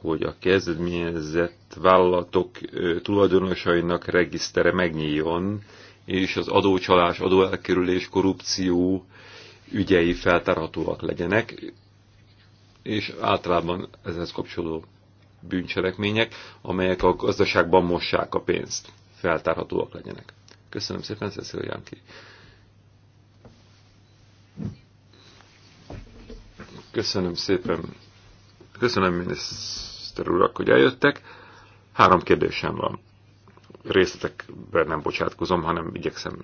hogy a kezdeményezett vállalatok tulajdonosainak regisztere megnyíljon, és az adócsalás, adóelkerülés, korrupció ügyei feltárhatóak legyenek, és általában ezhez kapcsolódó bűncselekmények, amelyek a gazdaságban mossák a pénzt, feltárhatóak legyenek. Köszönöm szépen, Cecil Jánki Köszönöm szépen. Köszönöm miniszter urak, hogy eljöttek. Három kérdésem van. Részletekben nem bocsátkozom, hanem igyekszem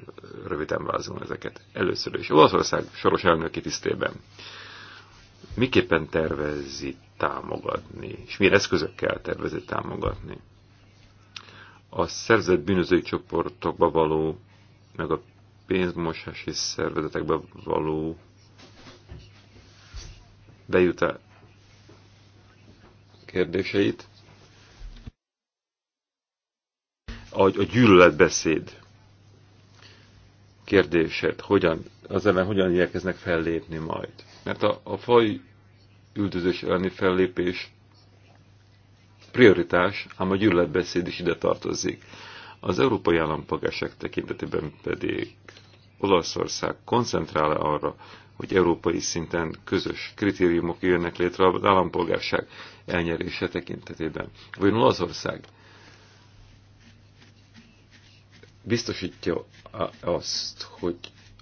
röviden vázolni ezeket. Először is Olaszország soros elnöki tisztében. Miképpen tervezi támogatni, és milyen eszközökkel tervezi támogatni a szerzett bűnözői csoportokba való, meg a pénzmosási szervezetekbe való bejut a kérdéseit. A, a gyűlöletbeszéd kérdését, hogyan, az ellen hogyan igyekeznek fellépni majd. Mert a, a faj üldözés elleni fellépés prioritás, ám a gyűlöletbeszéd is ide tartozik. Az európai állampolgárság tekintetében pedig Olaszország koncentrál -e arra, hogy európai szinten közös kritériumok jönnek létre az állampolgárság elnyerése tekintetében. Vagy Olaszország biztosítja azt, hogy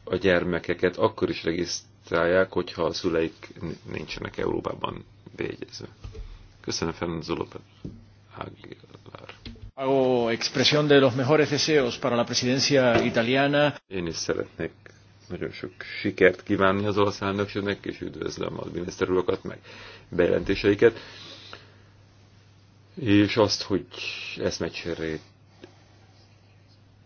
a gyermekeket akkor is regisztrálják, hogyha a szüleik nincsenek Európában bejegyezve. Köszönöm Fernando Zolopet. Aguilar. Hago expresión de los mejores deseos para la presidencia italiana. Én is szeretnék nagyon sok sikert kívánni az olasz elnökségnek, és üdvözlöm a miniszterülokat, meg bejelentéseiket. És azt, hogy eszmecserét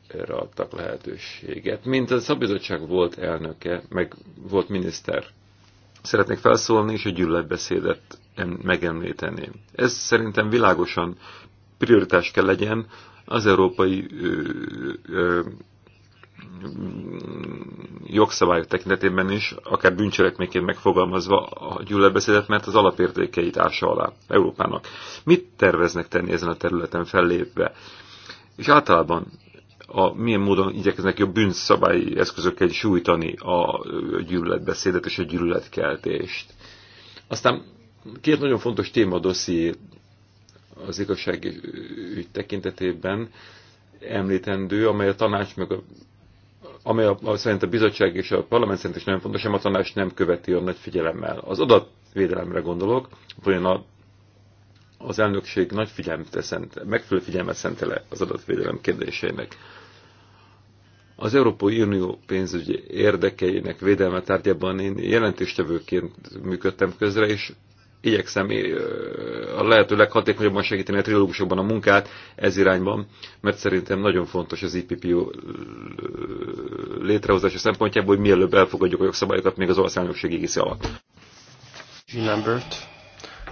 erre adtak lehetőséget. Mint a szabizottság volt elnöke, meg volt miniszter, szeretnék felszólni és a gyűlöletbeszédet megemlíteni. Ez szerintem világosan prioritás kell legyen az európai ö, ö, jogszabályok tekintetében is, akár bűncselekményként megfogalmazva a gyűlöletbeszédet, mert az alapértékeit ássa alá Európának. Mit terveznek tenni ezen a területen fellépve? És általában a, milyen módon igyekeznek jobb bűnszabályi eszközökkel sújtani a gyűlöletbeszédet és a gyűlöletkeltést. Aztán két nagyon fontos téma dosszié az igazságügy tekintetében említendő, amely a tanács meg a amely a, a, szerint a bizottság és a parlament szerint is nagyon fontos, a tanács nem követi a nagy figyelemmel. Az adatvédelemre gondolok, hogy a, az elnökség nagy figyelmet szent, megfelelő figyelmet szentele az adatvédelem kérdéseinek. Az Európai Unió pénzügyi érdekeinek védelme tárgyában én jelentéstevőként működtem közre, és igyekszem eh, a lehető leghatékonyabban segíteni a trilógusokban a munkát ez irányban, mert szerintem nagyon fontos az IPPO eh, létrehozása szempontjából, hogy mielőbb elfogadjuk a jogszabályokat még az országok égisze alatt. Jean Lambert.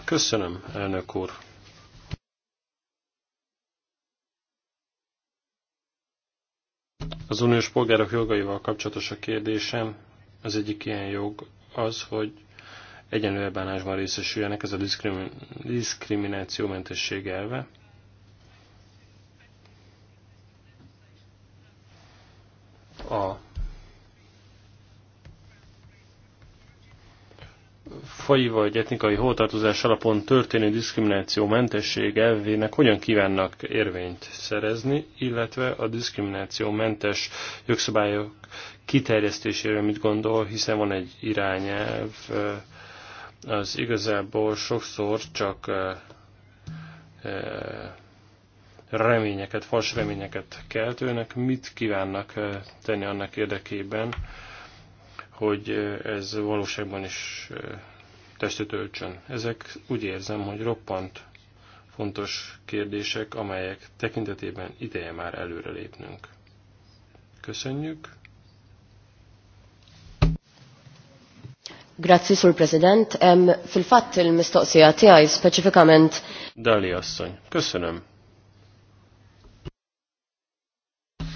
Köszönöm, elnök úr. Az uniós polgárok jogaival kapcsolatos a kérdésem. Az egyik ilyen jog az, hogy egyenlő elbánásban részesüljenek, ez a diszkrimi mentesség elve. A fai vagy etnikai hótartozás alapon történő diszkrimináció mentesség elvének hogyan kívánnak érvényt szerezni, illetve a diszkrimináció mentes jogszabályok kiterjesztéséről mit gondol, hiszen van egy irányelv, az igazából sokszor csak reményeket, fals reményeket keltőnek, mit kívánnak tenni annak érdekében, hogy ez valóságban is testet öltsön. Ezek úgy érzem, hogy roppant fontos kérdések, amelyek tekintetében ideje már előrelépnünk. Köszönjük! Grazzi, asszony, köszönöm.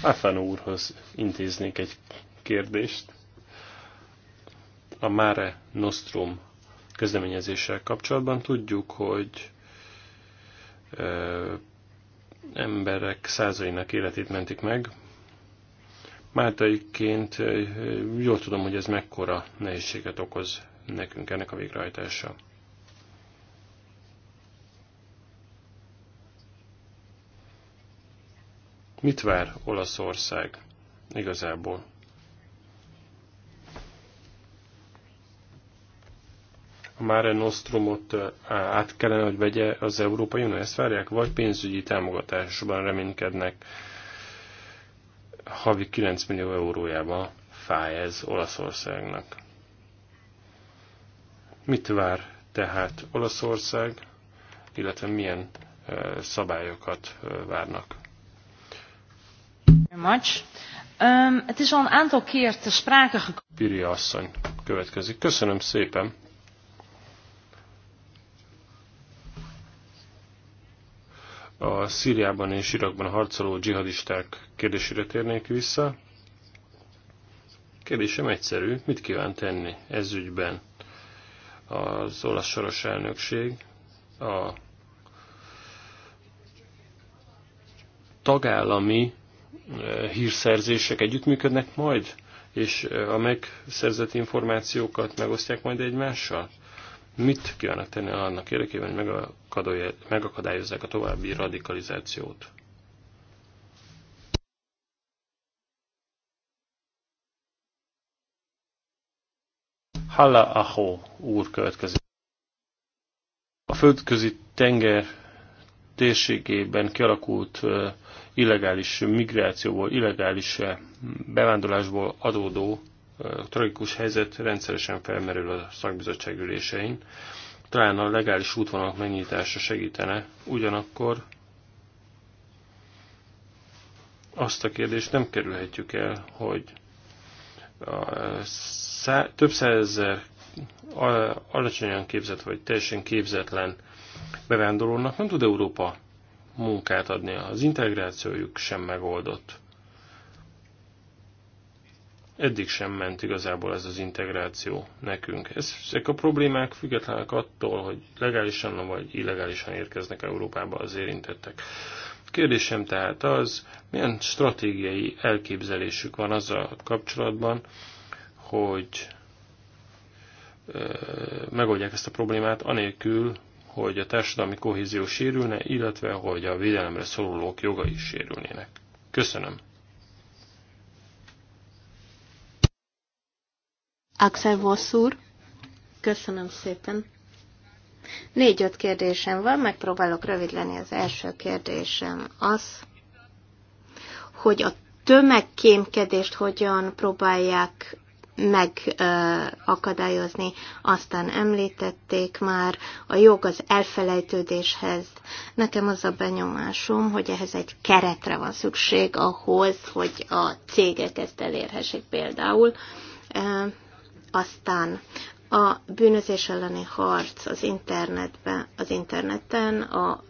Áfán úrhoz intéznék egy kérdést. A Mare Nostrum kezdeményezéssel kapcsolatban tudjuk, hogy ö, emberek százainak életét mentik meg, Máltaiként jól tudom, hogy ez mekkora nehézséget okoz nekünk ennek a végrehajtása. Mit vár Olaszország igazából? A Mare Nostrumot át kellene, hogy vegye az Európai Unió, ezt várják, vagy pénzügyi támogatásban reménykednek havi 9 millió eurójába fáj ez Olaszországnak. Mit vár tehát Olaszország, illetve milyen szabályokat várnak? Much. Um, het is al een aantal keer te sprake gekomen. Piri asszony következik. Köszönöm szépen. A Szíriában és Irakban harcoló dzsihadisták kérdésére térnék vissza. Kérdésem egyszerű, mit kíván tenni ez ügyben az olasz soros elnökség, a tagállami eh, hírszerzések együttműködnek majd, és eh, a megszerzett információkat megosztják majd egymással? Mit kívánnak tenni annak érdekében, hogy megakadályozzák a további radikalizációt? Halla Aho úr következik. A földközi tenger térségében kialakult illegális migrációból, illegális bevándorlásból adódó tragikus helyzet rendszeresen felmerül a szakbizottság ülésein. Talán a legális útvonalak megnyitása segítene, ugyanakkor azt a kérdést nem kerülhetjük el, hogy a szá, több százezer alacsonyan képzett vagy teljesen képzetlen bevándorlónak nem tud Európa munkát adni. Az integrációjuk sem megoldott eddig sem ment igazából ez az integráció nekünk. Ezek a problémák függetlenek attól, hogy legálisan vagy illegálisan érkeznek Európába az érintettek. Kérdésem tehát az, milyen stratégiai elképzelésük van azzal kapcsolatban, hogy megoldják ezt a problémát anélkül, hogy a társadalmi kohézió sérülne, illetve hogy a védelemre szorulók jogai sérülnének. Köszönöm. Axel Voss úr, köszönöm szépen. Négy-öt kérdésem van, megpróbálok rövid lenni. Az első kérdésem az, hogy a tömegkémkedést hogyan próbálják megakadályozni. Aztán említették már, a jog az elfelejtődéshez. Nekem az a benyomásom, hogy ehhez egy keretre van szükség ahhoz, hogy a cégek ezt elérhessék például. Aztán a bűnözés elleni harc az internetben, az interneten, a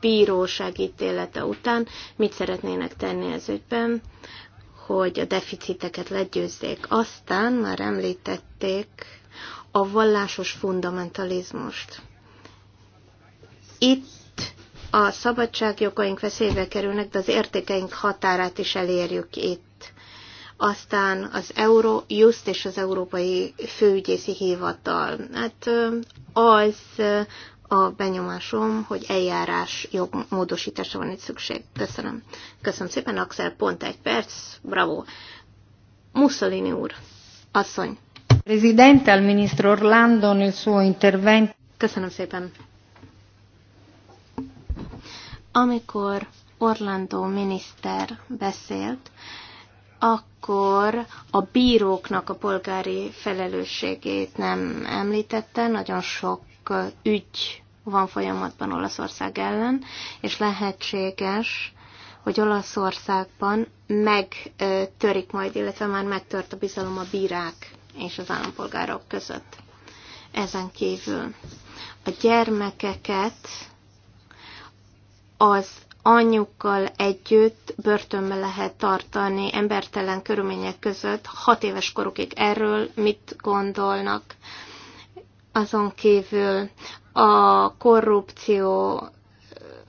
bíróság ítélete után mit szeretnének tenni az ügyben, hogy a deficiteket legyőzzék. Aztán már említették a vallásos fundamentalizmust. Itt a szabadságjogaink veszélybe kerülnek, de az értékeink határát is elérjük itt aztán az Just és az Európai Főügyészi Hivatal. Hát az a benyomásom, hogy eljárás módosításra van itt szükség. Köszönöm. Köszönöm szépen, Axel, pont egy perc, bravo. Mussolini úr, asszony. Presidente, al ministro Orlando nel suo intervento. Köszönöm szépen. Amikor Orlando miniszter beszélt, akkor a bíróknak a polgári felelősségét nem említette, nagyon sok uh, ügy van folyamatban Olaszország ellen, és lehetséges, hogy Olaszországban megtörik uh, majd, illetve már megtört a bizalom a bírák és az állampolgárok között. Ezen kívül a gyermekeket az anyjukkal együtt börtönbe lehet tartani embertelen körülmények között hat éves korukig. Erről mit gondolnak? Azon kívül a korrupció,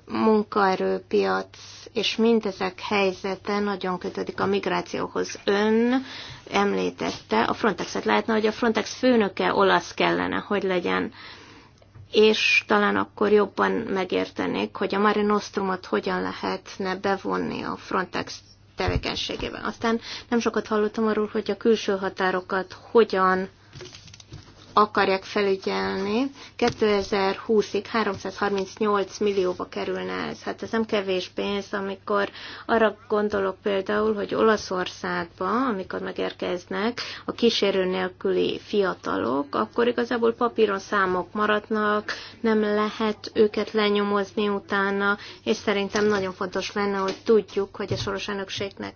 munkaerőpiac és mindezek helyzete nagyon kötődik a migrációhoz. Ön említette a Frontexet. Lehetne, hogy a Frontex főnöke olasz kellene, hogy legyen és talán akkor jobban megértenék, hogy a Mare Nostrumot hogyan lehetne bevonni a Frontex tevékenységében. Aztán nem sokat hallottam arról, hogy a külső határokat hogyan akarják felügyelni, 2020-ig 338 millióba kerülne ez. Hát ez nem kevés pénz, amikor arra gondolok például, hogy Olaszországba, amikor megérkeznek a kísérő nélküli fiatalok, akkor igazából papíron számok maradnak, nem lehet őket lenyomozni utána, és szerintem nagyon fontos lenne, hogy tudjuk, hogy a soros elnökségnek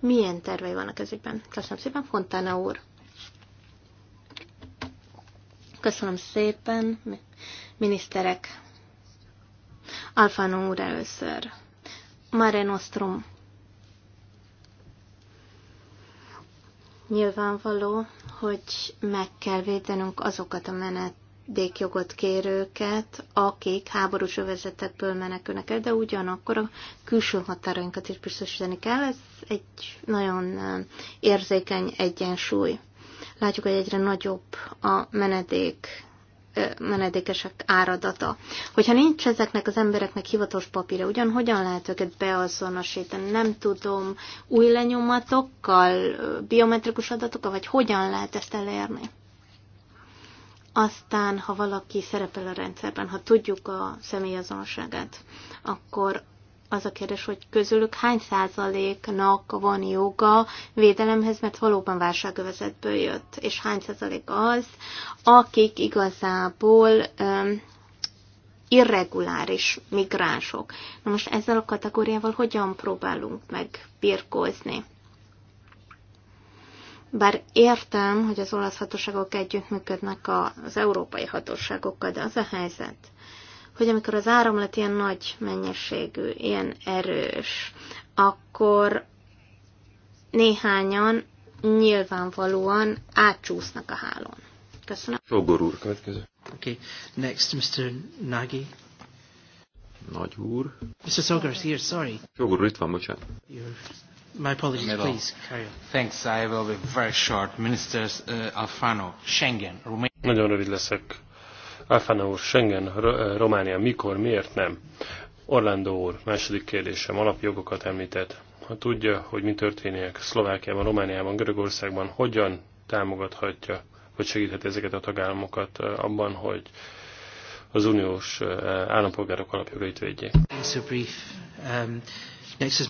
milyen tervei vannak ezekben. Köszönöm szépen, Fontana úr! Köszönöm szépen, miniszterek. Alfano úr először. Mare Nostrum. Nyilvánvaló, hogy meg kell védenünk azokat a menedékjogot kérőket, akik háborús övezetekből menekülnek el, de ugyanakkor a külső határainkat is biztosítani kell. Ez egy nagyon eh, érzékeny egyensúly. Látjuk, hogy egyre nagyobb a menedék menedékesek áradata. Hogyha nincs ezeknek az embereknek hivatalos papíra, ugyan hogyan lehet őket beazonosítani? Nem tudom, új lenyomatokkal, biometrikus adatokkal, vagy hogyan lehet ezt elérni? Aztán, ha valaki szerepel a rendszerben, ha tudjuk a személyazonosságát, akkor az a kérdés, hogy közülük hány százaléknak van joga védelemhez, mert valóban válságövezetből jött, és hány százalék az, akik igazából um, irreguláris migránsok. Na most ezzel a kategóriával hogyan próbálunk megbirkózni? Bár értem, hogy az olasz hatóságok együttműködnek az európai hatóságokkal, de az a helyzet, hogy amikor az áramlat ilyen nagy mennyiségű, ilyen erős, akkor néhányan nyilvánvalóan átcsúsznak a hálón. Köszönöm. Sogor úr, következő. Okay. Next, Mr. Nagy. Nagy úr. Mr. Sogor is here, sorry. Sogor úr, itt van, bocsánat. My apologies, please. Carry on. Thanks, I will be very short. Ministers uh, Alfano, Schengen, Romania. Nagyon rövid leszek. Alfana úr, Schengen, Románia, mikor, miért nem? Orlando úr, második kérdésem, alapjogokat említett. Ha tudja, hogy mi történik Szlovákiában, Romániában, Görögországban, hogyan támogathatja, vagy segítheti ezeket a tagállamokat abban, hogy az uniós állampolgárok alapjogait védjék. Um,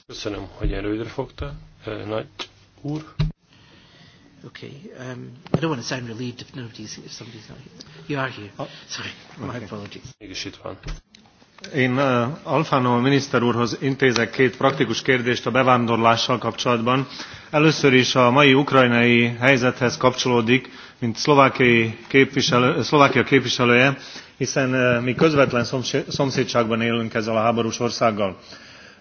Köszönöm, hogy erődre fogta. Nagy úr. Okay. Um, I don't want to sound relieved if nobody's if somebody's not here. You are here. Oh. Sorry. My okay. apologies. Mégis itt van. Én uh, Alfano miniszter úrhoz intézek két praktikus kérdést a bevándorlással kapcsolatban. Először is a mai ukrajnai helyzethez kapcsolódik, mint szlovákiai képviselő, szlovákia képviselője, hiszen uh, mi közvetlen szomszédságban élünk ezzel a háborús országgal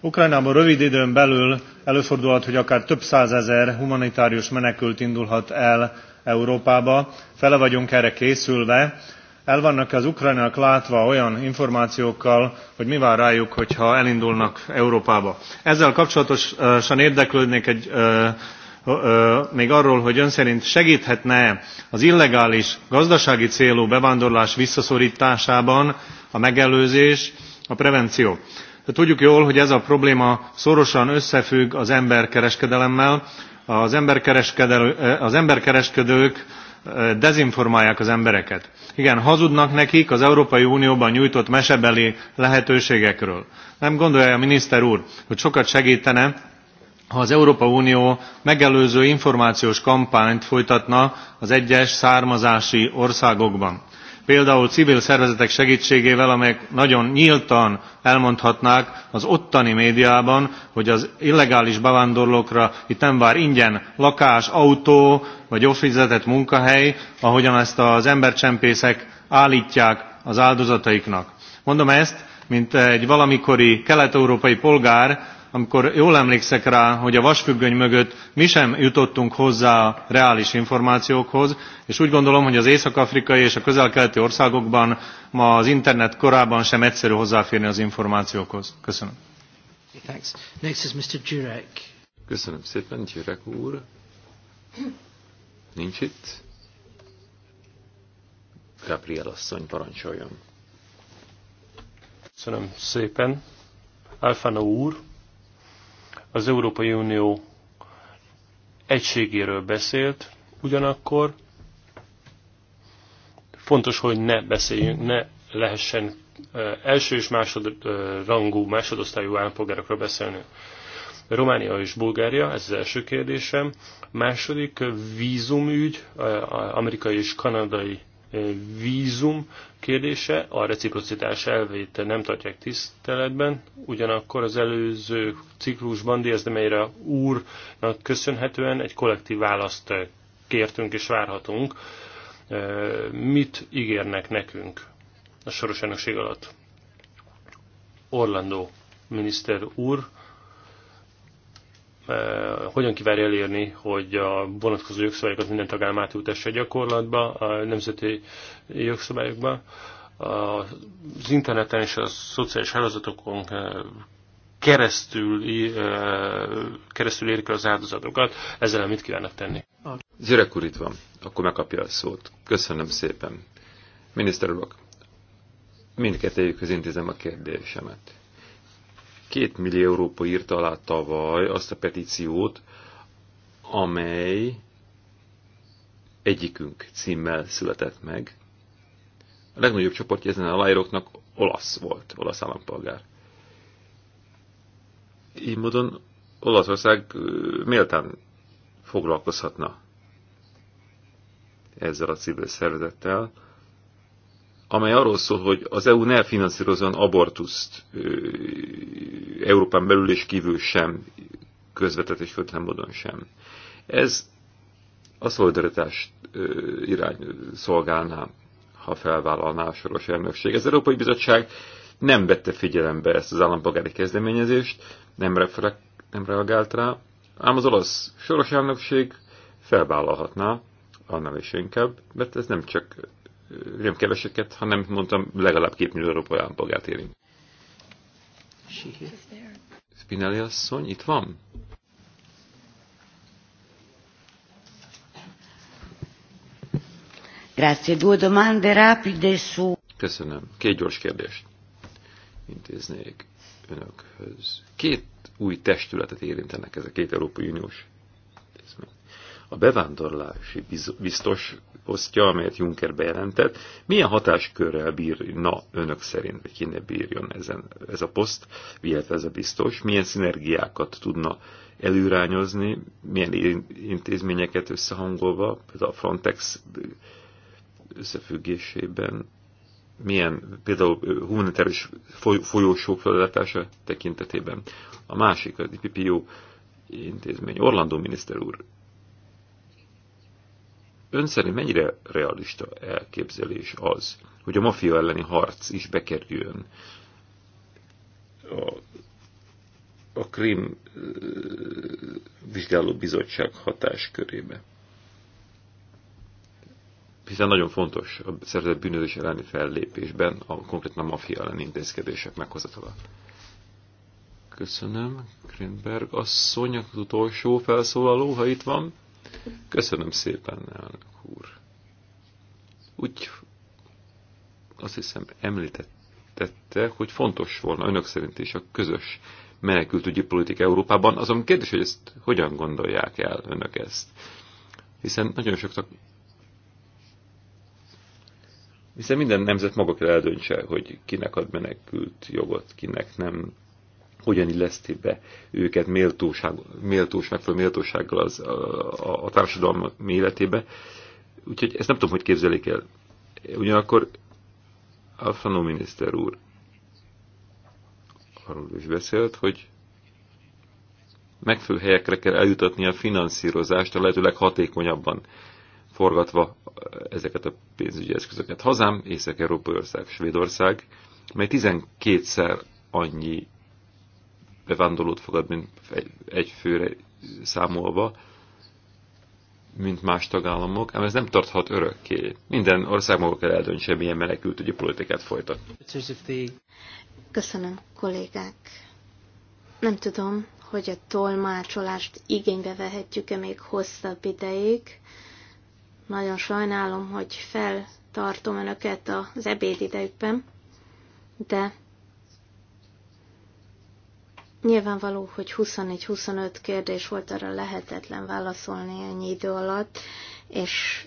Ukrajnában rövid időn belül előfordulhat, hogy akár több százezer humanitárius menekült indulhat el Európába. Fele vagyunk erre készülve. El vannak az ukrajnák látva olyan információkkal, hogy mi vár rájuk, hogyha elindulnak Európába. Ezzel kapcsolatosan érdeklődnék egy még arról, hogy ön szerint segíthetne az illegális gazdasági célú bevándorlás visszaszorításában a megelőzés, a prevenció de tudjuk jól hogy ez a probléma szorosan összefügg az emberkereskedelemmel az, az emberkereskedők eh, dezinformálják az embereket. igen hazudnak nekik az európai unióban nyújtott mesebeli lehetőségekről. nem gondolja a miniszter úr hogy sokat segítene, ha az európai unió megelőző információs kampányt folytatna az egyes származási országokban? például civil szervezetek segtségével amelyek nagyon nyltan elmondhatnák az ottani médiában hogy az illegális bevándorlókra itt nem vár ingyen lakás autó vagy jól fizetett munkahely ahogyan ezt az embercsempészek álltják az áldozataiknak. mondom ezt mint egy valamikori kelet európai polgár amikor jól emlékszek rá hogy a vasfüggöny mögött mi sem jutottunk hozzá a reális információkhoz és úgy gondolom hogy az észak afrikai és a közel keleti országokban ma az internet korában sem egyszerű hozzáférni az információkhoz. köszönöm. Köszönöm szépen, Gyurek úr. Nincs itt. Gabriel asszony, parancsoljon. Köszönöm szépen. Alfano úr, az Európai Unió egységéről beszélt, ugyanakkor fontos, hogy ne beszéljünk, ne lehessen első és másod rangú, másodosztályú állampolgárokra beszélni. Románia és Bulgária, ez az első kérdésem. Második vízumügy, amerikai és kanadai vízum kérdése, a reciprocitás elvét nem tartják tiszteletben, ugyanakkor az előző ciklusban Diaz de Meira úrnak köszönhetően egy kollektív választ kértünk és várhatunk. Mit ígérnek nekünk a soros elnökség alatt? Orlando miniszter úr Eh, hogyan kívánja elérni, hogy a vonatkozó jogszabályokat minden tagállam átültesse a gyakorlatba, a nemzeti jogszabályokba. Az interneten és a szociális hálózatokon eh, keresztül, eh, keresztül érik az áldozatokat. Ezzel mit kívánnak tenni? Zürek úr itt van, akkor megkapja a szót. Köszönöm szépen. Miniszter urak, mindkettőjükhöz intézem a kérdésemet. Két millió Európa írta alá tavaly azt a petíciót, amely egyikünk címmel született meg. A legnagyobb csoportja ezen a aláíróknak olasz volt, olasz állampolgár. Így módon Olaszország méltán foglalkozhatna ezzel a civil szervezettel, amely arról szól, hogy az EU ne finanszírozzon abortuszt Európán belül és kívül sem, közvetett és közvetlen módon sem. Ez a szolidaritást irány szolgálná, ha felvállalná a soros elnökség. Az Európai Bizottság nem vette figyelembe ezt az állampolgári kezdeményezést, nem, reflek, nem reagált rá, ám az olasz soros elnökség felvállalhatná, annál is inkább, mert ez nem csak nem keveseket, hanem mondtam, legalább két millió európai állampolgárt érint. Spinelli asszony, itt van? Grazie, due domande rapide su... Köszönöm. Két gyors kérdést intéznék önökhöz. Két új testületet érintenek ez a két Európai Uniós a bevándorlási biztos osztja, amelyet Juncker bejelentett, milyen hatáskörrel bírna önök szerint, vagy kéne bírjon ezen, ez a poszt, illetve ez a biztos, milyen szinergiákat tudna előrányozni, milyen intézményeket összehangolva, például a Frontex összefüggésében, milyen például humanitárius folyósók feladatása tekintetében. A másik, az IPPO intézmény. Orlandó miniszter úr ön szerint mennyire realista elképzelés az, hogy a mafia elleni harc is bekerüljön a, a krim vizsgáló bizottság hatáskörébe? Hiszen nagyon fontos a szervezett bűnözés elleni fellépésben a konkrétan a mafia elleni intézkedések meghozatala. Köszönöm. Greenberg asszony, az utolsó felszólaló, ha itt van. Köszönöm szépen, elnök úr. Úgy azt hiszem említette, hogy fontos volna önök szerint is a közös menekültügyi politika Európában. Azon kérdés, hogy ezt hogyan gondolják el önök ezt. Hiszen nagyon sok tak... Hiszen minden nemzet maga kell eldöntse, hogy kinek ad menekült jogot, kinek nem hogyan illeszti be őket méltóság, méltós, megfelelő méltósággal az, a, a társadalom életébe. Úgyhogy ezt nem tudom, hogy képzelik el. Ugyanakkor Alfano miniszter úr arról is beszélt, hogy megfelelő helyekre kell eljutatni a finanszírozást a lehetőleg hatékonyabban forgatva ezeket a pénzügyi eszközöket. Hazám, Észak-Európai ország, Svédország, mely 12-szer annyi bevándorlót fogad, mint egy főre számolva, mint más tagállamok, ám ez nem tarthat örökké. Minden ország maga kell eldöntse, milyen menekültügyi politikát folytat. Köszönöm, kollégák. Nem tudom, hogy a tolmácsolást igénybe vehetjük-e még hosszabb ideig. Nagyon sajnálom, hogy feltartom önöket az ebédidejükben, de Nyilvánvaló, hogy 24-25 kérdés volt, arra lehetetlen válaszolni ennyi idő alatt, és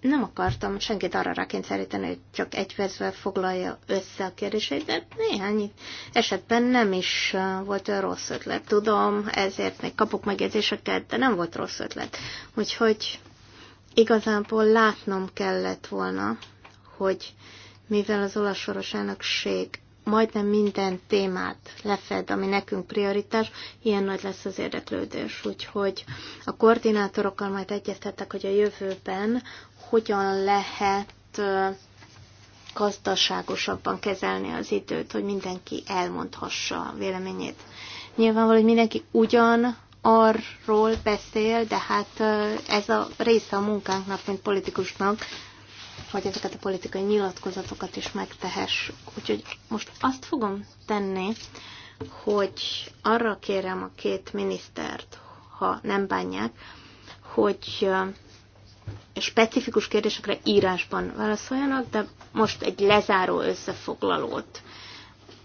nem akartam senkit arra rákényszeríteni, hogy csak egy percben foglalja össze a kérdéseit, de néhány esetben nem is volt olyan rossz ötlet. Tudom, ezért még kapok megjegyzéseket, de nem volt rossz ötlet. Úgyhogy igazából látnom kellett volna, hogy mivel az olasz soros elnökség majdnem minden témát lefed, ami nekünk prioritás, ilyen nagy lesz az érdeklődés. Úgyhogy a koordinátorokkal majd egyeztettek, hogy a jövőben hogyan lehet gazdaságosabban kezelni az időt, hogy mindenki elmondhassa a véleményét. Nyilvánvaló, hogy mindenki ugyan arról beszél, de hát ez a része a munkánknak, mint politikusnak, hogy ezeket a politikai nyilatkozatokat is megtehessük. Úgyhogy most azt fogom tenni, hogy arra kérem a két minisztert, ha nem bánják, hogy specifikus kérdésekre írásban válaszoljanak, de most egy lezáró összefoglalót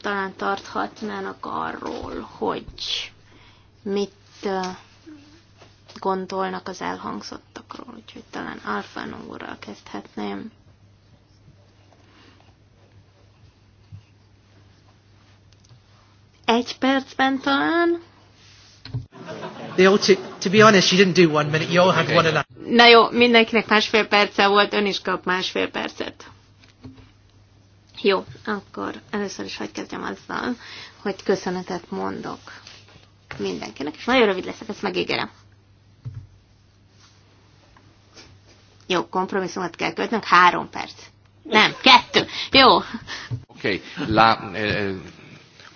talán tarthatnának arról, hogy mit gondolnak az elhangzottakról, úgyhogy talán Alfán úrral kezdhetném. Egy percben talán. to be honest, you didn't do one minute, you had one Na jó, mindenkinek másfél perce volt, ön is kap másfél percet. Jó, akkor először is hagyd kezdjem azzal, hogy köszönetet mondok mindenkinek, és nagyon rövid leszek, ezt megígérem. Jó, kompromisszumot kell kötnünk, három perc. Nem, kettő. Jó. Oké, okay. Eh, eh,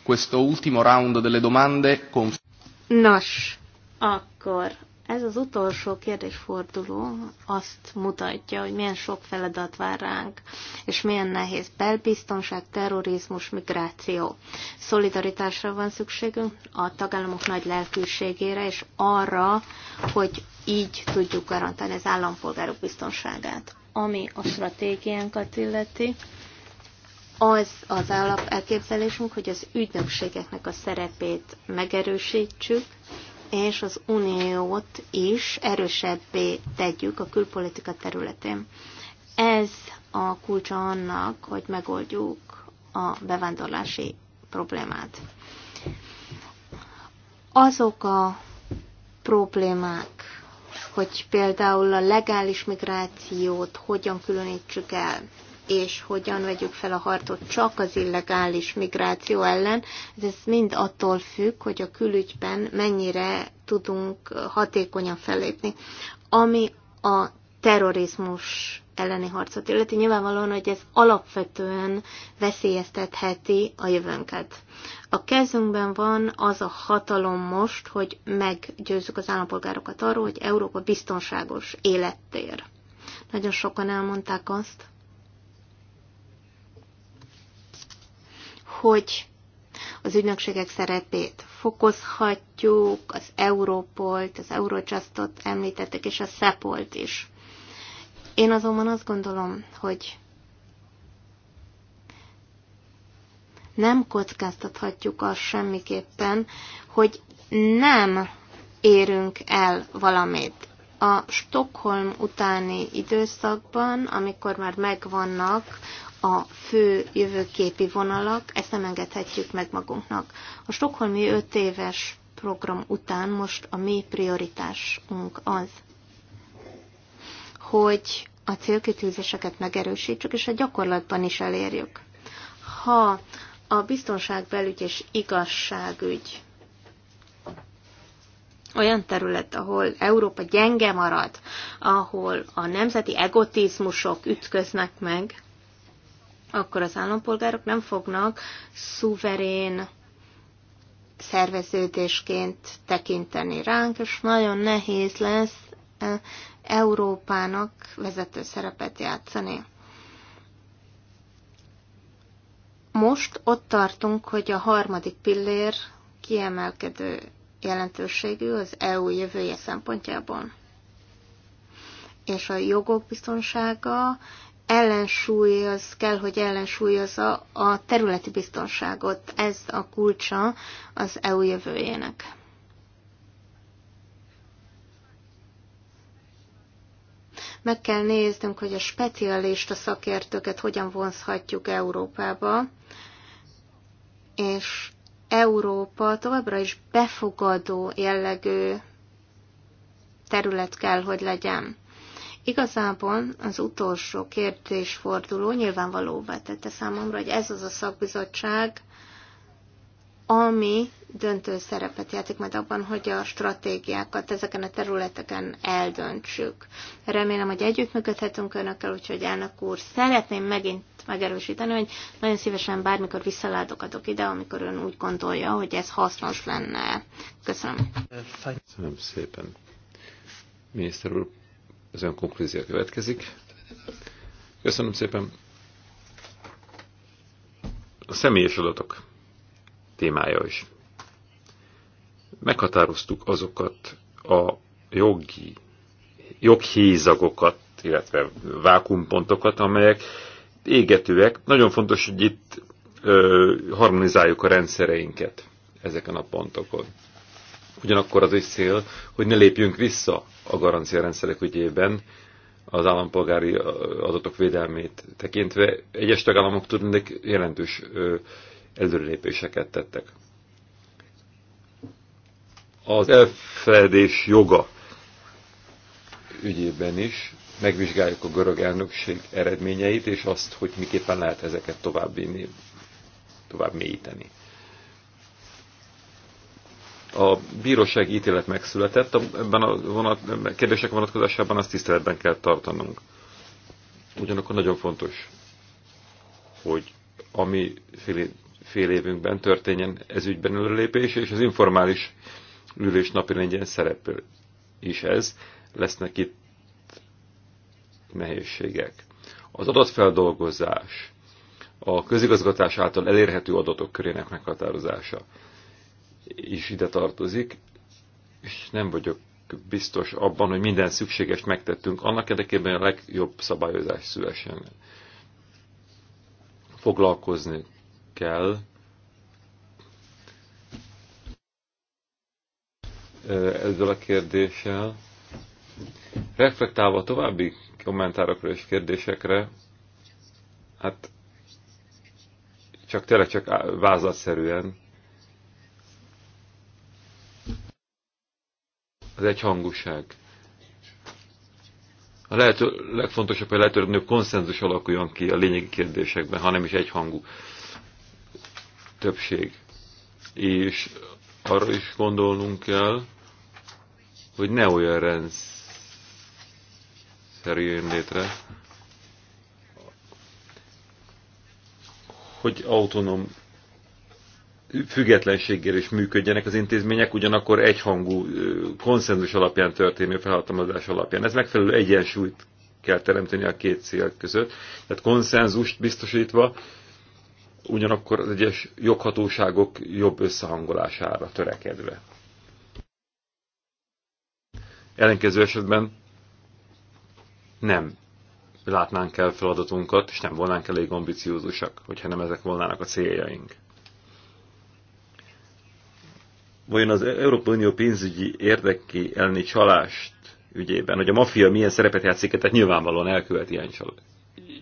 questo ultimo round delle domande Conf- Nos, akkor ez az utolsó kérdésforduló azt mutatja, hogy milyen sok feladat vár ránk, és milyen nehéz belbiztonság, terrorizmus, migráció. Szolidaritásra van szükségünk, a tagállamok nagy lelkűségére, és arra, hogy így tudjuk garantálni az állampolgárok biztonságát. Ami a stratégiánkat illeti, az az alap elképzelésünk, hogy az ügynökségeknek a szerepét megerősítsük, és az uniót is erősebbé tegyük a külpolitika területén. Ez a kulcsa annak, hogy megoldjuk a bevándorlási problémát. Azok a problémák, hogy például a legális migrációt hogyan különítsük el, és hogyan vegyük fel a harcot csak az illegális migráció ellen, ez mind attól függ, hogy a külügyben mennyire tudunk hatékonyan fellépni. Ami a terrorizmus elleni harcot illeti, nyilvánvalóan, hogy ez alapvetően veszélyeztetheti a jövőnket. A kezünkben van az a hatalom most, hogy meggyőzzük az állampolgárokat arról, hogy Európa biztonságos élettér. Nagyon sokan elmondták azt, hogy az ügynökségek szerepét fokozhatjuk, az Európolt, az Eurojustot említettek, és a Szepolt is. Én azonban azt gondolom, hogy nem kockáztathatjuk azt semmiképpen, hogy nem érünk el valamit. A Stockholm utáni időszakban, amikor már megvannak a fő jövőképi vonalak, ezt nem engedhetjük meg magunknak. A Stockholmi 5 éves program után most a mi prioritásunk az, hogy a célkitűzéseket megerősítsük, és a gyakorlatban is elérjük. Ha a biztonságbelügy és igazságügy olyan terület, ahol Európa gyenge marad, ahol a nemzeti egotizmusok ütköznek meg, akkor az állampolgárok nem fognak szuverén szerveződésként tekinteni ránk, és nagyon nehéz lesz eh, Európának vezető szerepet játszani. Most ott tartunk, hogy a harmadik pillér kiemelkedő jelentőségű az EU jövője szempontjából. És a jogok biztonsága ellensúlyoz, kell, hogy ellensúlyozza a területi biztonságot. Ez a kulcsa az EU jövőjének. Meg kell néznünk, hogy a specialista szakértőket hogyan vonzhatjuk Európába, és Európa továbbra is befogadó jellegű terület kell, hogy legyen. Igazából az utolsó kérdésforduló nyilvánvalóvá tette számomra, hogy ez az a szakbizottság, ami döntő szerepet játszik majd abban, hogy a stratégiákat ezeken a területeken eldöntsük. Remélem, hogy együttműködhetünk önökkel, úgyhogy elnök úr, szeretném megint megerősíteni, hogy nagyon szívesen bármikor visszaládogatok ide, amikor ön úgy gondolja, hogy ez hasznos lenne. Köszönöm. Köszönöm szépen. Miniszter úr, az ön konklúzió következik. Köszönöm szépen. A személyes adatok témája is. Meghatároztuk azokat a jogi, joghézagokat, illetve vákumpontokat, amelyek égetőek. Nagyon fontos, hogy itt ö, harmonizáljuk a rendszereinket ezeken a pontokon. Ugyanakkor az is cél, hogy ne lépjünk vissza a garanciarendszerek ügyében, az állampolgári adatok védelmét tekintve. Egyes tagállamok tudnak jelentős előrelépéseket tettek. Az elfeledés joga ügyében is megvizsgáljuk a görög elnökség eredményeit, és azt, hogy miképpen lehet ezeket vinni, tovább mélyíteni. A bíróság ítélet megszületett, ebben a vonat, kérdések vonatkozásában azt tiszteletben kell tartanunk. Ugyanakkor nagyon fontos, hogy ami fél évünkben történjen ez ügyben előlépés, és az informális ülés napi legyen szerepel is ez. Lesznek itt nehézségek. Az adatfeldolgozás, a közigazgatás által elérhető adatok körének meghatározása is ide tartozik, és nem vagyok biztos abban, hogy minden szükséges megtettünk, annak érdekében a legjobb szabályozás szülesen Foglalkozni kell ezzel a kérdéssel. Reflektálva további kommentárokra és kérdésekre, hát csak tényleg csak vázatszerűen az egyhangúság. A lehető, legfontosabb, hogy lehetőleg konszenzus alakuljon ki a lényegi kérdésekben, hanem is egyhangú többség. És arra is gondolnunk kell, hogy ne olyan rendszer jön létre, hogy autonóm függetlenséggel is működjenek az intézmények, ugyanakkor egyhangú konszenzus alapján történő felhatalmazás alapján. Ez megfelelő egyensúlyt kell teremteni a két cél között. Tehát konszenzust biztosítva, ugyanakkor az egyes joghatóságok jobb összehangolására törekedve. Ellenkező esetben nem látnánk el feladatunkat, és nem volnánk elég ambiciózusak, hogyha nem ezek volnának a céljaink. Vajon az Európai Unió pénzügyi érdeki elleni csalást ügyében, hogy a mafia milyen szerepet játszik, tehát nyilvánvalóan elkövet ilyen,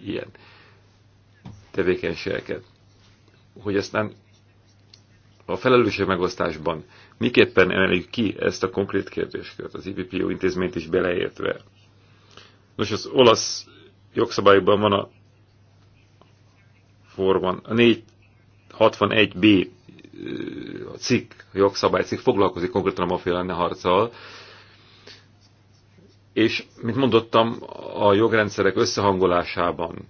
ilyen tevékenységeket hogy aztán a felelősség megosztásban miképpen emeljük ki ezt a konkrét kérdéskört, az IPPO intézményt is beleértve. Nos, az olasz jogszabályokban van a formon, a 461b cikk, jogszabálycikk foglalkozik konkrétan a mafia lenne harccal, és, mint mondottam, a jogrendszerek összehangolásában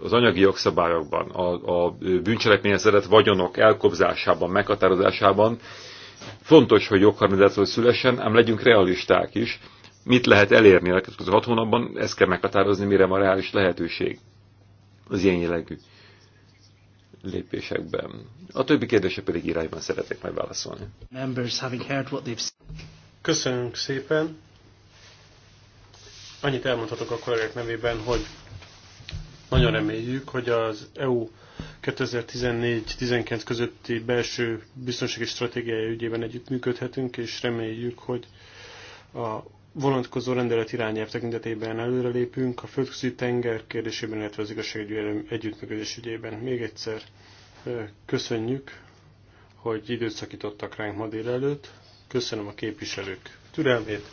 az anyagi jogszabályokban, a, a bűncselekményhez eredett vagyonok elkobzásában, meghatározásában fontos, hogy jogharmonizáció szülessen, ám legyünk realisták is. Mit lehet elérni a következő hat hónapban, ezt kell meghatározni, mire van reális lehetőség az ilyen jellegű lépésekben. A többi kérdése pedig irányban szeretek majd válaszolni. Köszönjük szépen! Annyit elmondhatok a kollégák nevében, hogy nagyon reméljük, hogy az EU 2014-19 közötti belső biztonsági stratégiája ügyében együttműködhetünk, és reméljük, hogy a vonatkozó rendelet irányelv tekintetében előrelépünk, a földközi tenger kérdésében, illetve az igazságügyi együttműködés ügyében. Még egyszer köszönjük, hogy időt szakítottak ránk ma délelőtt. Köszönöm a képviselők türelmét.